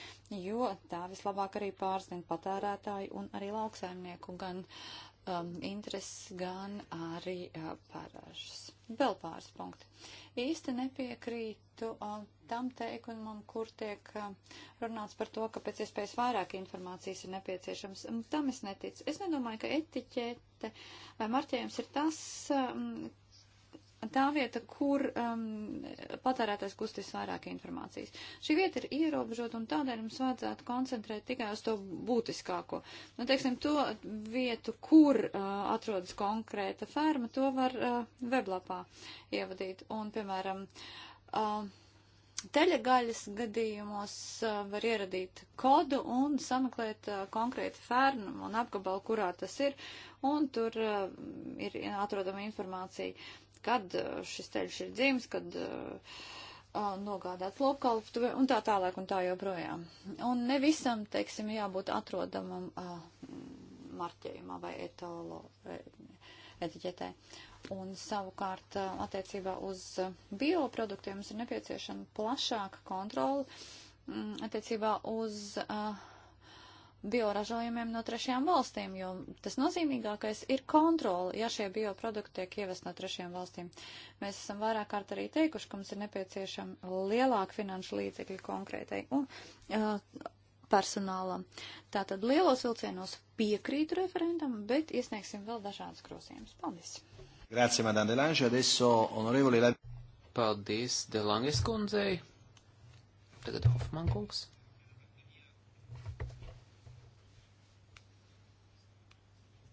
jo tā vislabāk arī pārzina patērētāji un arī lauksaimnieku gan um, intereses, gan arī uh, pārāžas. Vēl pāris punkti. Īsti nepiekrītu uh, tam teikumam, kur tiek uh, runāts par to, ka pēc iespējas vairāk informācijas ir nepieciešams. Mm, tam es neticu. Es nedomāju, ka etiķete vai marķējums ir tas, um, tā vieta, kur um, patērētājs gustis vairāk informācijas. Šī vieta ir ierobežota un tādēļ mums vajadzētu koncentrēt tikai uz to būtiskāko. Nu, teiksim, to vietu, kur uh, atrodas konkrēta ferma, to var uh, weblapā ievadīt. Un, piemēram, uh, Teļagaļas gadījumos uh, var ieradīt kodu un sameklēt uh, konkrēti fermu un apgabalu, kurā tas ir, un tur uh, ir atrodama informācija kad uh, šis ceļš ir dzimis, kad uh, uh, nogādāts lopkalpstuvē un tā tālāk un tā joprojām. Un ne visam, teiksim, jābūt atrodamam marķējumā vai etolo, e, etiķetē. Un savukārt attiecībā uz bioproduktiem mums ir nepieciešama plašāka kontrola mm, attiecībā uz uh, bioražojumiem no trešajām valstīm, jo tas nozīmīgākais ir kontrola, ja šie bioprodukti tiek ievest no trešajām valstīm. Mēs esam vairāk kārt arī teikuši, ka mums ir nepieciešama lielāka finanšu līdzekļa konkrētai un uh, personālam. Tātad lielos vilcienos piekrītu referendam, bet iesniegsim vēl dažādas grozījumus. Paldies! Grazie, Madame Delange. Adesso, onorevoli... Paldies, Delanges kundzei. Tagad Hofman kungs.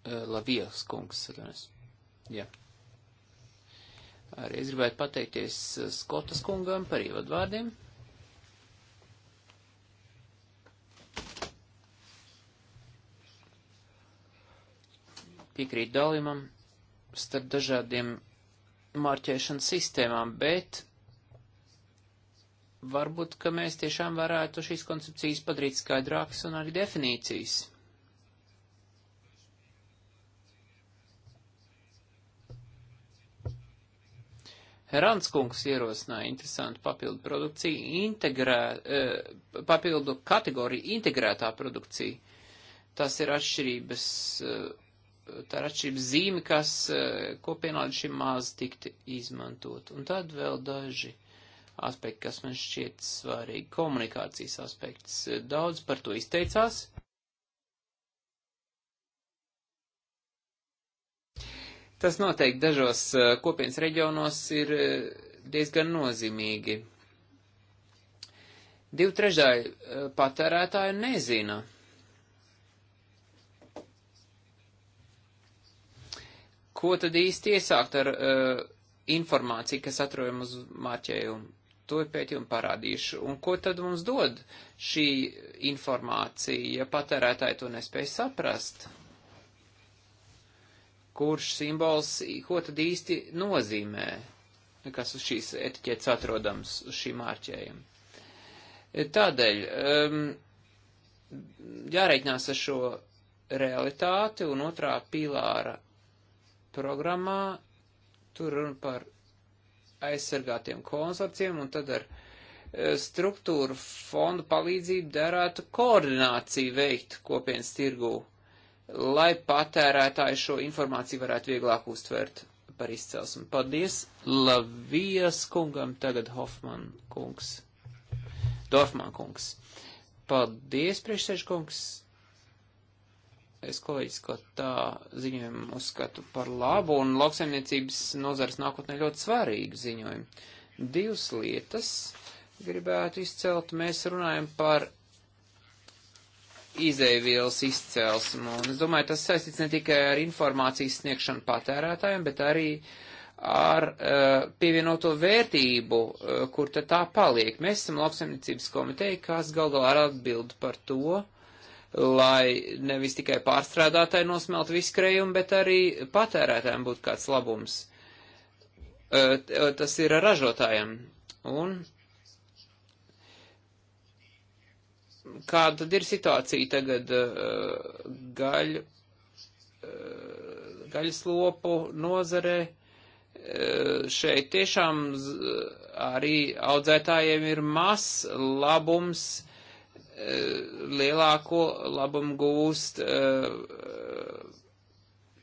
Eh, Lavijas kungs, atvainojos. Jā. Arī es gribētu pateikties eh, Skotas kungam par ievadvārdiem. Piekrīt dalījumam starp dažādiem marķēšanas sistēmām, bet varbūt, ka mēs tiešām varētu šīs koncepcijas padarīt skaidrākas un arī definīcijas. Herants kungs ierosināja interesantu papildu produkciju, integrē, e, papildu kategoriju integrētā produkcija. Tas ir atšķirības, e, tā ir atšķirības zīme, kas e, kopienā līdz šim maz tikt izmantot. Un tad vēl daži aspekti, kas man šķiet svarīgi. Komunikācijas aspekts. Daudz par to izteicās. Tas noteikti dažos eh, kopienas reģionos ir eh, diezgan nozīmīgi. Divi trešdaļi eh, patērētāju nezina. Ko tad īsti iesākt ar uh, informāciju, kas atrojam uz mārķējumu? to ir pētījumi parādījuši. Un ko tad mums dod šī informācija, ja patērētāji to nespēja saprast? kurš simbols, ko tad īsti nozīmē, kas uz šīs etiķetes atrodams, uz šī mārķējuma. Tādēļ um, jāreikinās ar šo realitāti un otrā pīlāra programmā tur runa par aizsargātiem konsorcijiem un tad ar e, struktūru fondu palīdzību derētu koordināciju veikt kopienas tirgū lai patērētāji šo informāciju varētu vieglāk uztvert par izcelsmi. Paldies Lavijas kungam, tagad Hofman kungs. Dorfman kungs. Paldies, priekšsēžkungs. Es kolēģis, ka tā ziņojumu uzskatu par labu un lauksaimniecības nozars nākotnē ļoti svarīgu ziņojumu. Divas lietas gribētu izcelt. Mēs runājam par izēvielas izcelsmu. Un es domāju, tas saistīts ne tikai ar informācijas sniegšanu patērētājiem, bet arī ar uh, pievienoto vērtību, uh, kur tad tā paliek. Mēs esam lauksaimniecības komiteja, kas gal galā ar atbildi par to, lai nevis tikai pārstrādātāji nosmelt visu krējumu, bet arī patērētājiem būtu kāds labums. Uh, tas ir ražotājiem. Un kāda ir situācija tagad eh, gaļu, eh, gaļas lopu nozarē? Eh, šeit tiešām arī audzētājiem ir mas labums, lielāko labumu gūst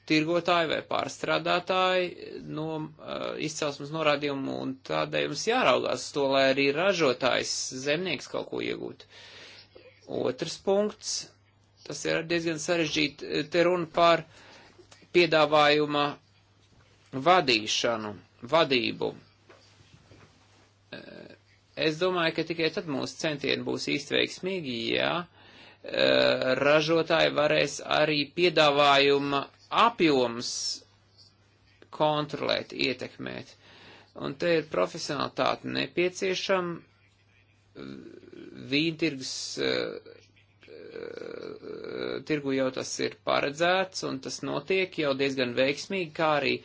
tirgotāji vai pārstrādātāji no izcelsmes norādījumu, un tādēļ mums jāraugās to, lai arī ražotājs zemnieks kaut ko iegūtu. Uh, Otrs punkts, tas ir diezgan sarežģīti, te runa par piedāvājuma vadīšanu, vadību. Eh, es domāju, ka tikai tad mūsu centieni būs īstveiksmīgi, ja eh, ražotāji varēs arī piedāvājuma apjoms kontrolēt, ietekmēt. Un te ir profesionalitāte nepieciešama vīntirgs eh, eh, tirgu jau tas ir paredzēts un tas notiek jau diezgan veiksmīgi, kā arī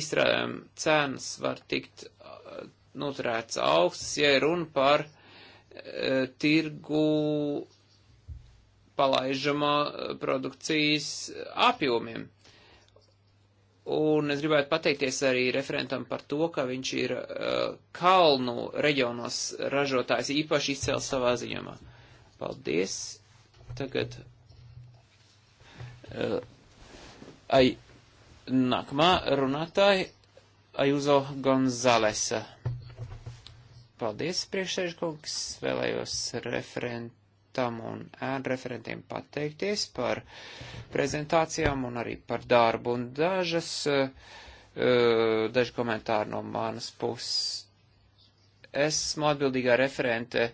izstrādājuma cenas var tikt eh, noturēts augstas, ja ir runa par tirgu palaižamā produkcijas apjomiem. Un es gribētu pateikties arī referentam par to, ka viņš ir uh, kalnu reģionos ražotājs īpaši izcēlis savā ziņamā. Paldies. Tagad. Uh, ai, nākamā runātāja Ajuzo Gonzalesa. Paldies, priekšsēžkungs. Vēlējos referent referentam un ēnu referentiem pateikties par prezentācijām un arī par darbu. Un dažas, eh, eh, daži komentāri no manas puses. Esmu atbildīgā referente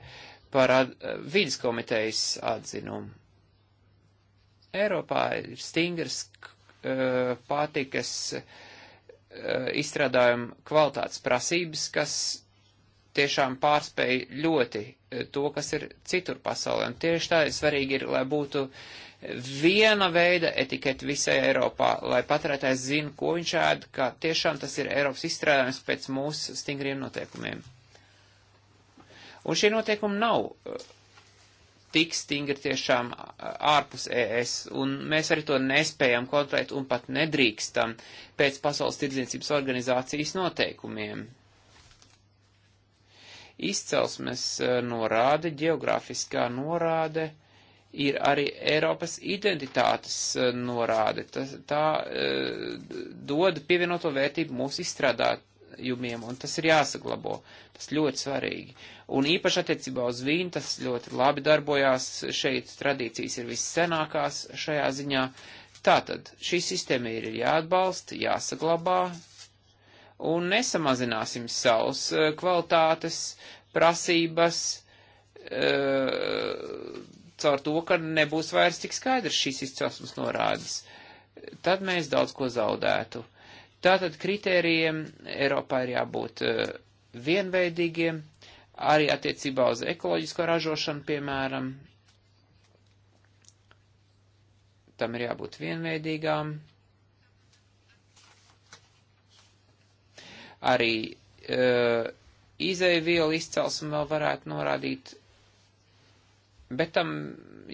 par ad, eh, vidas komitejas atzinumu. Eiropā ir stingrs pārtikas izstrādājuma kvalitātes prasības, kas tiešām pārspēja ļoti to, kas ir citur pasaulē. Un tieši tā svarīgi ir, lai būtu viena veida etiketi visai Eiropā, lai patērētājs zina, ko viņš ēd, ka tiešām tas ir Eiropas izstrādājums pēc mūsu stingriem noteikumiem. Un šie noteikumi nav uh, tik stingri tiešām uh, ārpus ES, un mēs arī to nespējam kontrolēt un pat nedrīkstam pēc Pasaules tirdzniecības organizācijas noteikumiem Izcelsmes eh, norāde, geogrāfiskā norāde ir arī Eiropas identitātes eh, norāde. Tā, tā eh, dod pievienoto vērtību mūsu izstrādājumiem, un tas ir jāsaglabo. Tas ļoti svarīgi. Un īpaši attiecībā uz vīnu tas ļoti labi darbojās. Šeit tradīcijas ir vissenākās šajā ziņā. Tātad šī sistēma ir jāatbalsta, jāsaglabā, un nesamazināsim savus eh, kvalitātes prasības eh, caur to, ka nebūs vairs tik skaidrs šīs izcelsmes norādes. Tad mēs daudz ko zaudētu. Tātad kritērijiem Eiropā ir jābūt eh, vienveidīgiem, arī attiecībā uz ekoloģisko ražošanu, piemēram, tam ir jābūt vienveidīgām. Arī uh, e, izēvielu izcelsmi vēl varētu norādīt, bet tam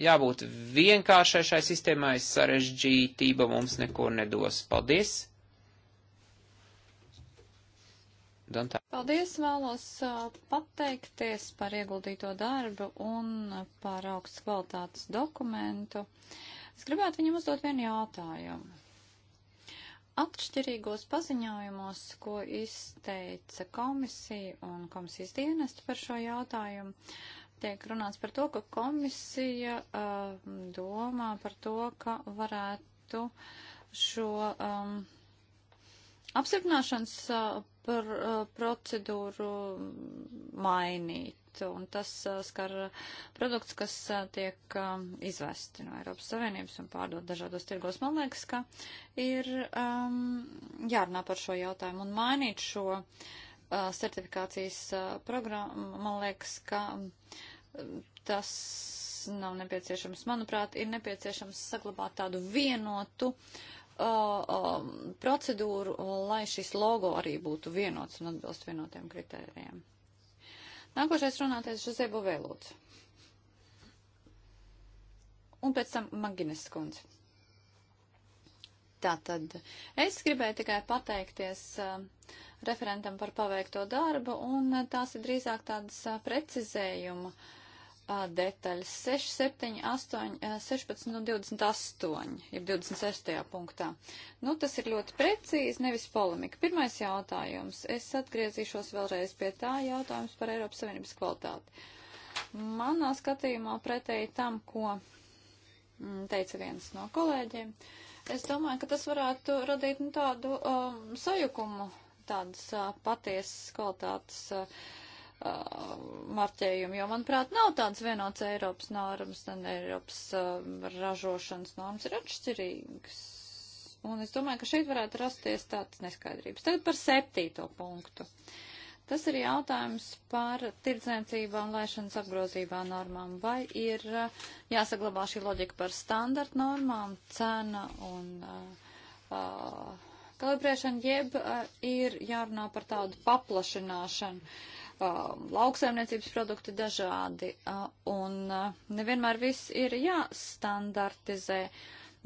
jābūt vienkāršai šai sistēmai, sarežģītība mums neko nedos. Paldies! Dantā. Paldies, vēlos e, pateikties par ieguldīto darbu un par augsts kvalitātes dokumentu. Es gribētu viņam uzdot vienu jautājumu. Atšķirīgos paziņojumos, ko izteica komisija un komisijas dienesta par šo jautājumu, tiek runāts par to, ka komisija uh, domā par to, ka varētu šo um, apstiprināšanas uh, pr uh, procedūru mainīt. Un tas uh, skar produkts, kas uh, tiek um, izvesti no Eiropas Savienības un pārdot dažādos tirgos. Man liekas, ka ir um, jārunā par šo jautājumu un mainīt šo uh, certifikācijas uh, programmu. Man liekas, ka um, tas nav nepieciešams. Manuprāt, ir nepieciešams saglabāt tādu vienotu uh, Uh, um, procedūru, uh, lai šis logo arī būtu vienots un atbilst vienotiem kritērijiem. Nākošais runātais Žozē Bovēlūts. Un pēc tam Magines skundze. Tātad es gribēju tikai pateikties uh, referentam par paveikto darbu, un tās ir drīzāk tādas uh, precizējuma uh, detaļas 6, 7, 8, 16 un 28, jeb 26. punktā. Nu, tas ir ļoti precīzi, nevis polemika. Pirmais jautājums. Es atgriezīšos vēlreiz pie tā jautājums par Eiropas Savienības kvalitāti. Manā skatījumā pretēji tam, ko mm, teica viens no kolēģiem, es domāju, ka tas varētu radīt nu, tādu um, sajukumu, tādas uh, patiesas kvalitātes. Uh, uh, marķējumu, jo, manuprāt, nav tādas vienotas Eiropas normas, un Eiropas uh, ražošanas normas ir atšķirīgas. Un es domāju, ka šeit varētu rasties tādas neskaidrības. Tagad par septīto punktu. Tas ir jautājums par tirdzniecībā un lēšanas apgrozībā normām. Vai ir uh, jāsaglabā šī loģika par standart normām, cena un uh, uh, kalibrēšana, jeb uh, ir jārunā par tādu paplašināšanu? Uh, uh, lauksaimniecības produkti dažādi, uh, un uh, nevienmēr viss ir jāstandartizē.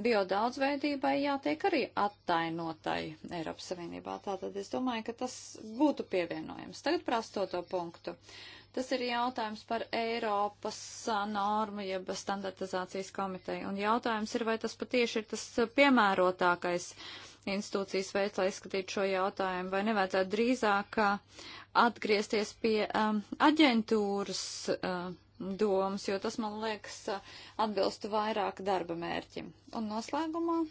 Bio daudzveidībai jātiek arī attainotai Eiropas Savienībā. Tātad es domāju, ka tas būtu pievienojams. Tagad prastoto punktu. Tas ir jautājums par Eiropas normu, jeb standartizācijas komiteju. Un jautājums ir, vai tas patieši ir tas piemērotākais institūcijas veids, lai izskatītu šo jautājumu, vai nevajadzētu drīzāk atgriezties pie um, aģentūras uh, domas, jo tas, man liekas, uh, atbilstu vairāk darba mērķim. Un noslēgumā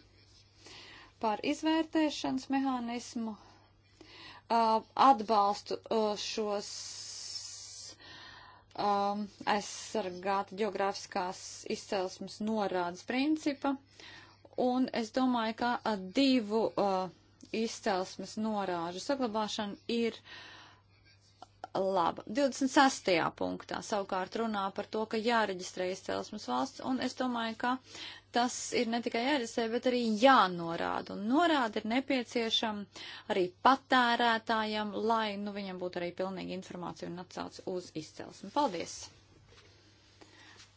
par izvērtēšanas mehānismu uh, atbalstu uh, šos um, aizsargāt geogrāfiskās izcelsmes norādes principa. Un es domāju, ka uh, divu uh, izcelsmes norāžu saglabāšana ir uh, laba. 26. punktā savukārt runā par to, ka jāreģistrē izcelsmes valsts, un es domāju, ka tas ir ne tikai jāreģistrē, bet arī jānorāda, un norāda ir nepieciešama arī patērētājam, lai, nu, viņam būtu arī pilnīgi informācija un atsauc uz izcelsmi. Paldies!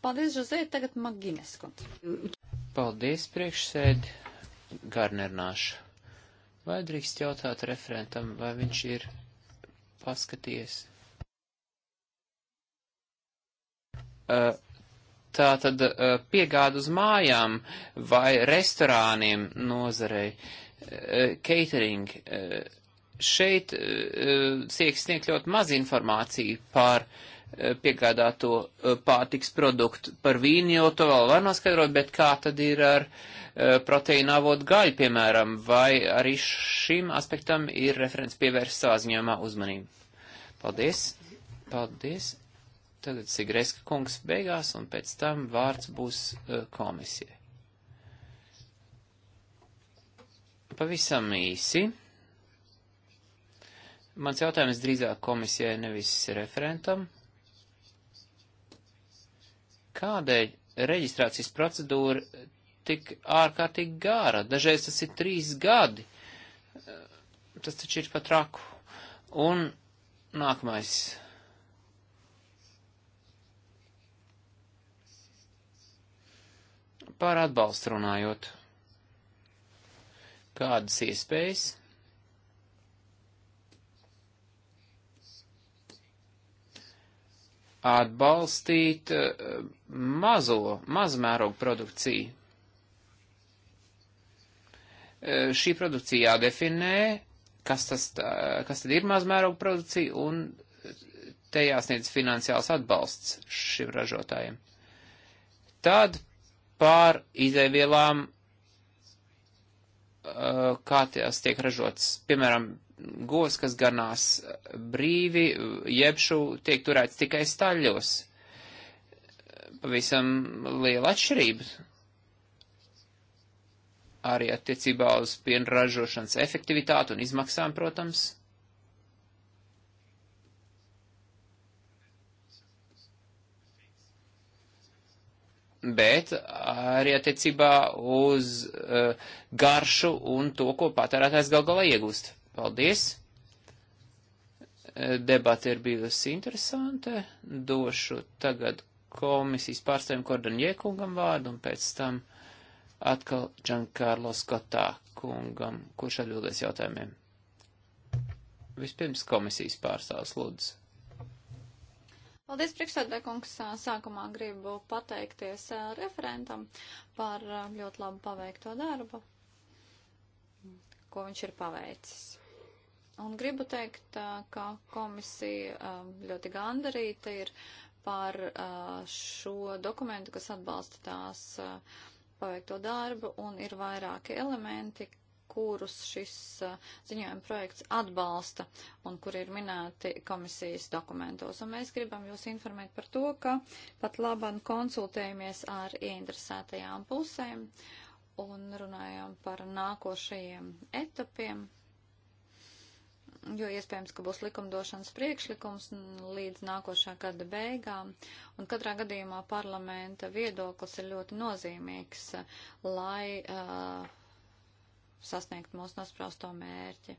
Paldies, Žozē, tagad Magines kundze. Paldies, priekšsēdi, Garnernāša. Vai drīkst jautāt referentam, vai viņš ir paskaties. Uh, tā tad uh, eh, piegāda uz mājām vai restorāniem nozarei, uh, catering. Šeit tiek sniegt ļoti maz informāciju par uh, Eh, piegādāto eh, pārtiks produktu. Par vīnu jau to vēl var noskaidrot, bet kā tad ir ar eh, proteīna avotu gaļu, piemēram, vai arī šim aspektam ir referents pievērst savā ziņojumā uzmanību? Paldies! Paldies! Tagad Sigreska kungs beigās, un pēc tam vārds būs komisijai. Pavisam īsi. Mans jautājums drīzāk komisijai nevis referentam. Kādēļ reģistrācijas procedūra tik ārkārtīgi gāra? Dažreiz tas ir trīs gadi. Tas taču ir pat raku. Un nākamais. Par atbalstu runājot. Kādas iespējas atbalstīt eh, mazo, mazmērogu produkciju. Eh, šī produkcija jādefinē, kas, tas, eh, kas tad ir mazmērogu produkcija, un te jāsniedz finansiāls atbalsts šim ražotājiem. Tad pār izēvielām, kā tās tiek ražotas, piemēram, govs, kas ganās brīvi, jebšu tiek turēts tikai staļļos. Pavisam liela atšķirība arī attiecībā uz piena ražošanas efektivitāti un izmaksām, protams. bet arī attiecībā uz uh, garšu un to, ko patērētājs gal galā iegūst. Paldies! Eh, Debata ir bijusi interesanta. Došu tagad komisijas pārstāvjiem Kordaņie kungam vārdu un pēc tam atkal Džankārlo Skotā kungam, kurš atbildēs jautājumiem. Vispirms komisijas pārstāvs lūdzu. Paldies, priekšsēdē, kungs. Sākumā gribu pateikties referentam par ļoti labu paveikto darbu, ko viņš ir paveicis. Un gribu teikt, ka komisija ļoti gandarīta ir par šo dokumentu, kas atbalsta tās paveikto darbu, un ir vairāki elementi, kurus šis ziņojuma projekts atbalsta un kur ir minēti komisijas dokumentos. Un mēs gribam jūs informēt par to, ka pat labam konsultējamies ar ieinteresētajām pusēm un runājam par nākošajiem etapiem jo iespējams, ka būs likumdošanas priekšlikums līdz nākošā gada beigām, un katrā gadījumā parlamenta viedoklis ir ļoti nozīmīgs, lai uh, sasniegt mūsu nosprausto mērķi.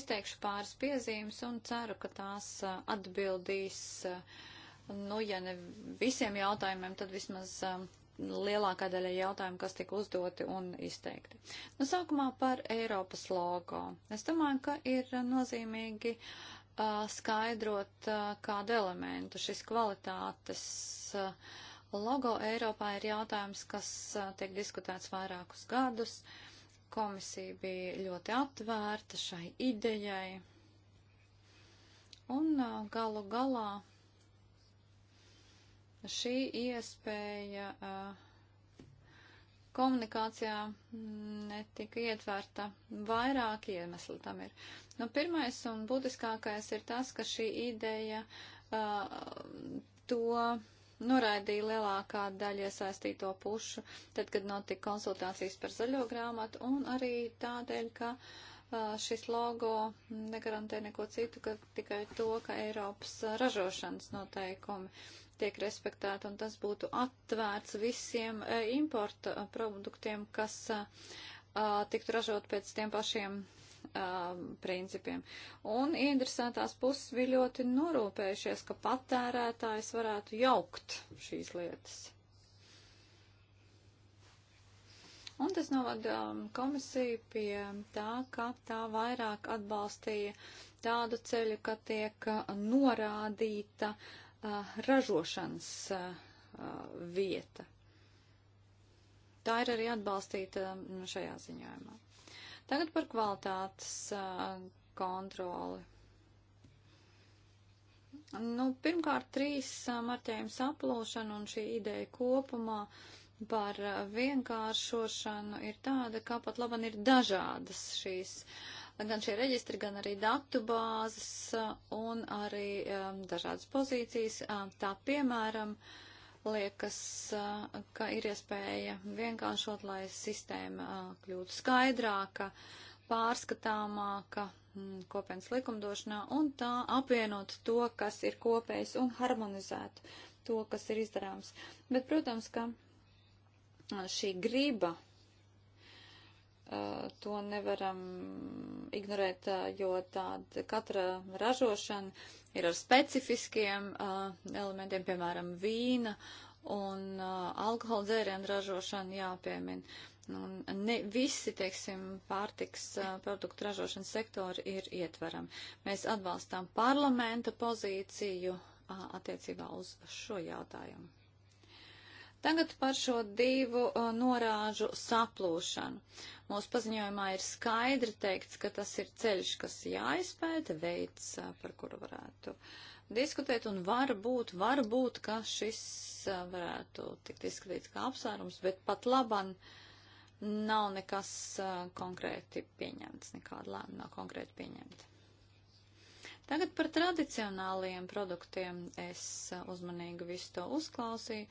Izteikšu pāris piezīmes un ceru, ka tās uh, atbildīs, uh, nu, ja ne visiem jautājumiem, tad vismaz uh, lielākā daļa jautājumu, kas tika uzdoti un izteikti. Nu, sākumā par Eiropas logo. Es domāju, ka ir nozīmīgi uh, skaidrot uh, kādu elementu šis kvalitātes. Uh, logo Eiropā ir jautājums, kas uh, tiek diskutēts vairākus gadus. Komisija bija ļoti atvērta šai idejai. Un uh, galu galā Šī iespēja komunikācijā netika ietverta vairāk iemesli tam ir. Nu, pirmais un būtiskākais ir tas, ka šī ideja to noraidīja lielākā daļa iesaistīto pušu, tad, kad notika konsultācijas par zaļo grāmatu, un arī tādēļ, ka šis logo negarantē neko citu, ka tikai to, ka Eiropas ražošanas noteikumi tiek respektēta, un tas būtu atvērts visiem eh, importa eh, produktiem, kas eh, tiktu ražot pēc tiem pašiem principiem. Un interesētās puses bija ļoti norūpējušies, ka patērētājs varētu jaukt šīs lietas. Un tas novada komisiju pie tā, ka tā vairāk atbalstīja tādu ceļu, ka tiek norādīta uh, ražošanas vieta. Tā ir arī atbalstīta šajā ziņojumā. Tagad par kvalitātes kontroli. Nu, pirmkārt, trīs marķējums aplūšana un šī ideja kopumā par vienkāršošanu ir tāda, ka pat laban ir dažādas šīs uh, gan šie reģistri, gan arī datu bāzes eh, un arī um, dažādas pozīcijas. Eh, tā piemēram, liekas, ka ir iespēja vienkāršot, lai sistēma kļūtu skaidrāka, pārskatāmāka mm, kopienas likumdošanā un tā apvienot to, kas ir kopējs un harmonizēt to, kas ir izdarāms. Bet, protams, ka šī griba to nevaram ignorēt, jo tāda katra ražošana ir ar specifiskiem elementiem, piemēram, vīna un alkohola dzērienu ražošana jāpiemina. Nu, un ne visi, teiksim, pārtiks produktu ražošanas sektori ir ietverami. Mēs atbalstām parlamenta pozīciju attiecībā uz šo jautājumu. Tagad par šo divu norāžu saplūšanu. Uh, Mūsu paziņojumā ir skaidri teikts, ka tas ir ceļš, kas jāizpēta, veids, par kuru varētu diskutēt, un varbūt, varbūt, ka šis varētu tikt izskatīts kā apsvērums, bet pat laban nav nekas konkrēti pieņemts, nekāda lēma nav konkrēti pieņemta. Tagad par tradicionālajiem produktiem es uzmanīgi visu to uzklausīju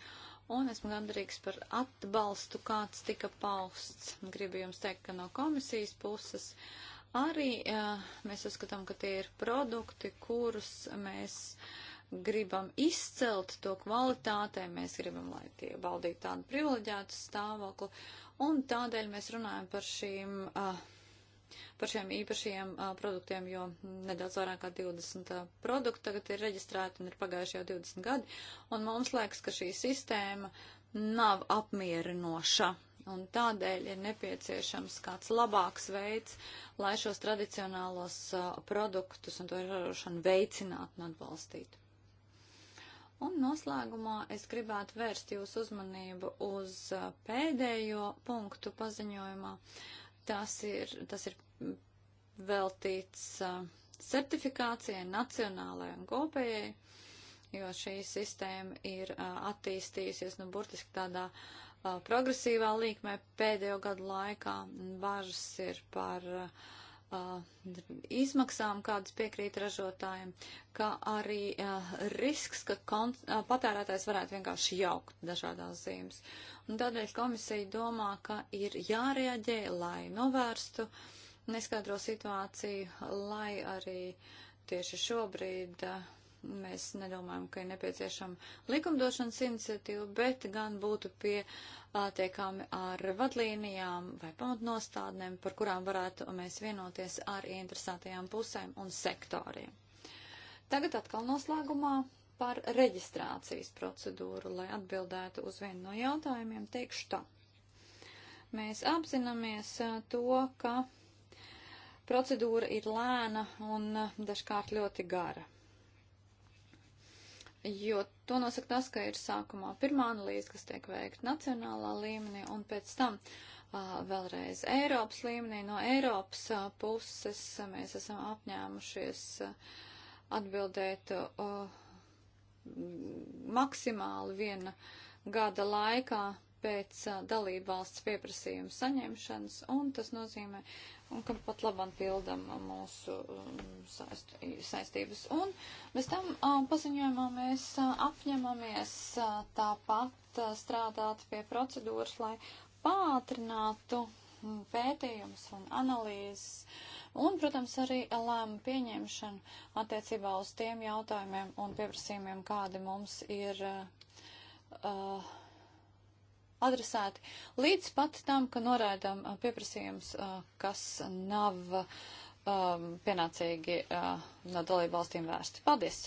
Un esmu gandarīgs par atbalstu, kāds tika pausts. Gribu jums teikt, ka no komisijas puses arī uh, mēs uzskatām, ka tie ir produkti, kurus mēs gribam izcelt to kvalitātē, mēs gribam, lai tie baudītu tādu privileģētu stāvokli, un tādēļ mēs runājam par šīm uh, par šiem īpašajiem a, produktiem, jo nedaudz vairāk kā 20 a, produktu tagad ir reģistrēti un ir pagājuši jau 20 gadi, un mums liekas, ka šī sistēma nav apmierinoša. Un tādēļ ir nepieciešams kāds labāks veids, lai šos tradicionālos a, produktus un to ražošanu veicinātu un atbalstītu. Un noslēgumā es gribētu vērst jūsu uzmanību uz pēdējo punktu paziņojumā. Uh, Tas ir, tas ir veltīts uh, certifikācijai, nacionālajai un kopējai, jo šī sistēma ir uh, attīstījusies, nu, burtiski tādā uh, progresīvā līkmē pēdējo gadu laikā. Bažas ir par uh, izmaksām, kādas piekrīt ražotājiem, kā arī uh, risks, ka uh, patērētājs varētu vienkārši jaukt dažādās zīmes. Un tādēļ komisija domā, ka ir jārēģē, lai novērstu neskaidro situāciju, lai arī tieši šobrīd uh, Mēs nedomājam, ka ir nepieciešama likumdošanas iniciatīva, bet gan būtu pietiekami ar vadlīnijām vai pamatnostādnēm, par kurām varētu mēs vienoties ar interesētajām pusēm un sektoriem. Tagad atkal noslēgumā par reģistrācijas procedūru, lai atbildētu uz vienu no jautājumiem, teikšu tā. Mēs apzināmies uh, to, ka procedūra ir lēna un uh, dažkārt ļoti gara jo to nosaka tas, ka ir sākumā pirmā analīze, kas tiek veikta nacionālā līmenī, un pēc tam uh, vēlreiz Eiropas līmenī. No Eiropas uh, puses mēs esam apņēmušies uh, atbildēt uh, maksimāli viena gada laikā pēc uh, dalību valsts pieprasījuma saņemšanas, un tas nozīmē, un ka pat labam pildam mūsu um, saistības. Un bez tam um, paziņojumā mēs uh, apņemamies uh, tāpat uh, strādāt pie procedūras, lai pātrinātu mm, pētījumus un analīzes, un, protams, arī lēmu pieņemšanu attiecībā uz tiem jautājumiem un pieprasījumiem, kādi mums ir uh, adresēti, līdz pat tam, ka noraidām pieprasījums, kas nav pienācīgi no dalību valstīm vērsti. Paldies!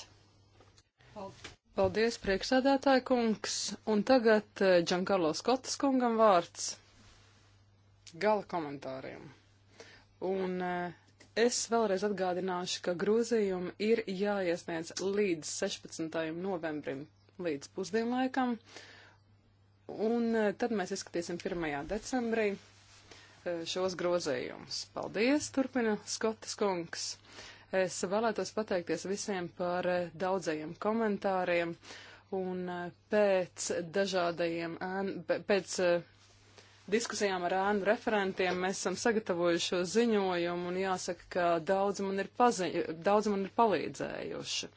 Paldies, priekšsēdētāja kungs! Un tagad Džankarlo Skotas kungam vārds gala komentāriem. Un es vēlreiz atgādināšu, ka grozījumi ir jāiesniedz līdz 16. novembrim, līdz pusdienlaikam. Uh, Un e, tad mēs izskatīsim 1. decembrī e, šos grozījumus. Paldies, turpina Skotas kungs. Es vēlētos pateikties visiem par e, daudzajiem komentāriem un pēc dažādajiem, pēc diskusijām ar ēnu referentiem mēs esam sagatavojuši šo ziņojumu un jāsaka, ka daudz man ir, pazi, daudz man ir palīdzējuši.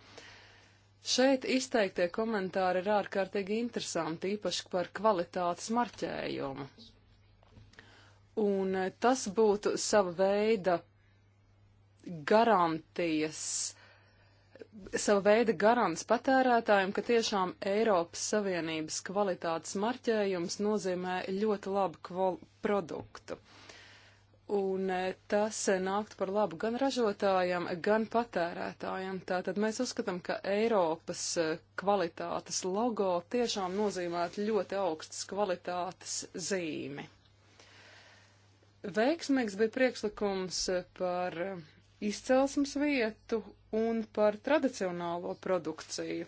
Šeit izteiktie komentāri ir ārkārtīgi interesanti, īpaši par kvalitātes marķējumu. Un eh, tas būtu sava veida garantijas, sava veida garants patērētājiem, ka tiešām Eiropas Savienības kvalitātes marķējums nozīmē ļoti labu produktu un e, tas e, nāktu par labu gan ražotājiem, gan patērētājiem. Tātad mēs uzskatām, ka Eiropas e, kvalitātes logo tiešām nozīmētu ļoti augstas kvalitātes zīmi. Veiksmīgs bija priekšlikums par izcelsmes vietu un par tradicionālo produkciju.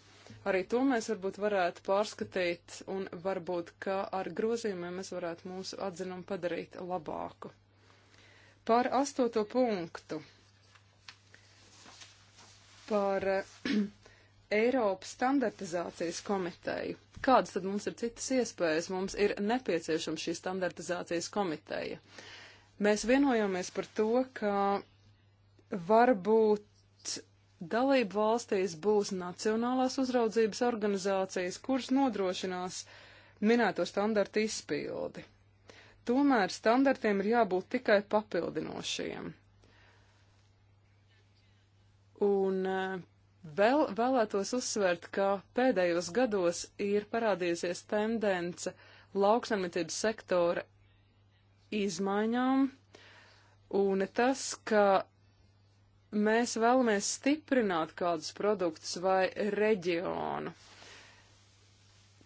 Arī to mēs varbūt varētu pārskatīt un varbūt, ka ar grozījumiem mēs varētu mūsu atzinumu padarīt labāku. Par astoto punktu. Par eh, Eiropas standartizācijas komiteju. Kādas tad mums ir citas iespējas? Mums ir nepieciešama šī standartizācijas komiteja. Mēs vienojāmies par to, ka varbūt dalību valstīs būs nacionālās uzraudzības organizācijas, kuras nodrošinās minēto standartu izpildi. Tomēr standartiem ir jābūt tikai papildinošiem. Un eh, vēl vēlētos uzsvērt, ka pēdējos gados ir parādījusies tendence lauksamitības sektora izmaiņām, un tas, ka mēs vēlamies stiprināt kādus produktus vai reģionu.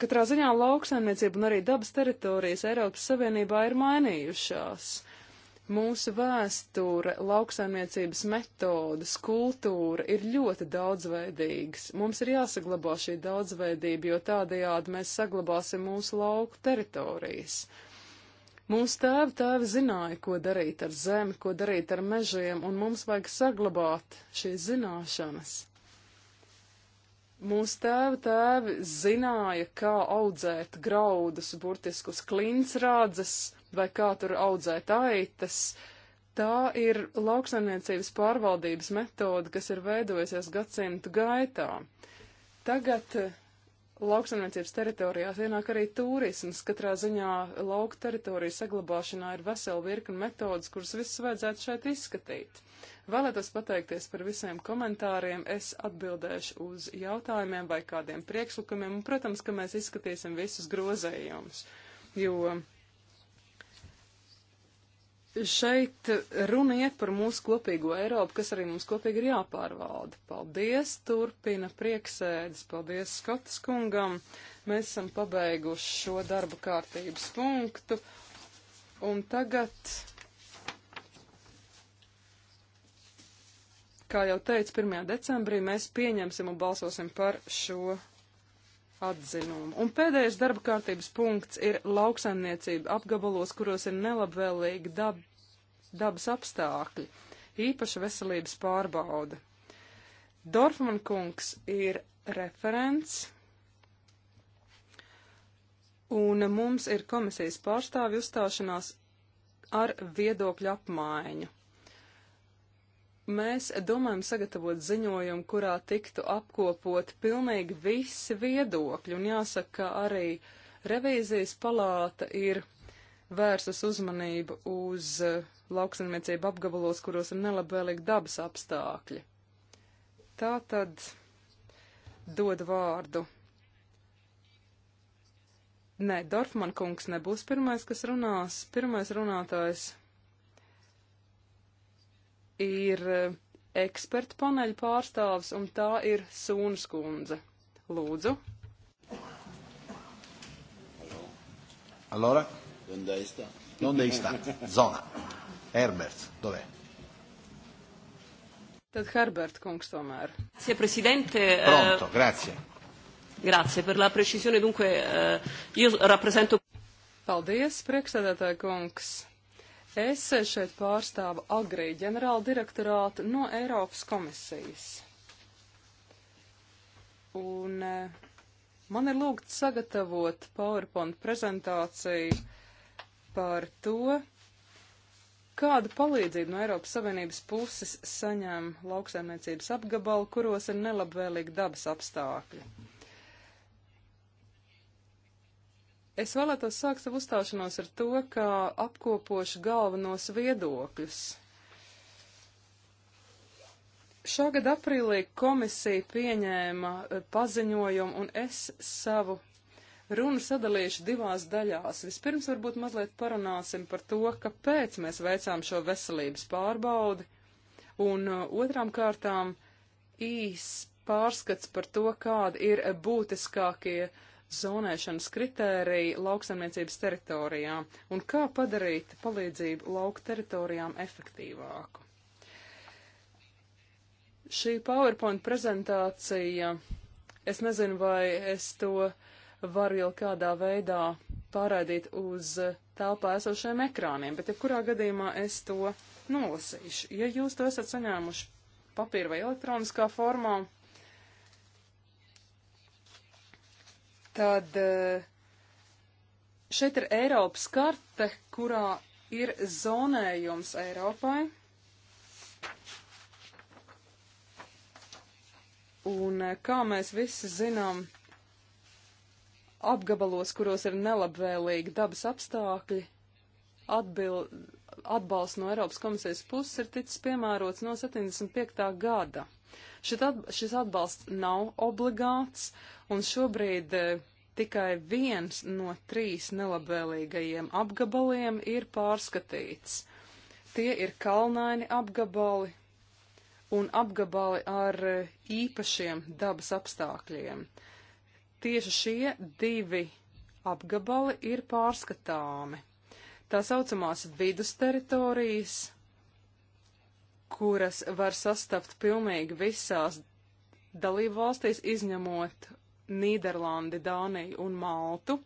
Katrā ziņā lauksaimniecība un arī dabas teritorijas Eiropas Savienībā ir mainījušās. Mūsu vēsture, lauksaimniecības metodas, kultūra ir ļoti daudzveidīgas. Mums ir jāsaglabā šī daudzveidība, jo tādējādi mēs saglabāsim mūsu lauku teritorijas. Mūsu tēvi tēvi zināja, ko darīt ar zemi, ko darīt ar mežiem, un mums vajag saglabāt šīs zināšanas. Mūsu tēva tēvi zināja, kā audzēt graudus, burtiski uz klincrādzes, vai kā tur audzēt aitas. Tā ir lauksaimniecības pārvaldības metode, kas ir veidojusies gadsimtu gaitā. Tagad lauksaimniecības teritorijās ienāk arī turisms. Katrā ziņā lauka teritoriju saglabāšanā ir vesela virkna metodas, kuras visas vajadzētu šeit izskatīt. Vēlētos pateikties par visiem komentāriem, es atbildēšu uz jautājumiem vai kādiem priekšlikumiem, un, protams, ka mēs izskatīsim visus grozējumus, jo šeit runa iet par mūsu kopīgo Eiropu, kas arī mums kopīgi ir jāpārvalda. Paldies, turpina prieksēdes, paldies Skotas kungam. Mēs esam pabeiguši šo darba kārtības punktu. Un tagad, kā jau teicu, 1. decembrī mēs pieņemsim un balsosim par šo atzinumu. Un pēdējais darba kārtības punkts ir lauksaimniecība apgabalos, kuros ir nelabvēlīgi dab, dabas apstākļi, īpaša veselības pārbauda. Dorfman kungs ir referents, un mums ir komisijas pārstāvi uzstāšanās ar viedokļu apmaiņu mēs domājam sagatavot ziņojumu, kurā tiktu apkopot pilnīgi visi viedokļi, un jāsaka, ka arī revīzijas palāta ir vērsas uzmanību uz eh, lauksaimniecību apgabalos, kuros ir nelabvēlīgi dabas apstākļi. Tā tad dod vārdu. Nē, Dorfman kungs nebūs pirmais, kas runās. Pirmais runātājs ir e, eksperta paneļa pārstāvs, un tā ir Sūnas kundze. Lūdzu. Allora? Donde sta? Donde sta? Zona. Herberts, dov'è? Tad Herbert kungs tomēr. Grazie, Presidente. Eh, Pronto, grazie. Grazie per la precisione. Dunque, eh, io rappresento. Paldies, priekšsēdētāja kungs. Es šeit pārstāvu Agrī ģenerāla direktorātu no Eiropas komisijas. Un eh, man ir lūgts sagatavot PowerPoint prezentāciju par to, kādu palīdzību no Eiropas Savienības puses saņem lauksaimniecības apgabali, kuros ir nelabvēlīgi dabas apstākļi. Es vēlētos sākt savu uzstāšanos ar to, ka apkopošu galvenos viedokļus. Šogad aprīlī komisija pieņēma eh, paziņojumu, un es savu runu sadalīšu divās daļās. Vispirms varbūt mazliet parunāsim par to, kāpēc mēs veicām šo veselības pārbaudi, un eh, otrām kārtām īs pārskats par to, kādi ir eh, būtiskākie uh, zonēšanas kritēriju lauksaimniecības teritorijām un kā padarīt palīdzību lauku teritorijām efektīvāku. Šī PowerPoint prezentācija, es nezinu, vai es to varu jau kādā veidā pārādīt uz telpā esošajiem ekrāniem, bet jebkurā ja gadījumā es to nolasīšu. Ja jūs to esat saņēmuši papīra vai elektroniskā formā, Tad eh, šeit ir Eiropas karte, kurā ir zonējums Eiropai. Un eh, kā mēs visi zinām, apgabalos, kuros ir nelabvēlīgi dabas apstākļi, atbil, atbalsts no Eiropas komisijas puses ir ticis piemērots no 75. gada. At, šis atbalsts nav obligāts, un šobrīd e, tikai viens no trīs nelabvēlīgajiem apgabaliem ir pārskatīts. Tie ir kalnaini apgabali un apgabali ar e, īpašiem dabas apstākļiem. Tieši šie divi apgabali ir pārskatāmi. Tā saucamās vidus teritorijas kuras var sastapt pilnīgi visās dalību valstīs, izņemot Nīderlandi, Dāniju un Maltu.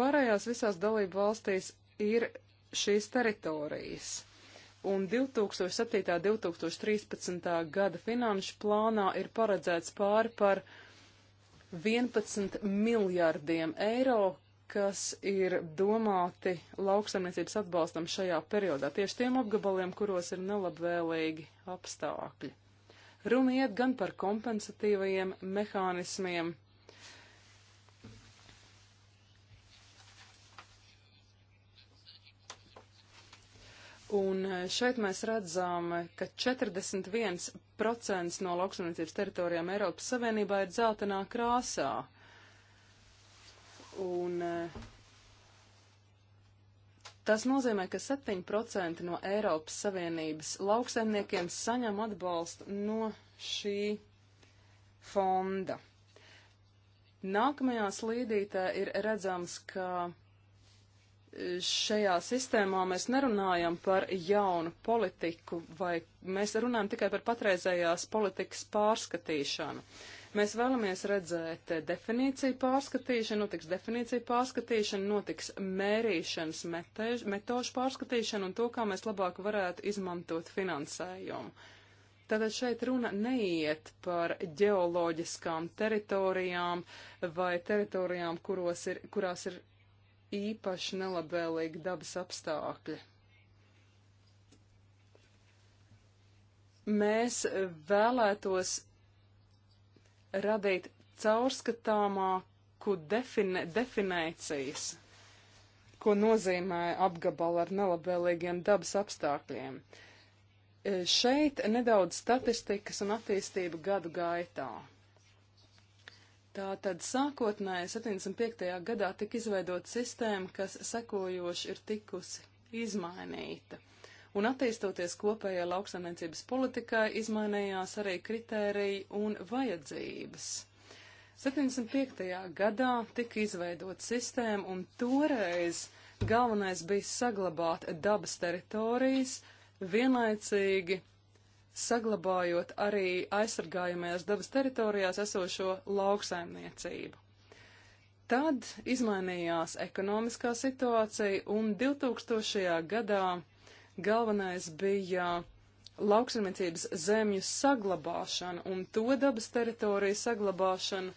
Pārējās visās dalību valstīs ir šīs teritorijas. Un 2007. 2013. gada finanšu plānā ir paredzēts pāri par 11 miljardiem eiro, kas ir domāti lauksaimniecības atbalstam šajā periodā, tieši tiem apgabaliem, kuros ir nelabvēlīgi apstākļi. Runa iet gan par kompensatīvajiem mehānismiem, Un šeit mēs redzam, ka 41% no lauksaimniecības teritorijām Eiropas Savienībā ir dzeltenā krāsā. Uh, Un e, tas nozīmē, ka 7% no Eiropas Savienības lauksaimniekiem saņem atbalstu no šī fonda. Nākamajā slīdītē ir redzams, ka e, šajā sistēmā mēs nerunājam par jaunu politiku, vai mēs runājam tikai par patreizējās politikas pārskatīšanu. Uh, Mēs vēlamies redzēt definīciju pārskatīšanu, notiks definīciju pārskatīšana, notiks mērīšanas metež, metožu pārskatīšana un to, kā mēs labāk varētu izmantot finansējumu. Tātad šeit runa neiet par ģeoloģiskām teritorijām vai teritorijām, ir, kurās ir īpaši nelabvēlīgi dabas apstākļi. Mēs vēlētos radīt caurskatāmāku defini definīcijas, ko nozīmē apgabala ar nelabvēlīgiem dabas apstākļiem. E, šeit nedaudz statistikas un attīstība gadu gaitā. Tātad sākotnēji 75. gadā tika izveidota sistēma, kas sekojoši ir tikusi izmainīta un attīstoties kopējai lauksaimniecības politikai, izmainījās arī kritēriji un vajadzības. 75. gadā tika izveidot sistēma, un toreiz galvenais bija saglabāt dabas teritorijas, vienlaicīgi saglabājot arī aizsargājumajās dabas teritorijās esošo lauksaimniecību. Tad izmainījās ekonomiskā situācija, un 2000. gadā Galvenais bija lauksaimniecības zemju saglabāšana un to dabas teritoriju saglabāšana,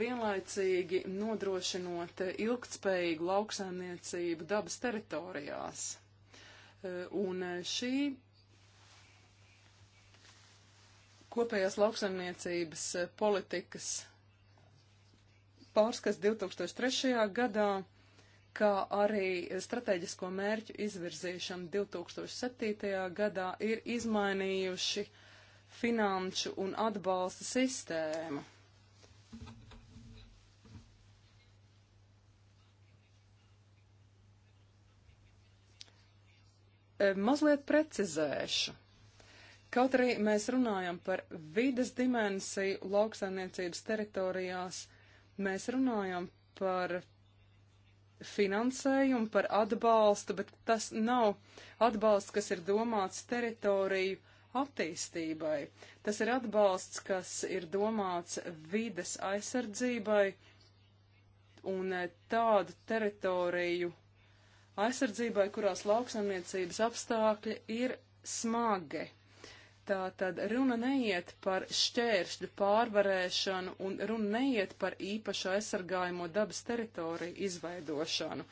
vienlaicīgi nodrošinot ilgtspējīgu lauksaimniecību dabas teritorijās. E, un šī kopējās lauksaimniecības politikas pārskats 2003. gadā kā arī strateģisko mērķu izvirzīšana 2007. gadā ir izmainījuši finanšu un atbalsta sistēmu. E, mazliet precizēšu. Kaut arī mēs runājam par vides dimensiju lauksaimniecības teritorijās, mēs runājam par finansējumu, par atbalstu, bet tas nav atbalsts, kas ir domāts teritoriju attīstībai. Tas ir atbalsts, kas ir domāts vides aizsardzībai un eh, tādu teritoriju aizsardzībai, kurās lauksaimniecības apstākļi ir smagi. Tātad runa neiet par šķēršļu pārvarēšanu un runa neiet par īpaši aizsargājamo dabas teritoriju izveidošanu.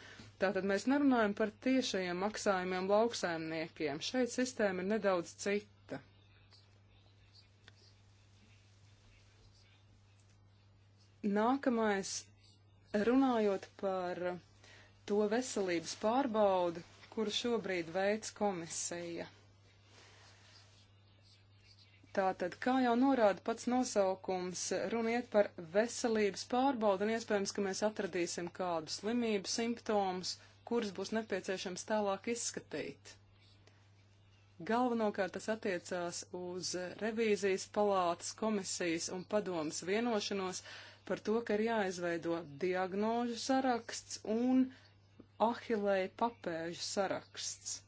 Tātad mēs nerunājam par tiešajiem maksājumiem lauksaimniekiem. Šeit sistēma ir nedaudz cita. Nākamais, runājot par to veselības pārbaudu, kuru šobrīd veids komisija. Tātad, kā jau norāda pats nosaukums, runiet par veselības pārbaudu un iespējams, ka mēs atradīsim kādu slimību simptomus, kurus būs nepieciešams tālāk izskatīt. Galvenokārt tas attiecās uz revīzijas palātas komisijas un padomas vienošanos par to, ka ir jāizveido diagnožu saraksts un ahilēja papēžu saraksts.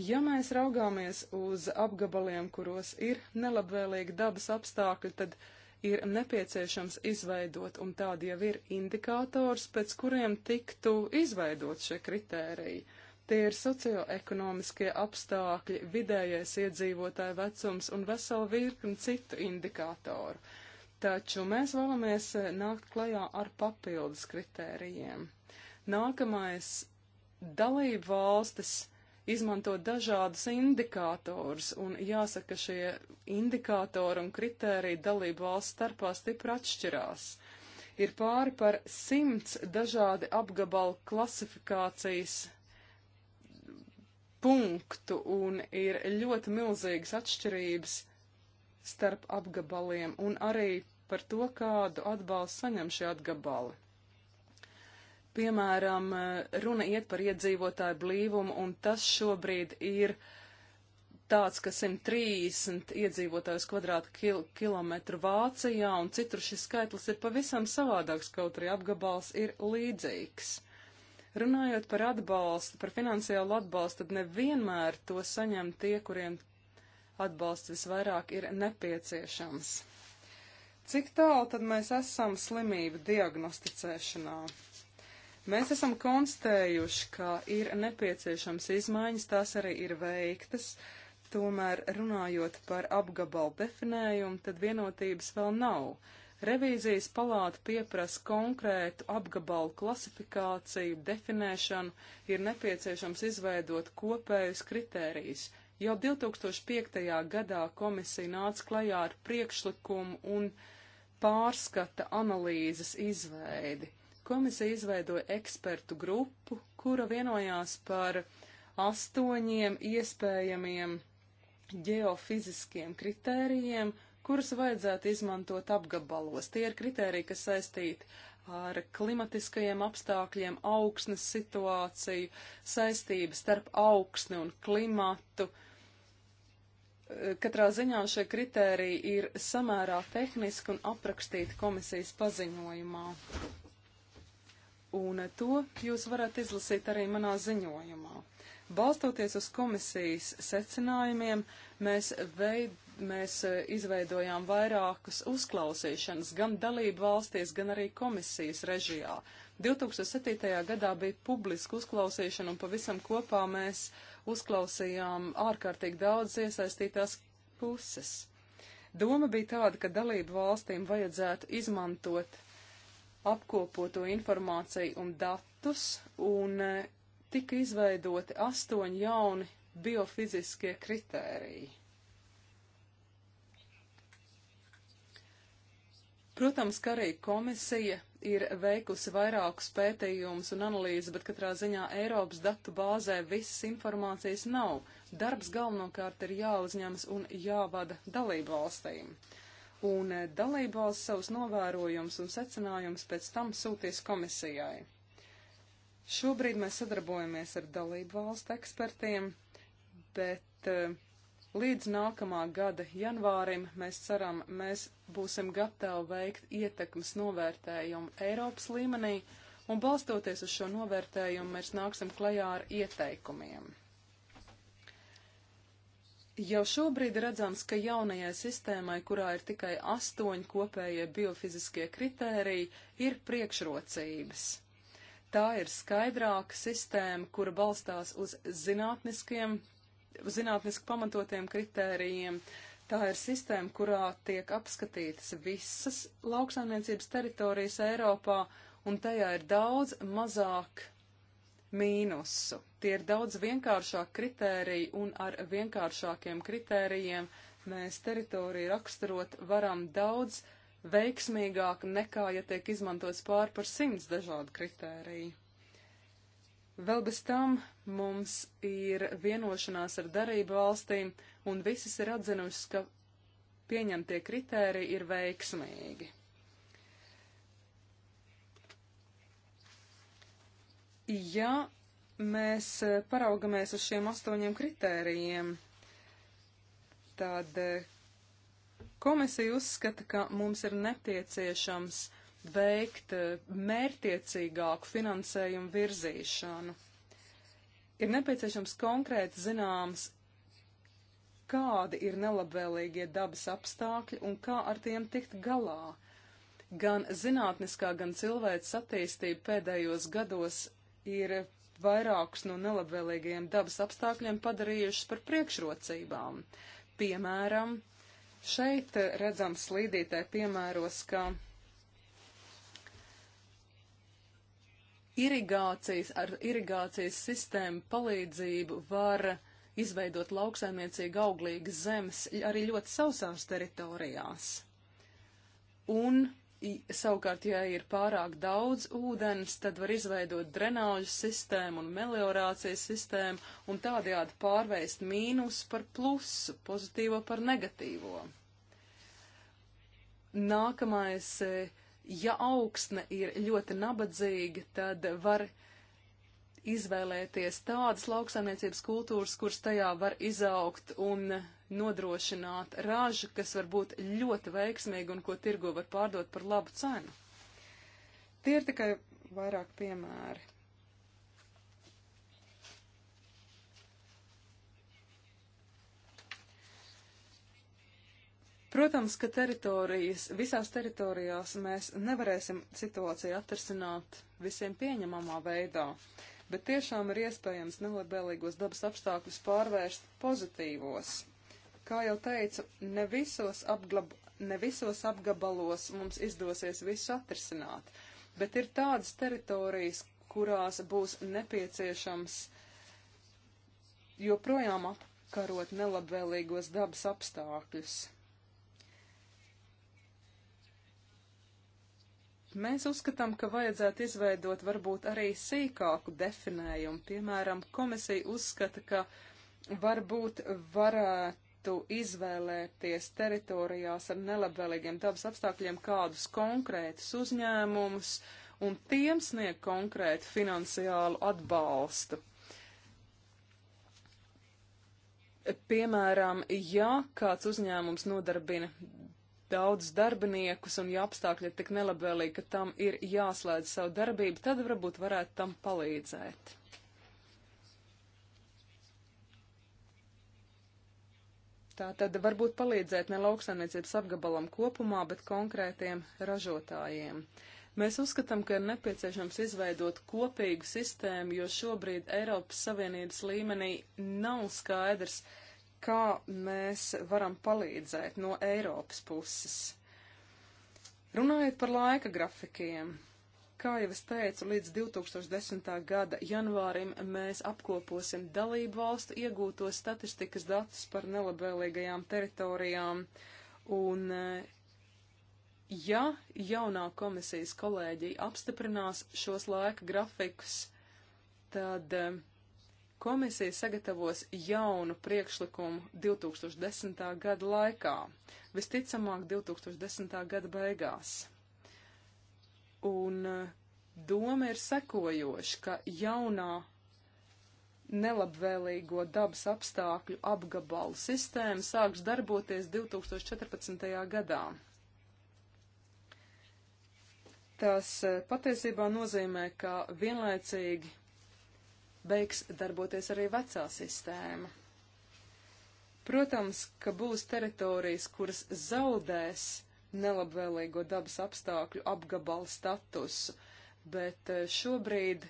Ja mēs raugāmies uz apgabaliem, kuros ir nelabvēlīgi dabas apstākļi, tad ir nepieciešams izveidot, un tādi jau ir indikātors, pēc kuriem tiktu izveidot šie kritēriji. Tie ir socioekonomiskie apstākļi, vidējais iedzīvotāja vecums un vesela virkni citu indikātoru. Taču mēs vēlamies eh, nākt klajā ar papildus kritērijiem. Nākamais dalību valstis izmantot dažādus indikātorus, un jāsaka, šie indikātori un kritēriji dalību valsts starpā stipri atšķirās. Ir pāri par simts dažādi apgabalu klasifikācijas punktu, un ir ļoti milzīgas atšķirības starp apgabaliem, un arī par to, kādu atbalstu saņem šie atgabali. Piemēram, eh, runa iet par iedzīvotāju blīvumu, un tas šobrīd ir tāds, ka 130 iedzīvotājus kvadrātkilometru Vācijā, un citur šis skaitlis ir pavisam savādāks, kaut arī apgabals ir līdzīgs. Runājot par atbalstu, par finansiālu atbalstu, tad nevienmēr to saņem tie, kuriem atbalsts visvairāk ir nepieciešams. Cik tālu tad mēs esam slimību diagnosticēšanā? Mēs esam konstatējuši, ka ir nepieciešams izmaiņas, tās arī ir veiktas. Tomēr runājot par apgabalu definējumu, tad vienotības vēl nav. Revīzijas palāta pieprasa konkrētu apgabalu klasifikāciju, definēšanu, ir nepieciešams izveidot kopējus kritērijus. Jau 2005. gadā komisija nāca klajā ar priekšlikumu un pārskata analīzes izveidi komisija izveidoja ekspertu grupu, kura vienojās par astoņiem iespējamiem ģeofiziskiem kritērijiem, kurus vajadzētu izmantot apgabalos. Tie ir kritēriji, kas saistīti ar klimatiskajiem apstākļiem, augsnes situāciju, saistību starp augsni un klimatu. Katrā ziņā šie kritēriji ir samērā tehniski un aprakstīti komisijas paziņojumā un to jūs varat izlasīt arī manā ziņojumā. Balstoties uz komisijas secinājumiem, mēs, veid, mēs e, izveidojām vairākus uzklausīšanas gan dalību valstīs, gan arī komisijas režijā. 2007. gadā bija publiska uzklausīšana un pavisam kopā mēs uzklausījām ārkārtīgi daudz iesaistītās puses. Doma bija tāda, ka dalību valstīm vajadzētu izmantot apkopoto informāciju un datus, un e, tika izveidoti astoņi jauni biofiziskie kritēriji. Protams, ka arī komisija ir veikusi vairākus pētījumus un analīzes, bet katrā ziņā Eiropas datu bāzē visas informācijas nav. Darbs galvenokārt ir jāuzņemas un jāvada dalību valstīm. Uh, un eh, dalībvalsts savus novērojumus un secinājumus pēc tam sūtīs komisijai. Šobrīd mēs sadarbojamies ar dalībvalstu ekspertiem, bet eh, līdz nākamā gada janvārim mēs ceram, mēs būsim gatavi veikt ietekmes novērtējumu Eiropas līmenī, un balstoties uz šo novērtējumu mēs nāksim klajā ar ieteikumiem. Jau šobrīd redzams, ka jaunajai sistēmai, kurā ir tikai astoņi kopējie biofiziskie kritēriji, ir priekšrocības. Tā ir skaidrāka sistēma, kura balstās uz zinātniskiem, zinātniski pamatotiem kritērijiem. Tā ir sistēma, kurā tiek apskatītas visas lauksaimniecības teritorijas Eiropā, un tajā ir daudz mazāk mīnusu. Tie ir daudz vienkāršāk kritēriji un ar vienkāršākiem kritērijiem mēs teritoriju raksturot varam daudz veiksmīgāk nekā, ja tiek izmantots pār par simts dažādu kritēriju. Vēl bez tam mums ir vienošanās ar darību valstīm, un visas ir atzinušas, ka pieņemtie kritēriji ir veiksmīgi. Ja mēs e, paraugamies uz šiem astoņiem kritērijiem, tad e, komisija uzskata, ka mums ir nepieciešams veikt e, mērtiecīgāku finansējumu virzīšanu. Ir nepieciešams konkrēti zināms, kādi ir nelabvēlīgie dabas apstākļi un kā ar tiem tikt galā. Gan zinātniskā, gan cilvēks attīstība pēdējos gados ir vairākus no nelabvēlīgajiem dabas apstākļiem padarījušas par priekšrocībām. Piemēram, šeit redzam slīdītē piemēros, ka irigācijas, ar irigācijas sistēmu palīdzību var izveidot lauksaimniecīgi auglīgas zemes arī ļoti sausās teritorijās. Un Savukārt, ja ir pārāk daudz ūdens, tad var izveidot drenāžu sistēmu un meliorācijas sistēmu un tādējādi pārveist mīnus par plusu, pozitīvo par negatīvo. Nākamais, eh, ja augsne ir ļoti nabadzīga, tad var izvēlēties tādas lauksaimniecības kultūras, kuras tajā var izaugt un nodrošināt ražu, kas var būt ļoti veiksmīga un ko tirgo var pārdot par labu cenu. Tie ir tikai vairāk piemēri. Protams, ka teritorijas, visās teritorijās mēs nevarēsim situāciju atrasināt visiem pieņemamā veidā, bet tiešām ir iespējams nelabēlīgos dabas apstākļus pārvērst pozitīvos. Kā jau teicu, ne visos, apglab, ne visos apgabalos mums izdosies visu atrisināt, bet ir tādas teritorijas, kurās būs nepieciešams joprojām apkarot nelabvēlīgos dabas apstākļus. Mēs uzskatām, ka vajadzētu izveidot varbūt arī sīkāku definējumu. Piemēram, komisija uzskata, ka varbūt varētu varētu izvēlēties teritorijās ar nelabvēlīgiem dabas apstākļiem kādus konkrētus uzņēmumus un tiem sniegt konkrētu finansiālu atbalstu. Piemēram, ja kāds uzņēmums nodarbina daudz darbiniekus un ja apstākļi ir tik nelabvēlīgi, ka tam ir jāslēdz savu darbību, tad varbūt varētu tam palīdzēt. Tā tad varbūt palīdzēt ne lauksaimniecības apgabalam kopumā, bet konkrētiem ražotājiem. Mēs uzskatām, ka ir nepieciešams izveidot kopīgu sistēmu, jo šobrīd Eiropas Savienības līmenī nav skaidrs, kā mēs varam palīdzēt no Eiropas puses. Runājot par laika grafikiem, Kā jau es teicu, līdz 2010. gada janvārim mēs apkoposim dalību valstu iegūtos statistikas datus par nelabvēlīgajām teritorijām. Un, eh, ja jaunā komisijas kolēģija apstiprinās šos laika grafikus, tad eh, komisija sagatavos jaunu priekšlikumu 2010. gada laikā, visticamāk 2010. gada beigās. Un eh, doma ir sekojoša, ka jaunā nelabvēlīgo dabas apstākļu apgabalu sistēma sāks darboties 2014. gadā. Tas eh, patiesībā nozīmē, ka vienlaicīgi beigs darboties arī vecā sistēma. Protams, ka būs teritorijas, kuras zaudēs nelabvēlīgo dabas apstākļu apgabalu statusu, bet eh, šobrīd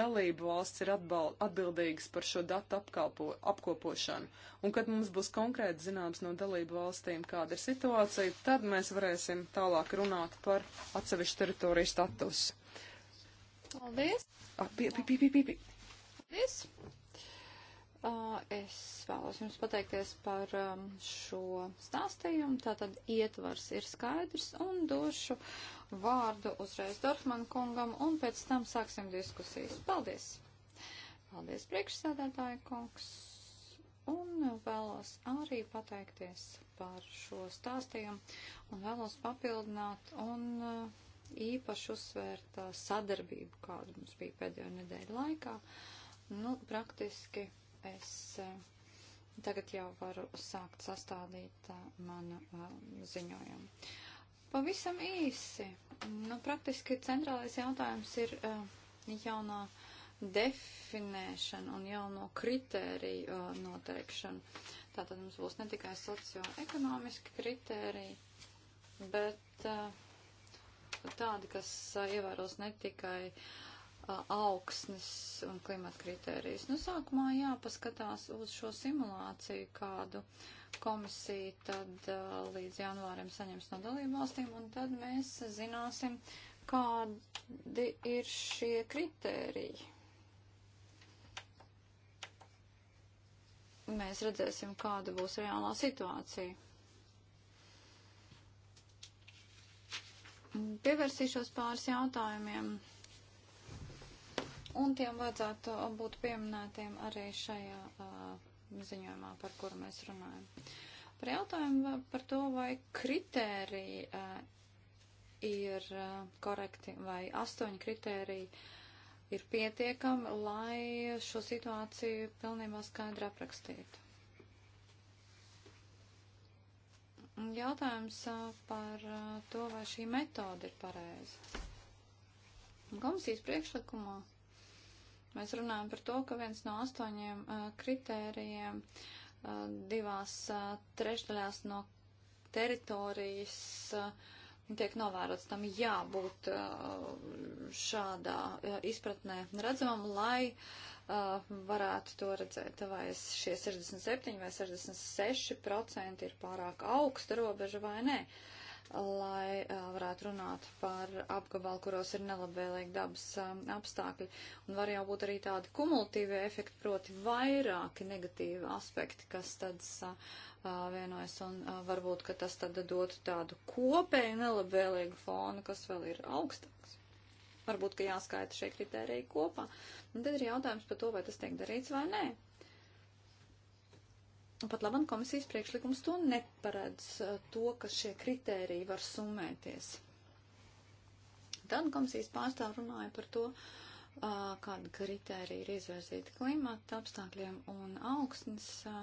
dalību valsts ir atbal, atbildīgas par šo datu apkalpo, apkopošanu. Un kad mums būs konkrēti zināms no dalību valstīm, kāda ir situācija, tad mēs varēsim tālāk runāt par atsevišķu teritoriju statusu. Paldies! A, ah, pie, pie, pie, pie, pie. Paldies! Es vēlos jums pateikties par um, šo stāstījumu. Tātad ietvars ir skaidrs un došu vārdu uzreiz Dorfman kungam un pēc tam sāksim diskusijas. Paldies! Paldies priekšsēdētāju kungs! Un vēlos arī pateikties par šo stāstījumu un vēlos papildināt un uh, īpaši uzsvērt sadarbību, kāda mums bija pēdējo nedēļu laikā. Nu, praktiski es eh, tagad jau varu sākt sastādīt eh, manu eh, ziņojumu. Pavisam īsi. Nu, praktiski centrālais jautājums ir jaunā definēšana un jauno kritēriju noteikšana. Tātad mums būs ne tikai socioekonomiski kritēriji, bet tādi, kas ievēros ne tikai uh, augsnes un klimata kritērijas. Nu, sākumā jāpaskatās uz šo simulāciju, kādu komisija tad līdz janvārim saņems no dalību valstīm, un tad mēs zināsim, kādi ir šie kritēriji. Mēs redzēsim, kāda būs reālā situācija. Pievērsīšos pāris jautājumiem un tiem vajadzētu būt pieminētiem arī šajā uh, ziņojumā, par kuru mēs runājam. Par jautājumu par to, vai kritēriji uh, ir uh, korekti, vai astoņi kritēriji ir pietiekami, lai šo situāciju pilnībā skaidri aprakstītu. Jautājums par to, vai šī metode ir pareiza. Komisijas priekšlikumā Mēs runājam par to, ka viens no astoņiem uh, kritērijiem uh, divās uh, trešdaļās no teritorijas uh, tiek novērots. Tam jābūt uh, šādā uh, izpratnē redzamam, lai uh, varētu to redzēt. Vai šie 67 vai 66 procenti ir pārāk augsta robeža vai nē. Uh, lai varētu runāt par apgabalu, kuros ir nelabvēlīgi dabas apstākļi. Un var jau būt arī tādi kumulatīvie efekti, proti vairāki negatīvi aspekti, kas tad vienojas. Un varbūt, ka tas tad dotu tādu kopēju nelabvēlīgu fonu, kas vēl ir augstāks. Varbūt, ka jāskaita šie kriteriji kopā. Un tad ir jautājums par to, vai tas tiek darīts vai nē. Pat labam komisijas priekšlikums to neparedz, eh, to, ka šie kritēriji var summēties. Tad komisijas pārstāv runāja par to, eh, kāda kritērija ir izvērzīta klimata apstākļiem un augstnes eh,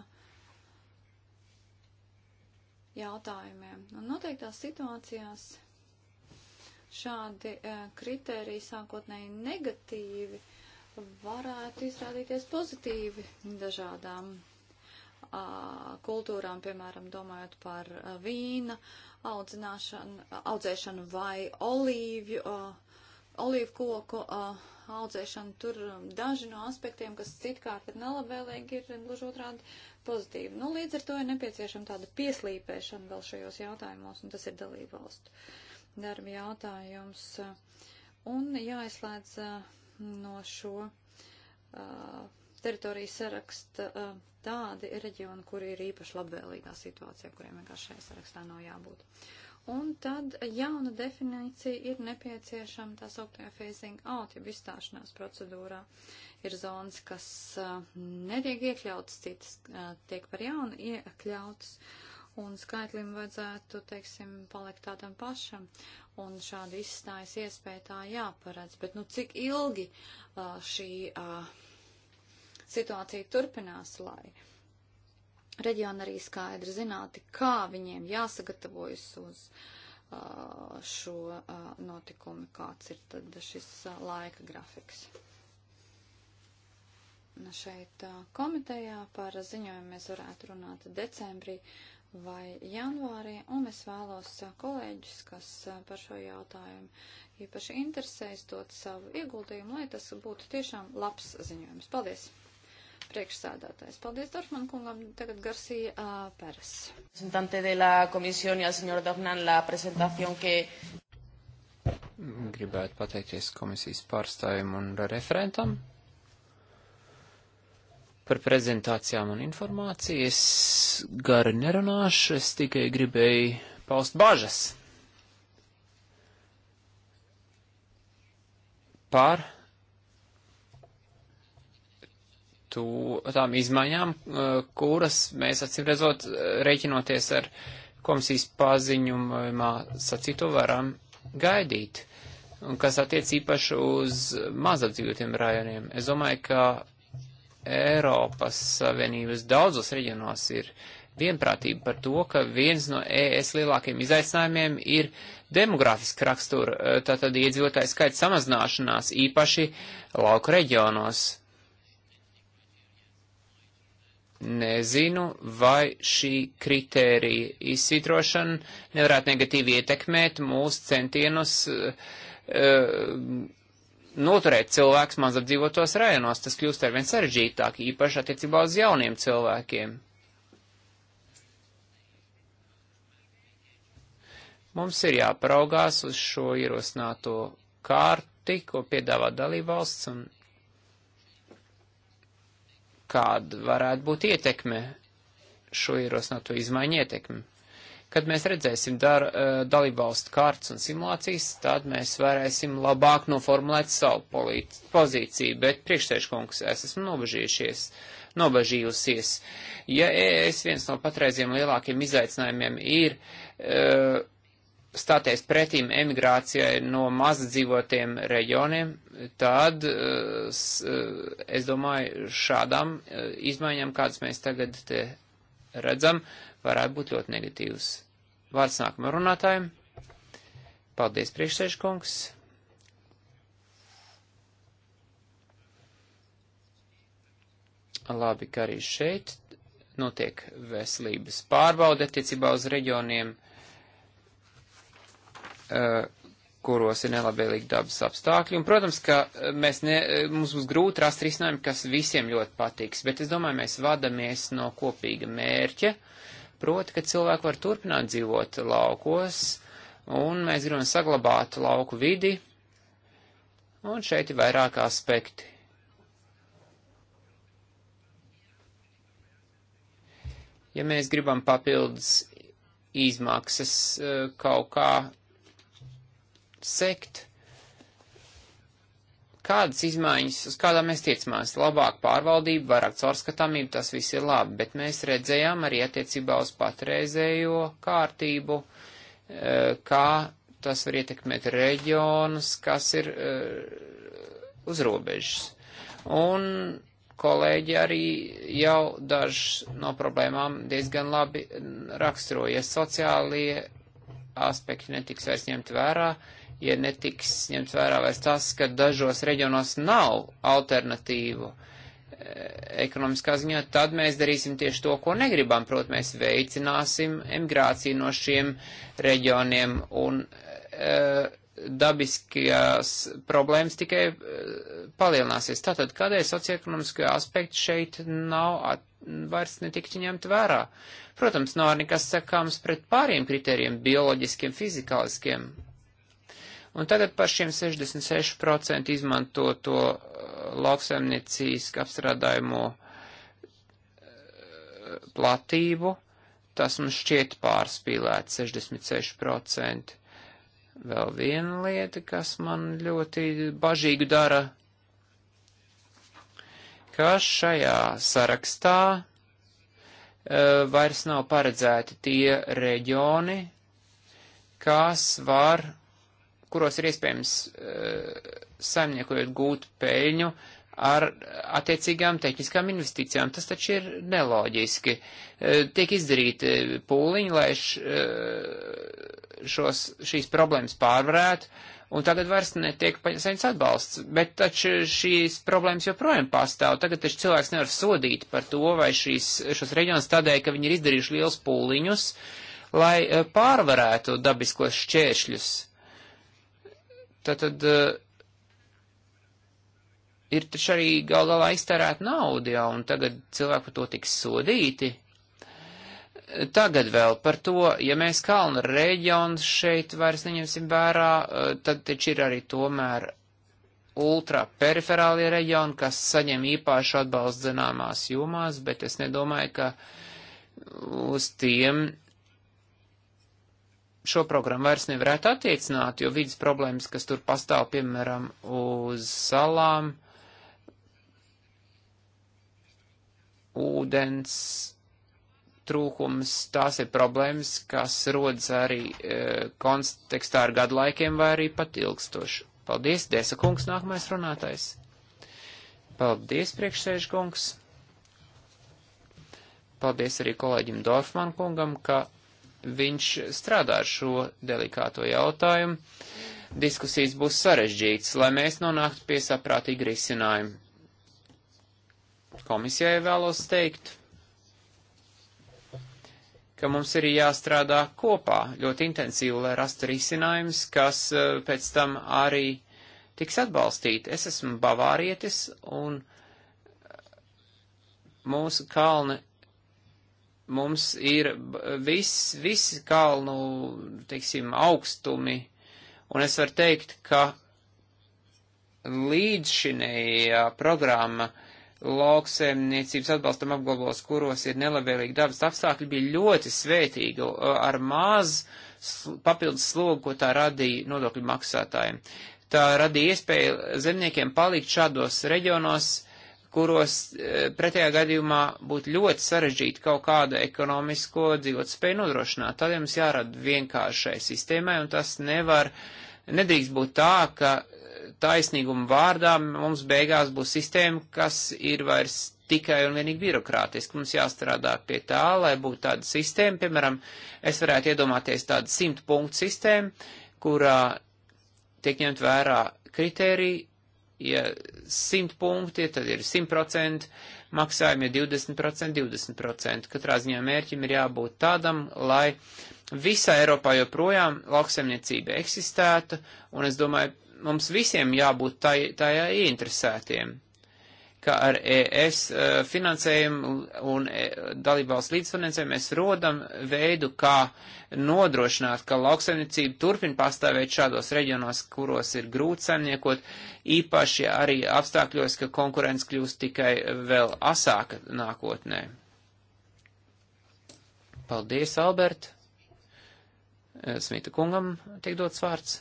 jautājumiem. Un noteiktās situācijās šādi kritēriji sākotnēji negatīvi varētu izrādīties pozitīvi dažādām kultūrām, piemēram, domājot par vīna audzināšanu, audzēšanu vai olīvju, olīvu koku audzēšanu. Tur daži no aspektiem, kas citkārt ir nelabvēlīgi, ir gluži otrādi pozitīvi. Nu, līdz ar to ir nepieciešama tāda pieslīpēšana vēl šajos jautājumos, un tas ir dalību valstu darba jautājums. Un jāizslēdz no šo. Uh, teritoriju saraksta eh, tādi reģioni, kuri ir īpaši labvēlīgā situācijā, kuriem vienkārši šajā sarakstā nav jābūt. Un tad jauna definīcija ir nepieciešama tā sauktajā phasing out, jeb izstāšanās procedūrā. Ir zonas, kas eh, netiek iekļautas, citas eh, tiek par jaunu iekļautas, un skaitlim vajadzētu, teiksim, palikt tādam pašam. Un šāda izstājas iespēja tā jāparedz, bet nu cik ilgi šī. Uh, situācija turpinās, lai reģioni arī skaidri zināti, kā viņiem jāsagatavojas uz uh, šo uh, notikumu, kāds ir tad šis uh, laika grafiks. Nu, šeit uh, komitejā par ziņojumu mēs varētu runāt decembrī vai janvārī, un es vēlos uh, kolēģis, kas uh, par šo jautājumu īpaši interesēs, dot savu ieguldījumu, lai tas būtu tiešām labs ziņojums. Paldies! Priekšsēdētājs. Paldies Dorfman kungam. Tagad Garcija uh, Peres. Representante de la komisión y al señor Dorfman la presentación que gribētu pateikties komisijas pārstāvjiem un referentam par prezentācijām un informāciju. Es gari nerunāšu, es tikai gribēju paust bažas par to, tām izmaiņām, eh, kuras mēs atsimredzot eh, reiķinoties ar komisijas paziņumā sacīto varam gaidīt, un kas attiec īpaši uz mazapdzīvotiem rajoniem. Es domāju, ka Eiropas Savienības daudzos reģionos ir vienprātība par to, ka viens no ES lielākiem izaicinājumiem ir demografiska rakstura, eh, tātad iedzīvotāju skaita samazināšanās, īpaši lauku reģionos nezinu, vai šī kritērija izsvitrošana nevarētu negatīvi ietekmēt mūsu centienus uh, noturēt cilvēkus maz apdzīvotos rajonos. Tas kļūst arvien sarežģītāk, īpaši attiecībā uz jauniem cilvēkiem. Mums ir jāparaugās uz šo ierosināto kārtu karti, ko piedāvā dalībvalsts un kāda varētu būt ietekme šo ierosināto izmaiņu ietekmi. Kad mēs redzēsim dar, eh, dalībvalstu kārtas un simulācijas, tad mēs varēsim labāk noformulēt savu polīt, pozīciju, bet priekšsēžkungs es esmu nobežījušies, nobežījusies. Ja es viens no patreiziem lielākiem izaicinājumiem ir uh, stāties pretīm emigrācijai no maz dzīvotiem reģioniem, tad eh, eh, es domāju, šādām eh, izmaiņām, kādas mēs tagad te redzam, varētu būt ļoti negatīvs. Vārds nākamajam runātājiem. Paldies, priekšsēžkungs. Labi, ka arī šeit notiek veselības pārbaude attiecībā uz reģioniem. Uh, kuros ir nelabvēlīgi dabas apstākļi. Un, protams, ka eh, mēs ne, eh, mums būs grūti rast risinājumu, kas visiem ļoti patiks, bet es domāju, mēs vadamies no kopīga mērķa, proti, ka cilvēki var turpināt dzīvot laukos, un mēs gribam saglabāt lauku vidi, un šeit ir vairāk aspekti. Ja mēs gribam papildus izmaksas eh, kaut kā sekt, kādas izmaiņas, uz kādām mēs tiecamās, labāk pārvaldība, vairāk caurskatāmība, tas viss ir labi, bet mēs redzējām arī attiecībā uz patreizējo kārtību, e, kā tas var ietekmēt reģionus, kas ir e, uz robežas. Un kolēģi arī jau dažs no problēmām diezgan labi raksturoja sociālie aspekti netiks vairs ņemt vērā. Uh, ja netiks ņemts vērā vairs tas, ka dažos reģionos nav alternatīvu eh, ekonomiskā ziņā, tad mēs darīsim tieši to, ko negribam. Protams, mēs veicināsim emigrāciju no šiem reģioniem un e, eh, dabiskajās problēmas tikai e, palielināsies. Tātad, kādēļ socioekonomiskie aspekti šeit nav at, vairs netikti ņemt vērā? Protams, nav nekas sakāms pret pāriem kritērijiem, bioloģiskiem, fizikāliskiem Un tagad par šiem 66% izmantoto uh, lauksaimniecīski apstrādājumu uh, platību, tas mums šķiet pārspīlēt 66%. Vēl viena lieta, kas man ļoti bažīgu dara, ka šajā sarakstā e, vairs nav paredzēti tie reģioni, kas var kuros ir iespējams eh, saimniekojot gūt peļņu ar attiecīgām tehniskām investīcijām. Tas taču ir neloģiski. Eh, tiek izdarīti eh, pūliņi, lai šos, šīs problēmas pārvarētu, un tagad vairs netiek saņemts atbalsts. Bet taču šīs problēmas joprojām pastāv. Tagad taču cilvēks nevar sodīt par to, vai šīs, šos reģionus tādēļ, ka viņi ir izdarījuši liels pūliņus, lai pārvarētu dabiskos šķēršļus Tātad eh, ir taču arī gal galā iztērēta nauda jau, un tagad cilvēki par to tiks sodīti. Tagad vēl par to, ja mēs kalnu reģionu šeit vairs neņemsim vērā, eh, tad taču ir arī tomēr ultraperiferālie reģioni, kas saņem īpašu atbalstu zināmās jomās, bet es nedomāju, ka uz tiem šo programmu vairs nevarētu attiecināt, jo vidas problēmas, kas tur pastāv, piemēram, uz salām, ūdens trūkums, tās ir problēmas, kas rodas arī e, kontekstā ar gadu laikiem vai arī pat ilgstoši. Paldies, Desa kungs, nākamais runātais. Paldies, priekšsēžkungs. Paldies arī kolēģim Dorfman kungam, ka viņš strādā ar šo delikāto jautājumu. Diskusijas būs sarežģītas, lai mēs nonāktu pie saprātīga risinājuma. Komisijai vēlos teikt, ka mums ir jāstrādā kopā ļoti intensīvi, lai rastu risinājums, kas eh, pēc tam arī tiks atbalstīt. Es esmu bavārietis un eh, mūsu kalni mums ir viss, visi kalnu, teiksim, augstumi, un es varu teikt, ka līdzšinējā programma lauksaimniecības atbalstam apgabalos, kuros ir nelabvēlīgi dabas apstākļi, bija ļoti svētīga ar maz papildus slogu, ko tā radīja nodokļu maksātājiem. Tā radīja iespēju zemniekiem palikt šādos reģionos, kuros e, pretējā gadījumā būtu ļoti sarežģīti kaut kādu ekonomisko dzīvotspēju nodrošināt. Tad jums jārada vienkāršai sistēmai, un tas nevar, nedrīkst būt tā, ka taisnīguma vārdā mums beigās būs sistēma, kas ir vairs tikai un vienīgi birokrātiski. Mums jāstrādā pie tā, lai būtu tāda sistēma, piemēram, es varētu iedomāties tādu simtu punktu sistēmu, kurā tiek ņemt vērā kritēriju, ja 100 punkti, tad ir 100% maksājumi, ja 20%, 20%. Katrā ziņā mērķim ir jābūt tādam, lai visā Eiropā joprojām lauksaimniecība eksistētu, un es domāju, mums visiem jābūt tai, tajā ieinteresētiem ka ar ES e, finansējumu un e, dalībvalsts līdzfinansējumu mēs rodam veidu, kā nodrošināt, ka lauksaimniecība turpina pastāvēt šādos reģionos, kuros ir grūti saimniekot, īpaši arī apstākļos, ka konkurence kļūst tikai vēl asāka nākotnē. Paldies, Albert! E, Smita kungam tiek dots vārds.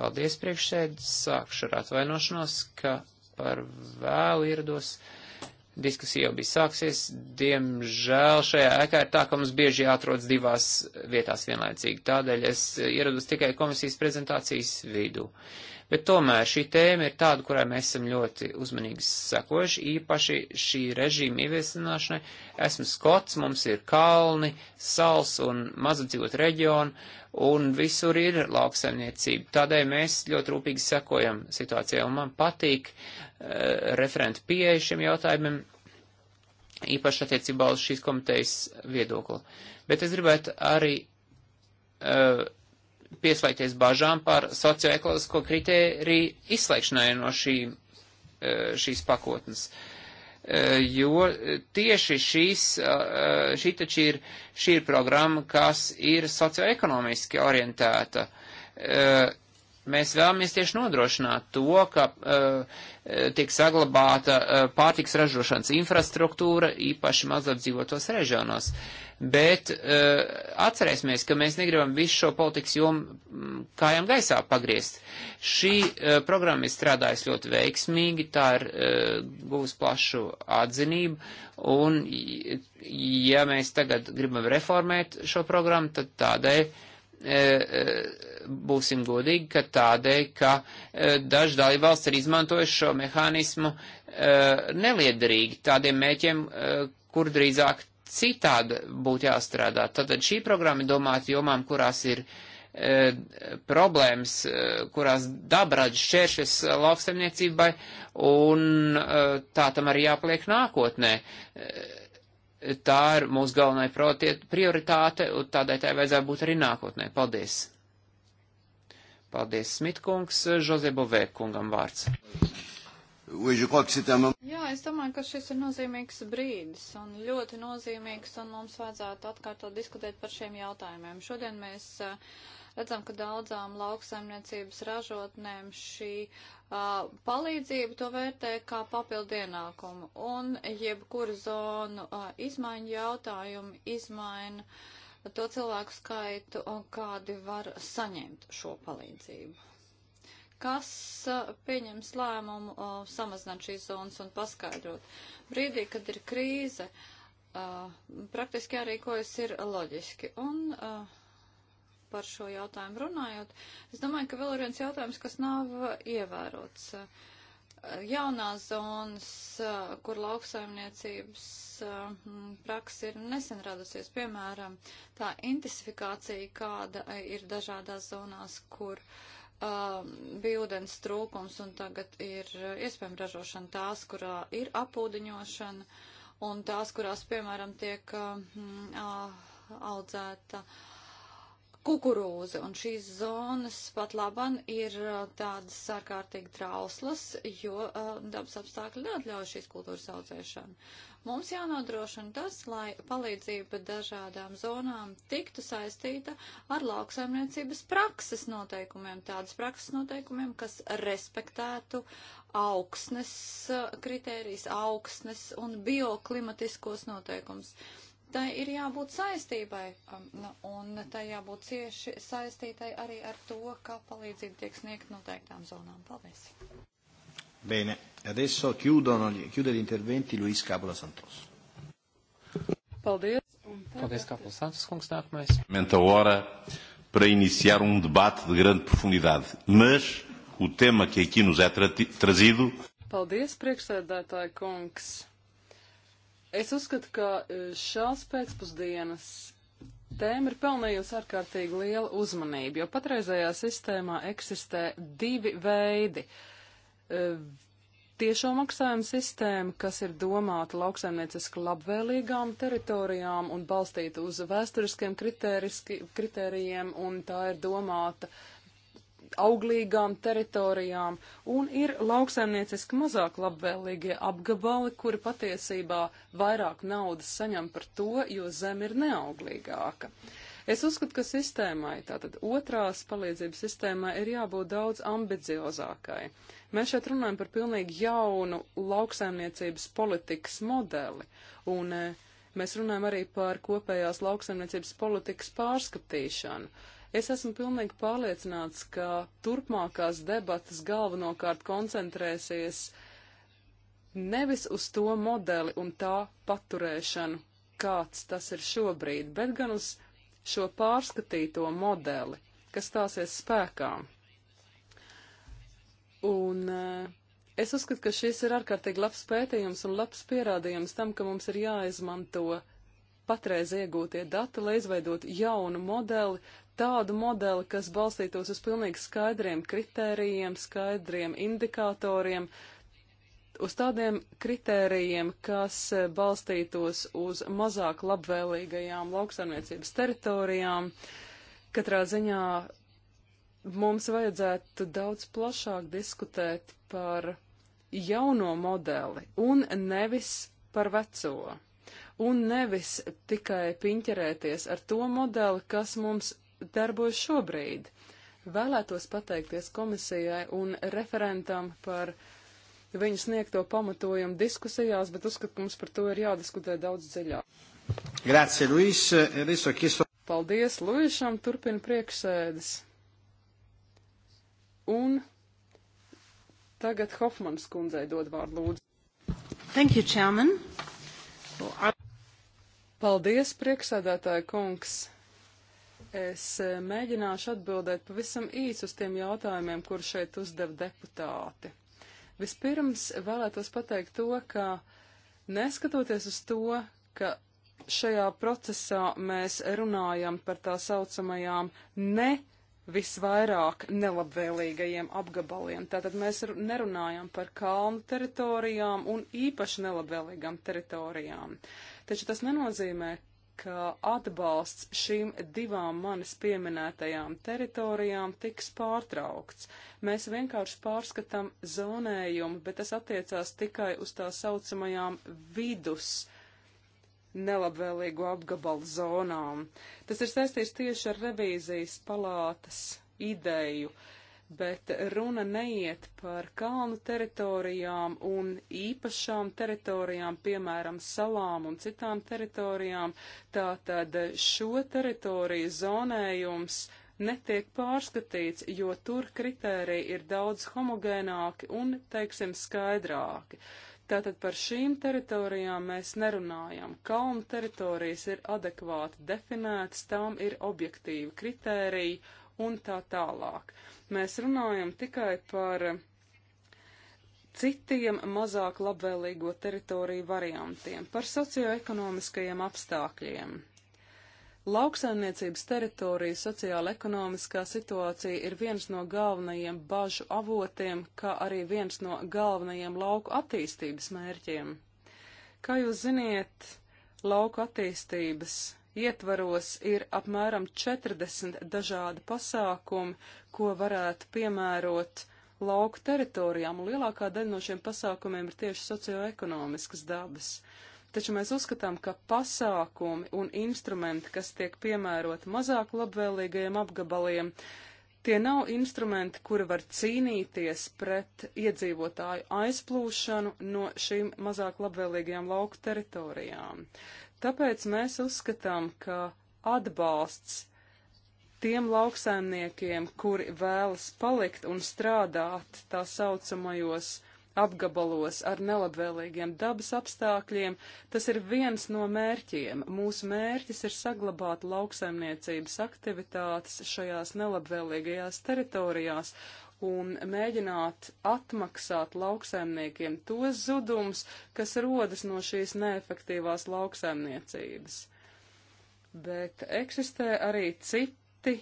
Paldies priekšsēd, sākšu ar atvainošanos, ka par vēlu ierados. Diskusija jau bija sāksies. Diemžēl šajā ēkā ir tā, ka mums bieži jāatrodas divās vietās vienlaicīgi. Tādēļ es ierados tikai komisijas prezentācijas vidu. Uh, Bet tomēr šī tēma ir tāda, kurai mēs esam ļoti uzmanīgi sekojuši, īpaši šī režīma ieviesināšanai. Esmu skots, mums ir kalni, sals un mazadzīvot reģionu, un visur ir lauksaimniecība. Tādēļ mēs ļoti rūpīgi sekojam situācijai, un man patīk uh, eh, referentu pieeja šiem jautājumiem, īpaši attiecībā uz šīs komitejas viedokli. Bet es gribētu arī uh, pieslēgties bažām par socioekoloģisko kritēriju izslēgšanai no šī, e, šīs pakotnes. E, jo tieši šīs, e, šī taču ir, šī ir programma, kas ir socioekonomiski orientēta. Mēs vēlamies tieši nodrošināt to, ka uh, tiek saglabāta uh, pārtiks ražošanas infrastruktūra īpaši mazapdzīvotos reģionos. Uh, bet uh, atcerēsimies, ka mēs negribam visu šo politikas jomu mm, kājām gaisā pagriezt. Šī uh, programma ir strādājusi ļoti veiksmīgi, tā ir uh, guvusi plašu atzinību, un ja mēs tagad gribam reformēt šo programmu, tad tādēļ būsim godīgi, ka tādēļ, ka daži dalībvalsts ir izmantojuši šo mehānismu neliederīgi tādiem mēķiem, kur drīzāk citādi būtu jāstrādā. Tātad šī programma ir domāta jomām, kurās ir e, problēmas, e, kurās daba rada šķēršļus e, lauksaimniecībai, un e, tā tam arī jāpaliek nākotnē. E, tā ir mūsu galvenā prioritāte, un tādai tai vajadzētu būt arī nākotnē. Paldies! Paldies, Smitkungs, Žozebo Vēkungam vārds. Jā, es domāju, ka šis ir nozīmīgs brīdis un ļoti nozīmīgs, un mums vajadzētu atkārtot diskutēt par šiem jautājumiem. Šodien mēs eh, redzam, ka daudzām lauksaimniecības ražotnēm šī uh, palīdzība to vērtē kā papildu ienākumu, un jebkuru zonu uh, izmaiņu jautājumu izmaina to cilvēku skaitu, kādi var saņemt šo palīdzību kas pieņems lēmumu samazināt šīs zonas un paskaidrot. Brīdī, kad ir krīze, praktiski jārīkojas ir loģiski. Un par šo jautājumu runājot, es domāju, ka vēl ir viens jautājums, kas nav ievērots jaunās zonas, kur lauksaimniecības praksa ir nesen radusies, piemēram, tā intensifikācija, kāda ir dažādās zonās, kur uh, um, bija ūdens trūkums un tagad ir uh, iespējama ražošana tās, kurā ir apūdiņošana un tās, kurās, piemēram, tiek uh, mm, uh audzēta uh, kukurūza, un šīs zonas pat laban ir tādas ārkārtīgi trauslas, jo uh, dabas apstākļi neatļauj šīs kultūras audzēšanu. Mums jānodrošina tas, lai palīdzība dažādām zonām tiktu saistīta ar lauksaimniecības prakses noteikumiem, tādas prakses noteikumiem, kas respektētu augsnes kritērijas, augsnes un bioklimatiskos noteikumus. Uh, tai ir jābūt saistībai, um, nu, un tai jābūt cieši saistītai arī ar to, ka palīdzība tiek sniegt noteiktām zonām. Paldies! Bene, adesso chiudono, chiude gli interventi Luis Capola Santos. Paldies. Paldies, Capola Santos, kungs nākamais. Menta hora para iniciar um debate de grande profundidade, mas o tema que aqui nos é tra trazido. Paldies, priekšsēdētāji kungs. Es uzskatu, ka e, šās pēcpusdienas tēma ir pelnījusi ārkārtīgi lielu uzmanību, jo patreizajā sistēmā eksistē divi veidi. E, tiešo maksājumu sistēma, kas ir domāta lauksaimnieciski labvēlīgām teritorijām un balstīta uz vēsturiskiem kritērijiem, un tā ir domāta auglīgām teritorijām, un ir lauksaimnieciski mazāk labvēlīgie apgabali, kuri patiesībā vairāk naudas saņem par to, jo zem ir neauglīgāka. Es uzskatu, ka sistēmai, tātad otrās palīdzības sistēmai, ir jābūt daudz ambiciozākai. Mēs šeit runājam par pilnīgi jaunu lauksaimniecības politikas modeli, un eh, mēs runājam arī par kopējās lauksaimniecības politikas pārskatīšanu. Es esmu pilnīgi pārliecināts, ka turpmākās debatas galvenokārt koncentrēsies nevis uz to modeli un tā paturēšanu, kāds tas ir šobrīd, bet gan uz šo pārskatīto modeli, kas stāsies spēkā. Un eh, es uzskatu, ka šis ir ārkārtīgi labs pētījums un labs pierādījums tam, ka mums ir jāizmanto patreiz iegūtie dati, lai izveidotu jaunu modeli tādu modeli, kas balstītos uz pilnīgi skaidriem kritērijiem, skaidriem indikatoriem, uz tādiem kritērijiem, kas balstītos uz mazāk labvēlīgajām lauksaimniecības teritorijām. Katrā ziņā mums vajadzētu daudz plašāk diskutēt par jauno modeli un nevis par veco. Un nevis tikai piņķerēties ar to modeli, kas mums darbojas šobrīd. Vēlētos pateikties komisijai un referentam par viņu sniegto pamatojumu diskusijās, bet uzskatu, ka mums par to ir jādiskutē daudz dziļāk. Grazie, Luis. Adesso chiesto... Paldies Luisam, turpina priekšsēdes. Un tagad Hofmanas kundzei dod vārdu lūdzu. Thank you, Chairman. Paldies, priekšsēdētāja kungs. Es e, mēģināšu atbildēt pavisam īsi uz tiem jautājumiem, kur šeit uzdev deputāti. Vispirms vēlētos pateikt to, ka neskatoties uz to, ka šajā procesā mēs runājam par tā saucamajām ne visvairāk nelabvēlīgajiem apgabaliem. Tātad mēs nerunājam par kalnu teritorijām un īpaši nelabvēlīgām teritorijām. Taču tas nenozīmē, ka atbalsts šīm divām manis pieminētajām teritorijām tiks pārtraukts. Mēs vienkārši pārskatām zonējumu, bet tas attiecās tikai uz tā saucamajām vidus nelabvēlīgu apgabalu zonām. Tas ir saistīts tieši ar revīzijas palātas ideju. Uh, bet runa neiet par kalnu teritorijām un īpašām teritorijām, piemēram, salām un citām teritorijām. Tātad šo teritoriju zonējums netiek pārskatīts, jo tur kritēriji ir daudz homogēnāki un, teiksim, skaidrāki. Tātad par šīm teritorijām mēs nerunājam. Kalnu teritorijas ir adekvāti definētas, tām ir objektīvi kritēriji, un tā tālāk. Mēs runājam tikai par citiem mazāk labvēlīgo teritoriju variantiem, par socioekonomiskajiem apstākļiem. Lauksaimniecības teritorija sociāla-ekonomiskā situācija ir viens no galvenajiem bažu avotiem, kā arī viens no galvenajiem lauku attīstības mērķiem. Kā jūs ziniet, lauku attīstības ietvaros ir apmēram 40 dažādi pasākumi, ko varētu piemērot lauku teritorijām, un lielākā daļa no šiem pasākumiem ir tieši socioekonomiskas dabas. Taču mēs uzskatām, ka pasākumi un instrumenti, kas tiek piemēroti mazāk labvēlīgajiem apgabaliem, Tie nav instrumenti, kuri var cīnīties pret iedzīvotāju aizplūšanu no šīm mazāk labvēlīgajām lauku teritorijām. Tāpēc mēs uzskatām, ka atbalsts tiem lauksaimniekiem, kuri vēlas palikt un strādāt tā saucamajos apgabalos ar nelabvēlīgiem dabas apstākļiem, tas ir viens no mērķiem. Mūsu mērķis ir saglabāt lauksaimniecības aktivitātes šajās nelabvēlīgajās teritorijās un mēģināt atmaksāt lauksaimniekiem tos zudums, kas rodas no šīs neefektīvās lauksaimniecības. Bet eksistē arī citi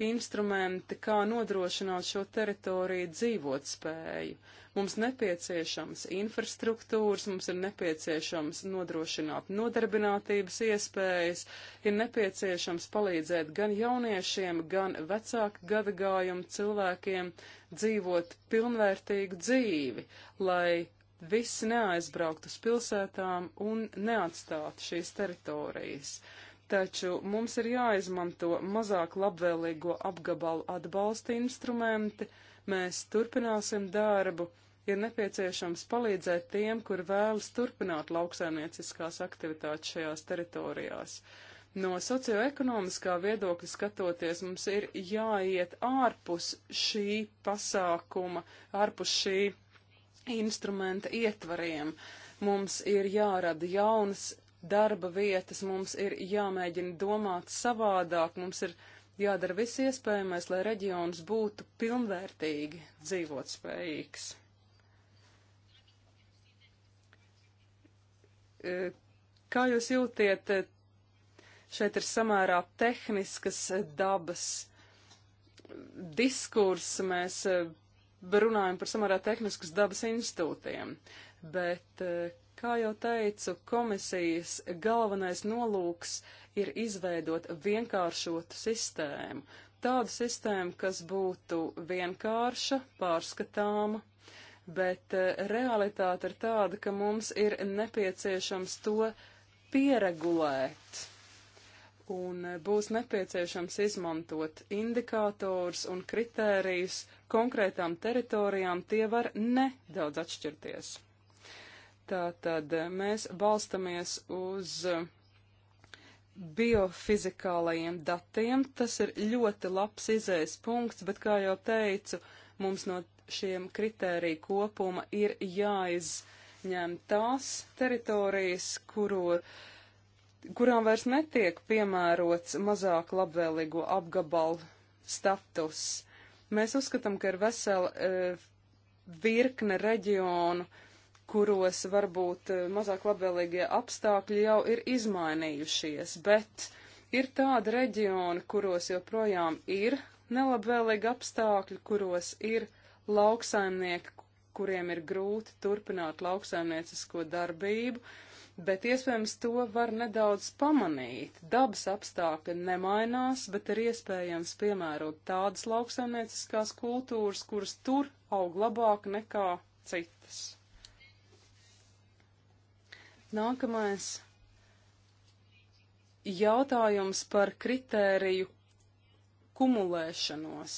instrumenti, kā nodrošināt šo teritoriju dzīvot spēju. Mums nepieciešams infrastruktūras, mums ir nepieciešams nodrošināt nodarbinātības iespējas, ir nepieciešams palīdzēt gan jauniešiem, gan vecāku gadagājumu cilvēkiem dzīvot pilnvērtīgu dzīvi, lai visi neaizbraukt uz pilsētām un neatstātu šīs teritorijas taču mums ir jāizmanto mazāk labvēlīgo apgabalu atbalsta instrumenti, mēs turpināsim darbu, ir nepieciešams palīdzēt tiem, kur vēlas turpināt lauksaimnieciskās aktivitātes šajās teritorijās. No socioekonomiskā viedokļa skatoties, mums ir jāiet ārpus šī pasākuma, ārpus šī instrumenta ietvariem. Mums ir jārada jaunas darba vietas, mums ir jāmēģina domāt savādāk, mums ir jādara viss iespējamais, lai reģions būtu pilnvērtīgi dzīvotspējīgs. E, kā jūs jūtiet, e, šeit ir samērā tehniskas e, dabas diskurss, mēs runājam par samērā tehniskas dabas institūtiem, bet Kā jau teicu, komisijas galvenais nolūks ir izveidot vienkāršotu sistēmu. Tādu sistēmu, kas būtu vienkārša, pārskatāma, bet eh, realitāte ir tāda, ka mums ir nepieciešams to pieregulēt un eh, būs nepieciešams izmantot indikātors un kritērijus konkrētām teritorijām, tie var nedaudz atšķirties. Tātad mēs balstamies uz biofizikālajiem datiem. Tas ir ļoti labs izējas punkts, bet, kā jau teicu, mums no šiem kritēriju kopuma ir jāizņem tās teritorijas, kuro, kurām vairs netiek piemērots mazāk labvēlīgo apgabalu status. Mēs uzskatām, ka ir vesela e, virkne reģionu, kuros varbūt eh, mazāk labvēlīgie apstākļi jau ir izmainījušies, bet ir tādi reģioni, kuros joprojām ir nelabvēlīgi apstākļi, kuros ir lauksaimnieki, kuriem ir grūti turpināt lauksaimniecisko darbību, bet iespējams to var nedaudz pamanīt. Dabas apstākļi nemainās, bet ir iespējams piemērot tādas lauksaimnieciskās kultūras, kuras tur aug labāk nekā citas. Nākamais jautājums par kritēriju kumulēšanos.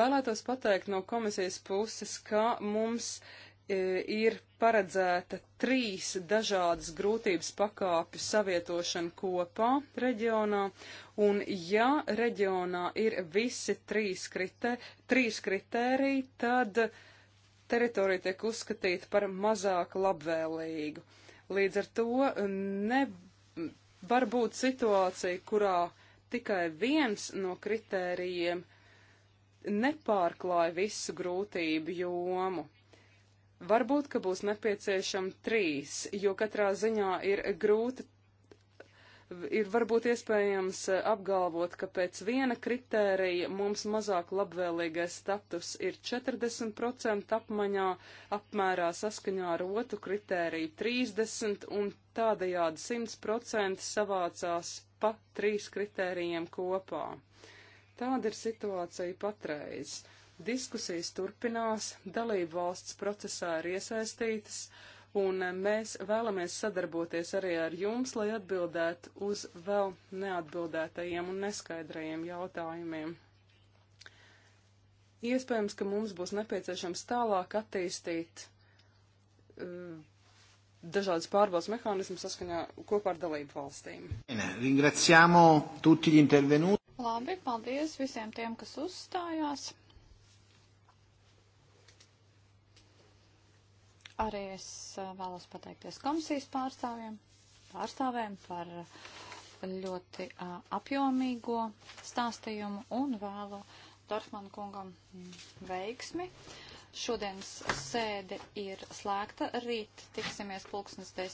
Vēlētos pateikt no komisijas puses, ka mums e, ir paredzēta trīs dažādas grūtības pakāpju savietošana kopā reģionā, un ja reģionā ir visi trīs, kritē, trīs kritēriji, tad uh, teritorija tiek uzskatīta par mazāk labvēlīgu. Līdz ar to ne, var būt situācija, kurā tikai viens no kritērijiem nepārklāja visu grūtību jomu. Varbūt, ka būs nepieciešami trīs, jo katrā ziņā ir grūti ir varbūt iespējams eh, apgalvot, ka pēc viena kritērija mums mazāk labvēlīgais status ir 40% apmaņā, apmērā saskaņā ar otru kritēriju 30% un tādajādi 100% savācās pa trīs kritērijiem kopā. Tāda ir situācija patreiz. Diskusijas turpinās, dalību valsts procesā ir iesaistītas un mēs vēlamies sadarboties arī ar jums, lai atbildētu uz vēl neatbildētajiem un neskaidrajiem jautājumiem. Iespējams, ka mums būs nepieciešams tālāk attīstīt uh, dažādas pārbaudas mehānismus saskaņā kopā ar dalību valstīm. Labi, paldies visiem tiem, kas uzstājās. Arī es eh, vēlos pateikties komisijas pārstāvjiem, pārstāvēm par ļoti uh, apjomīgo stāstījumu un vēlu Dorfmanu kungam veiksmi. Šodienas sēde ir slēgta, rīt tiksimies pulksnes 10.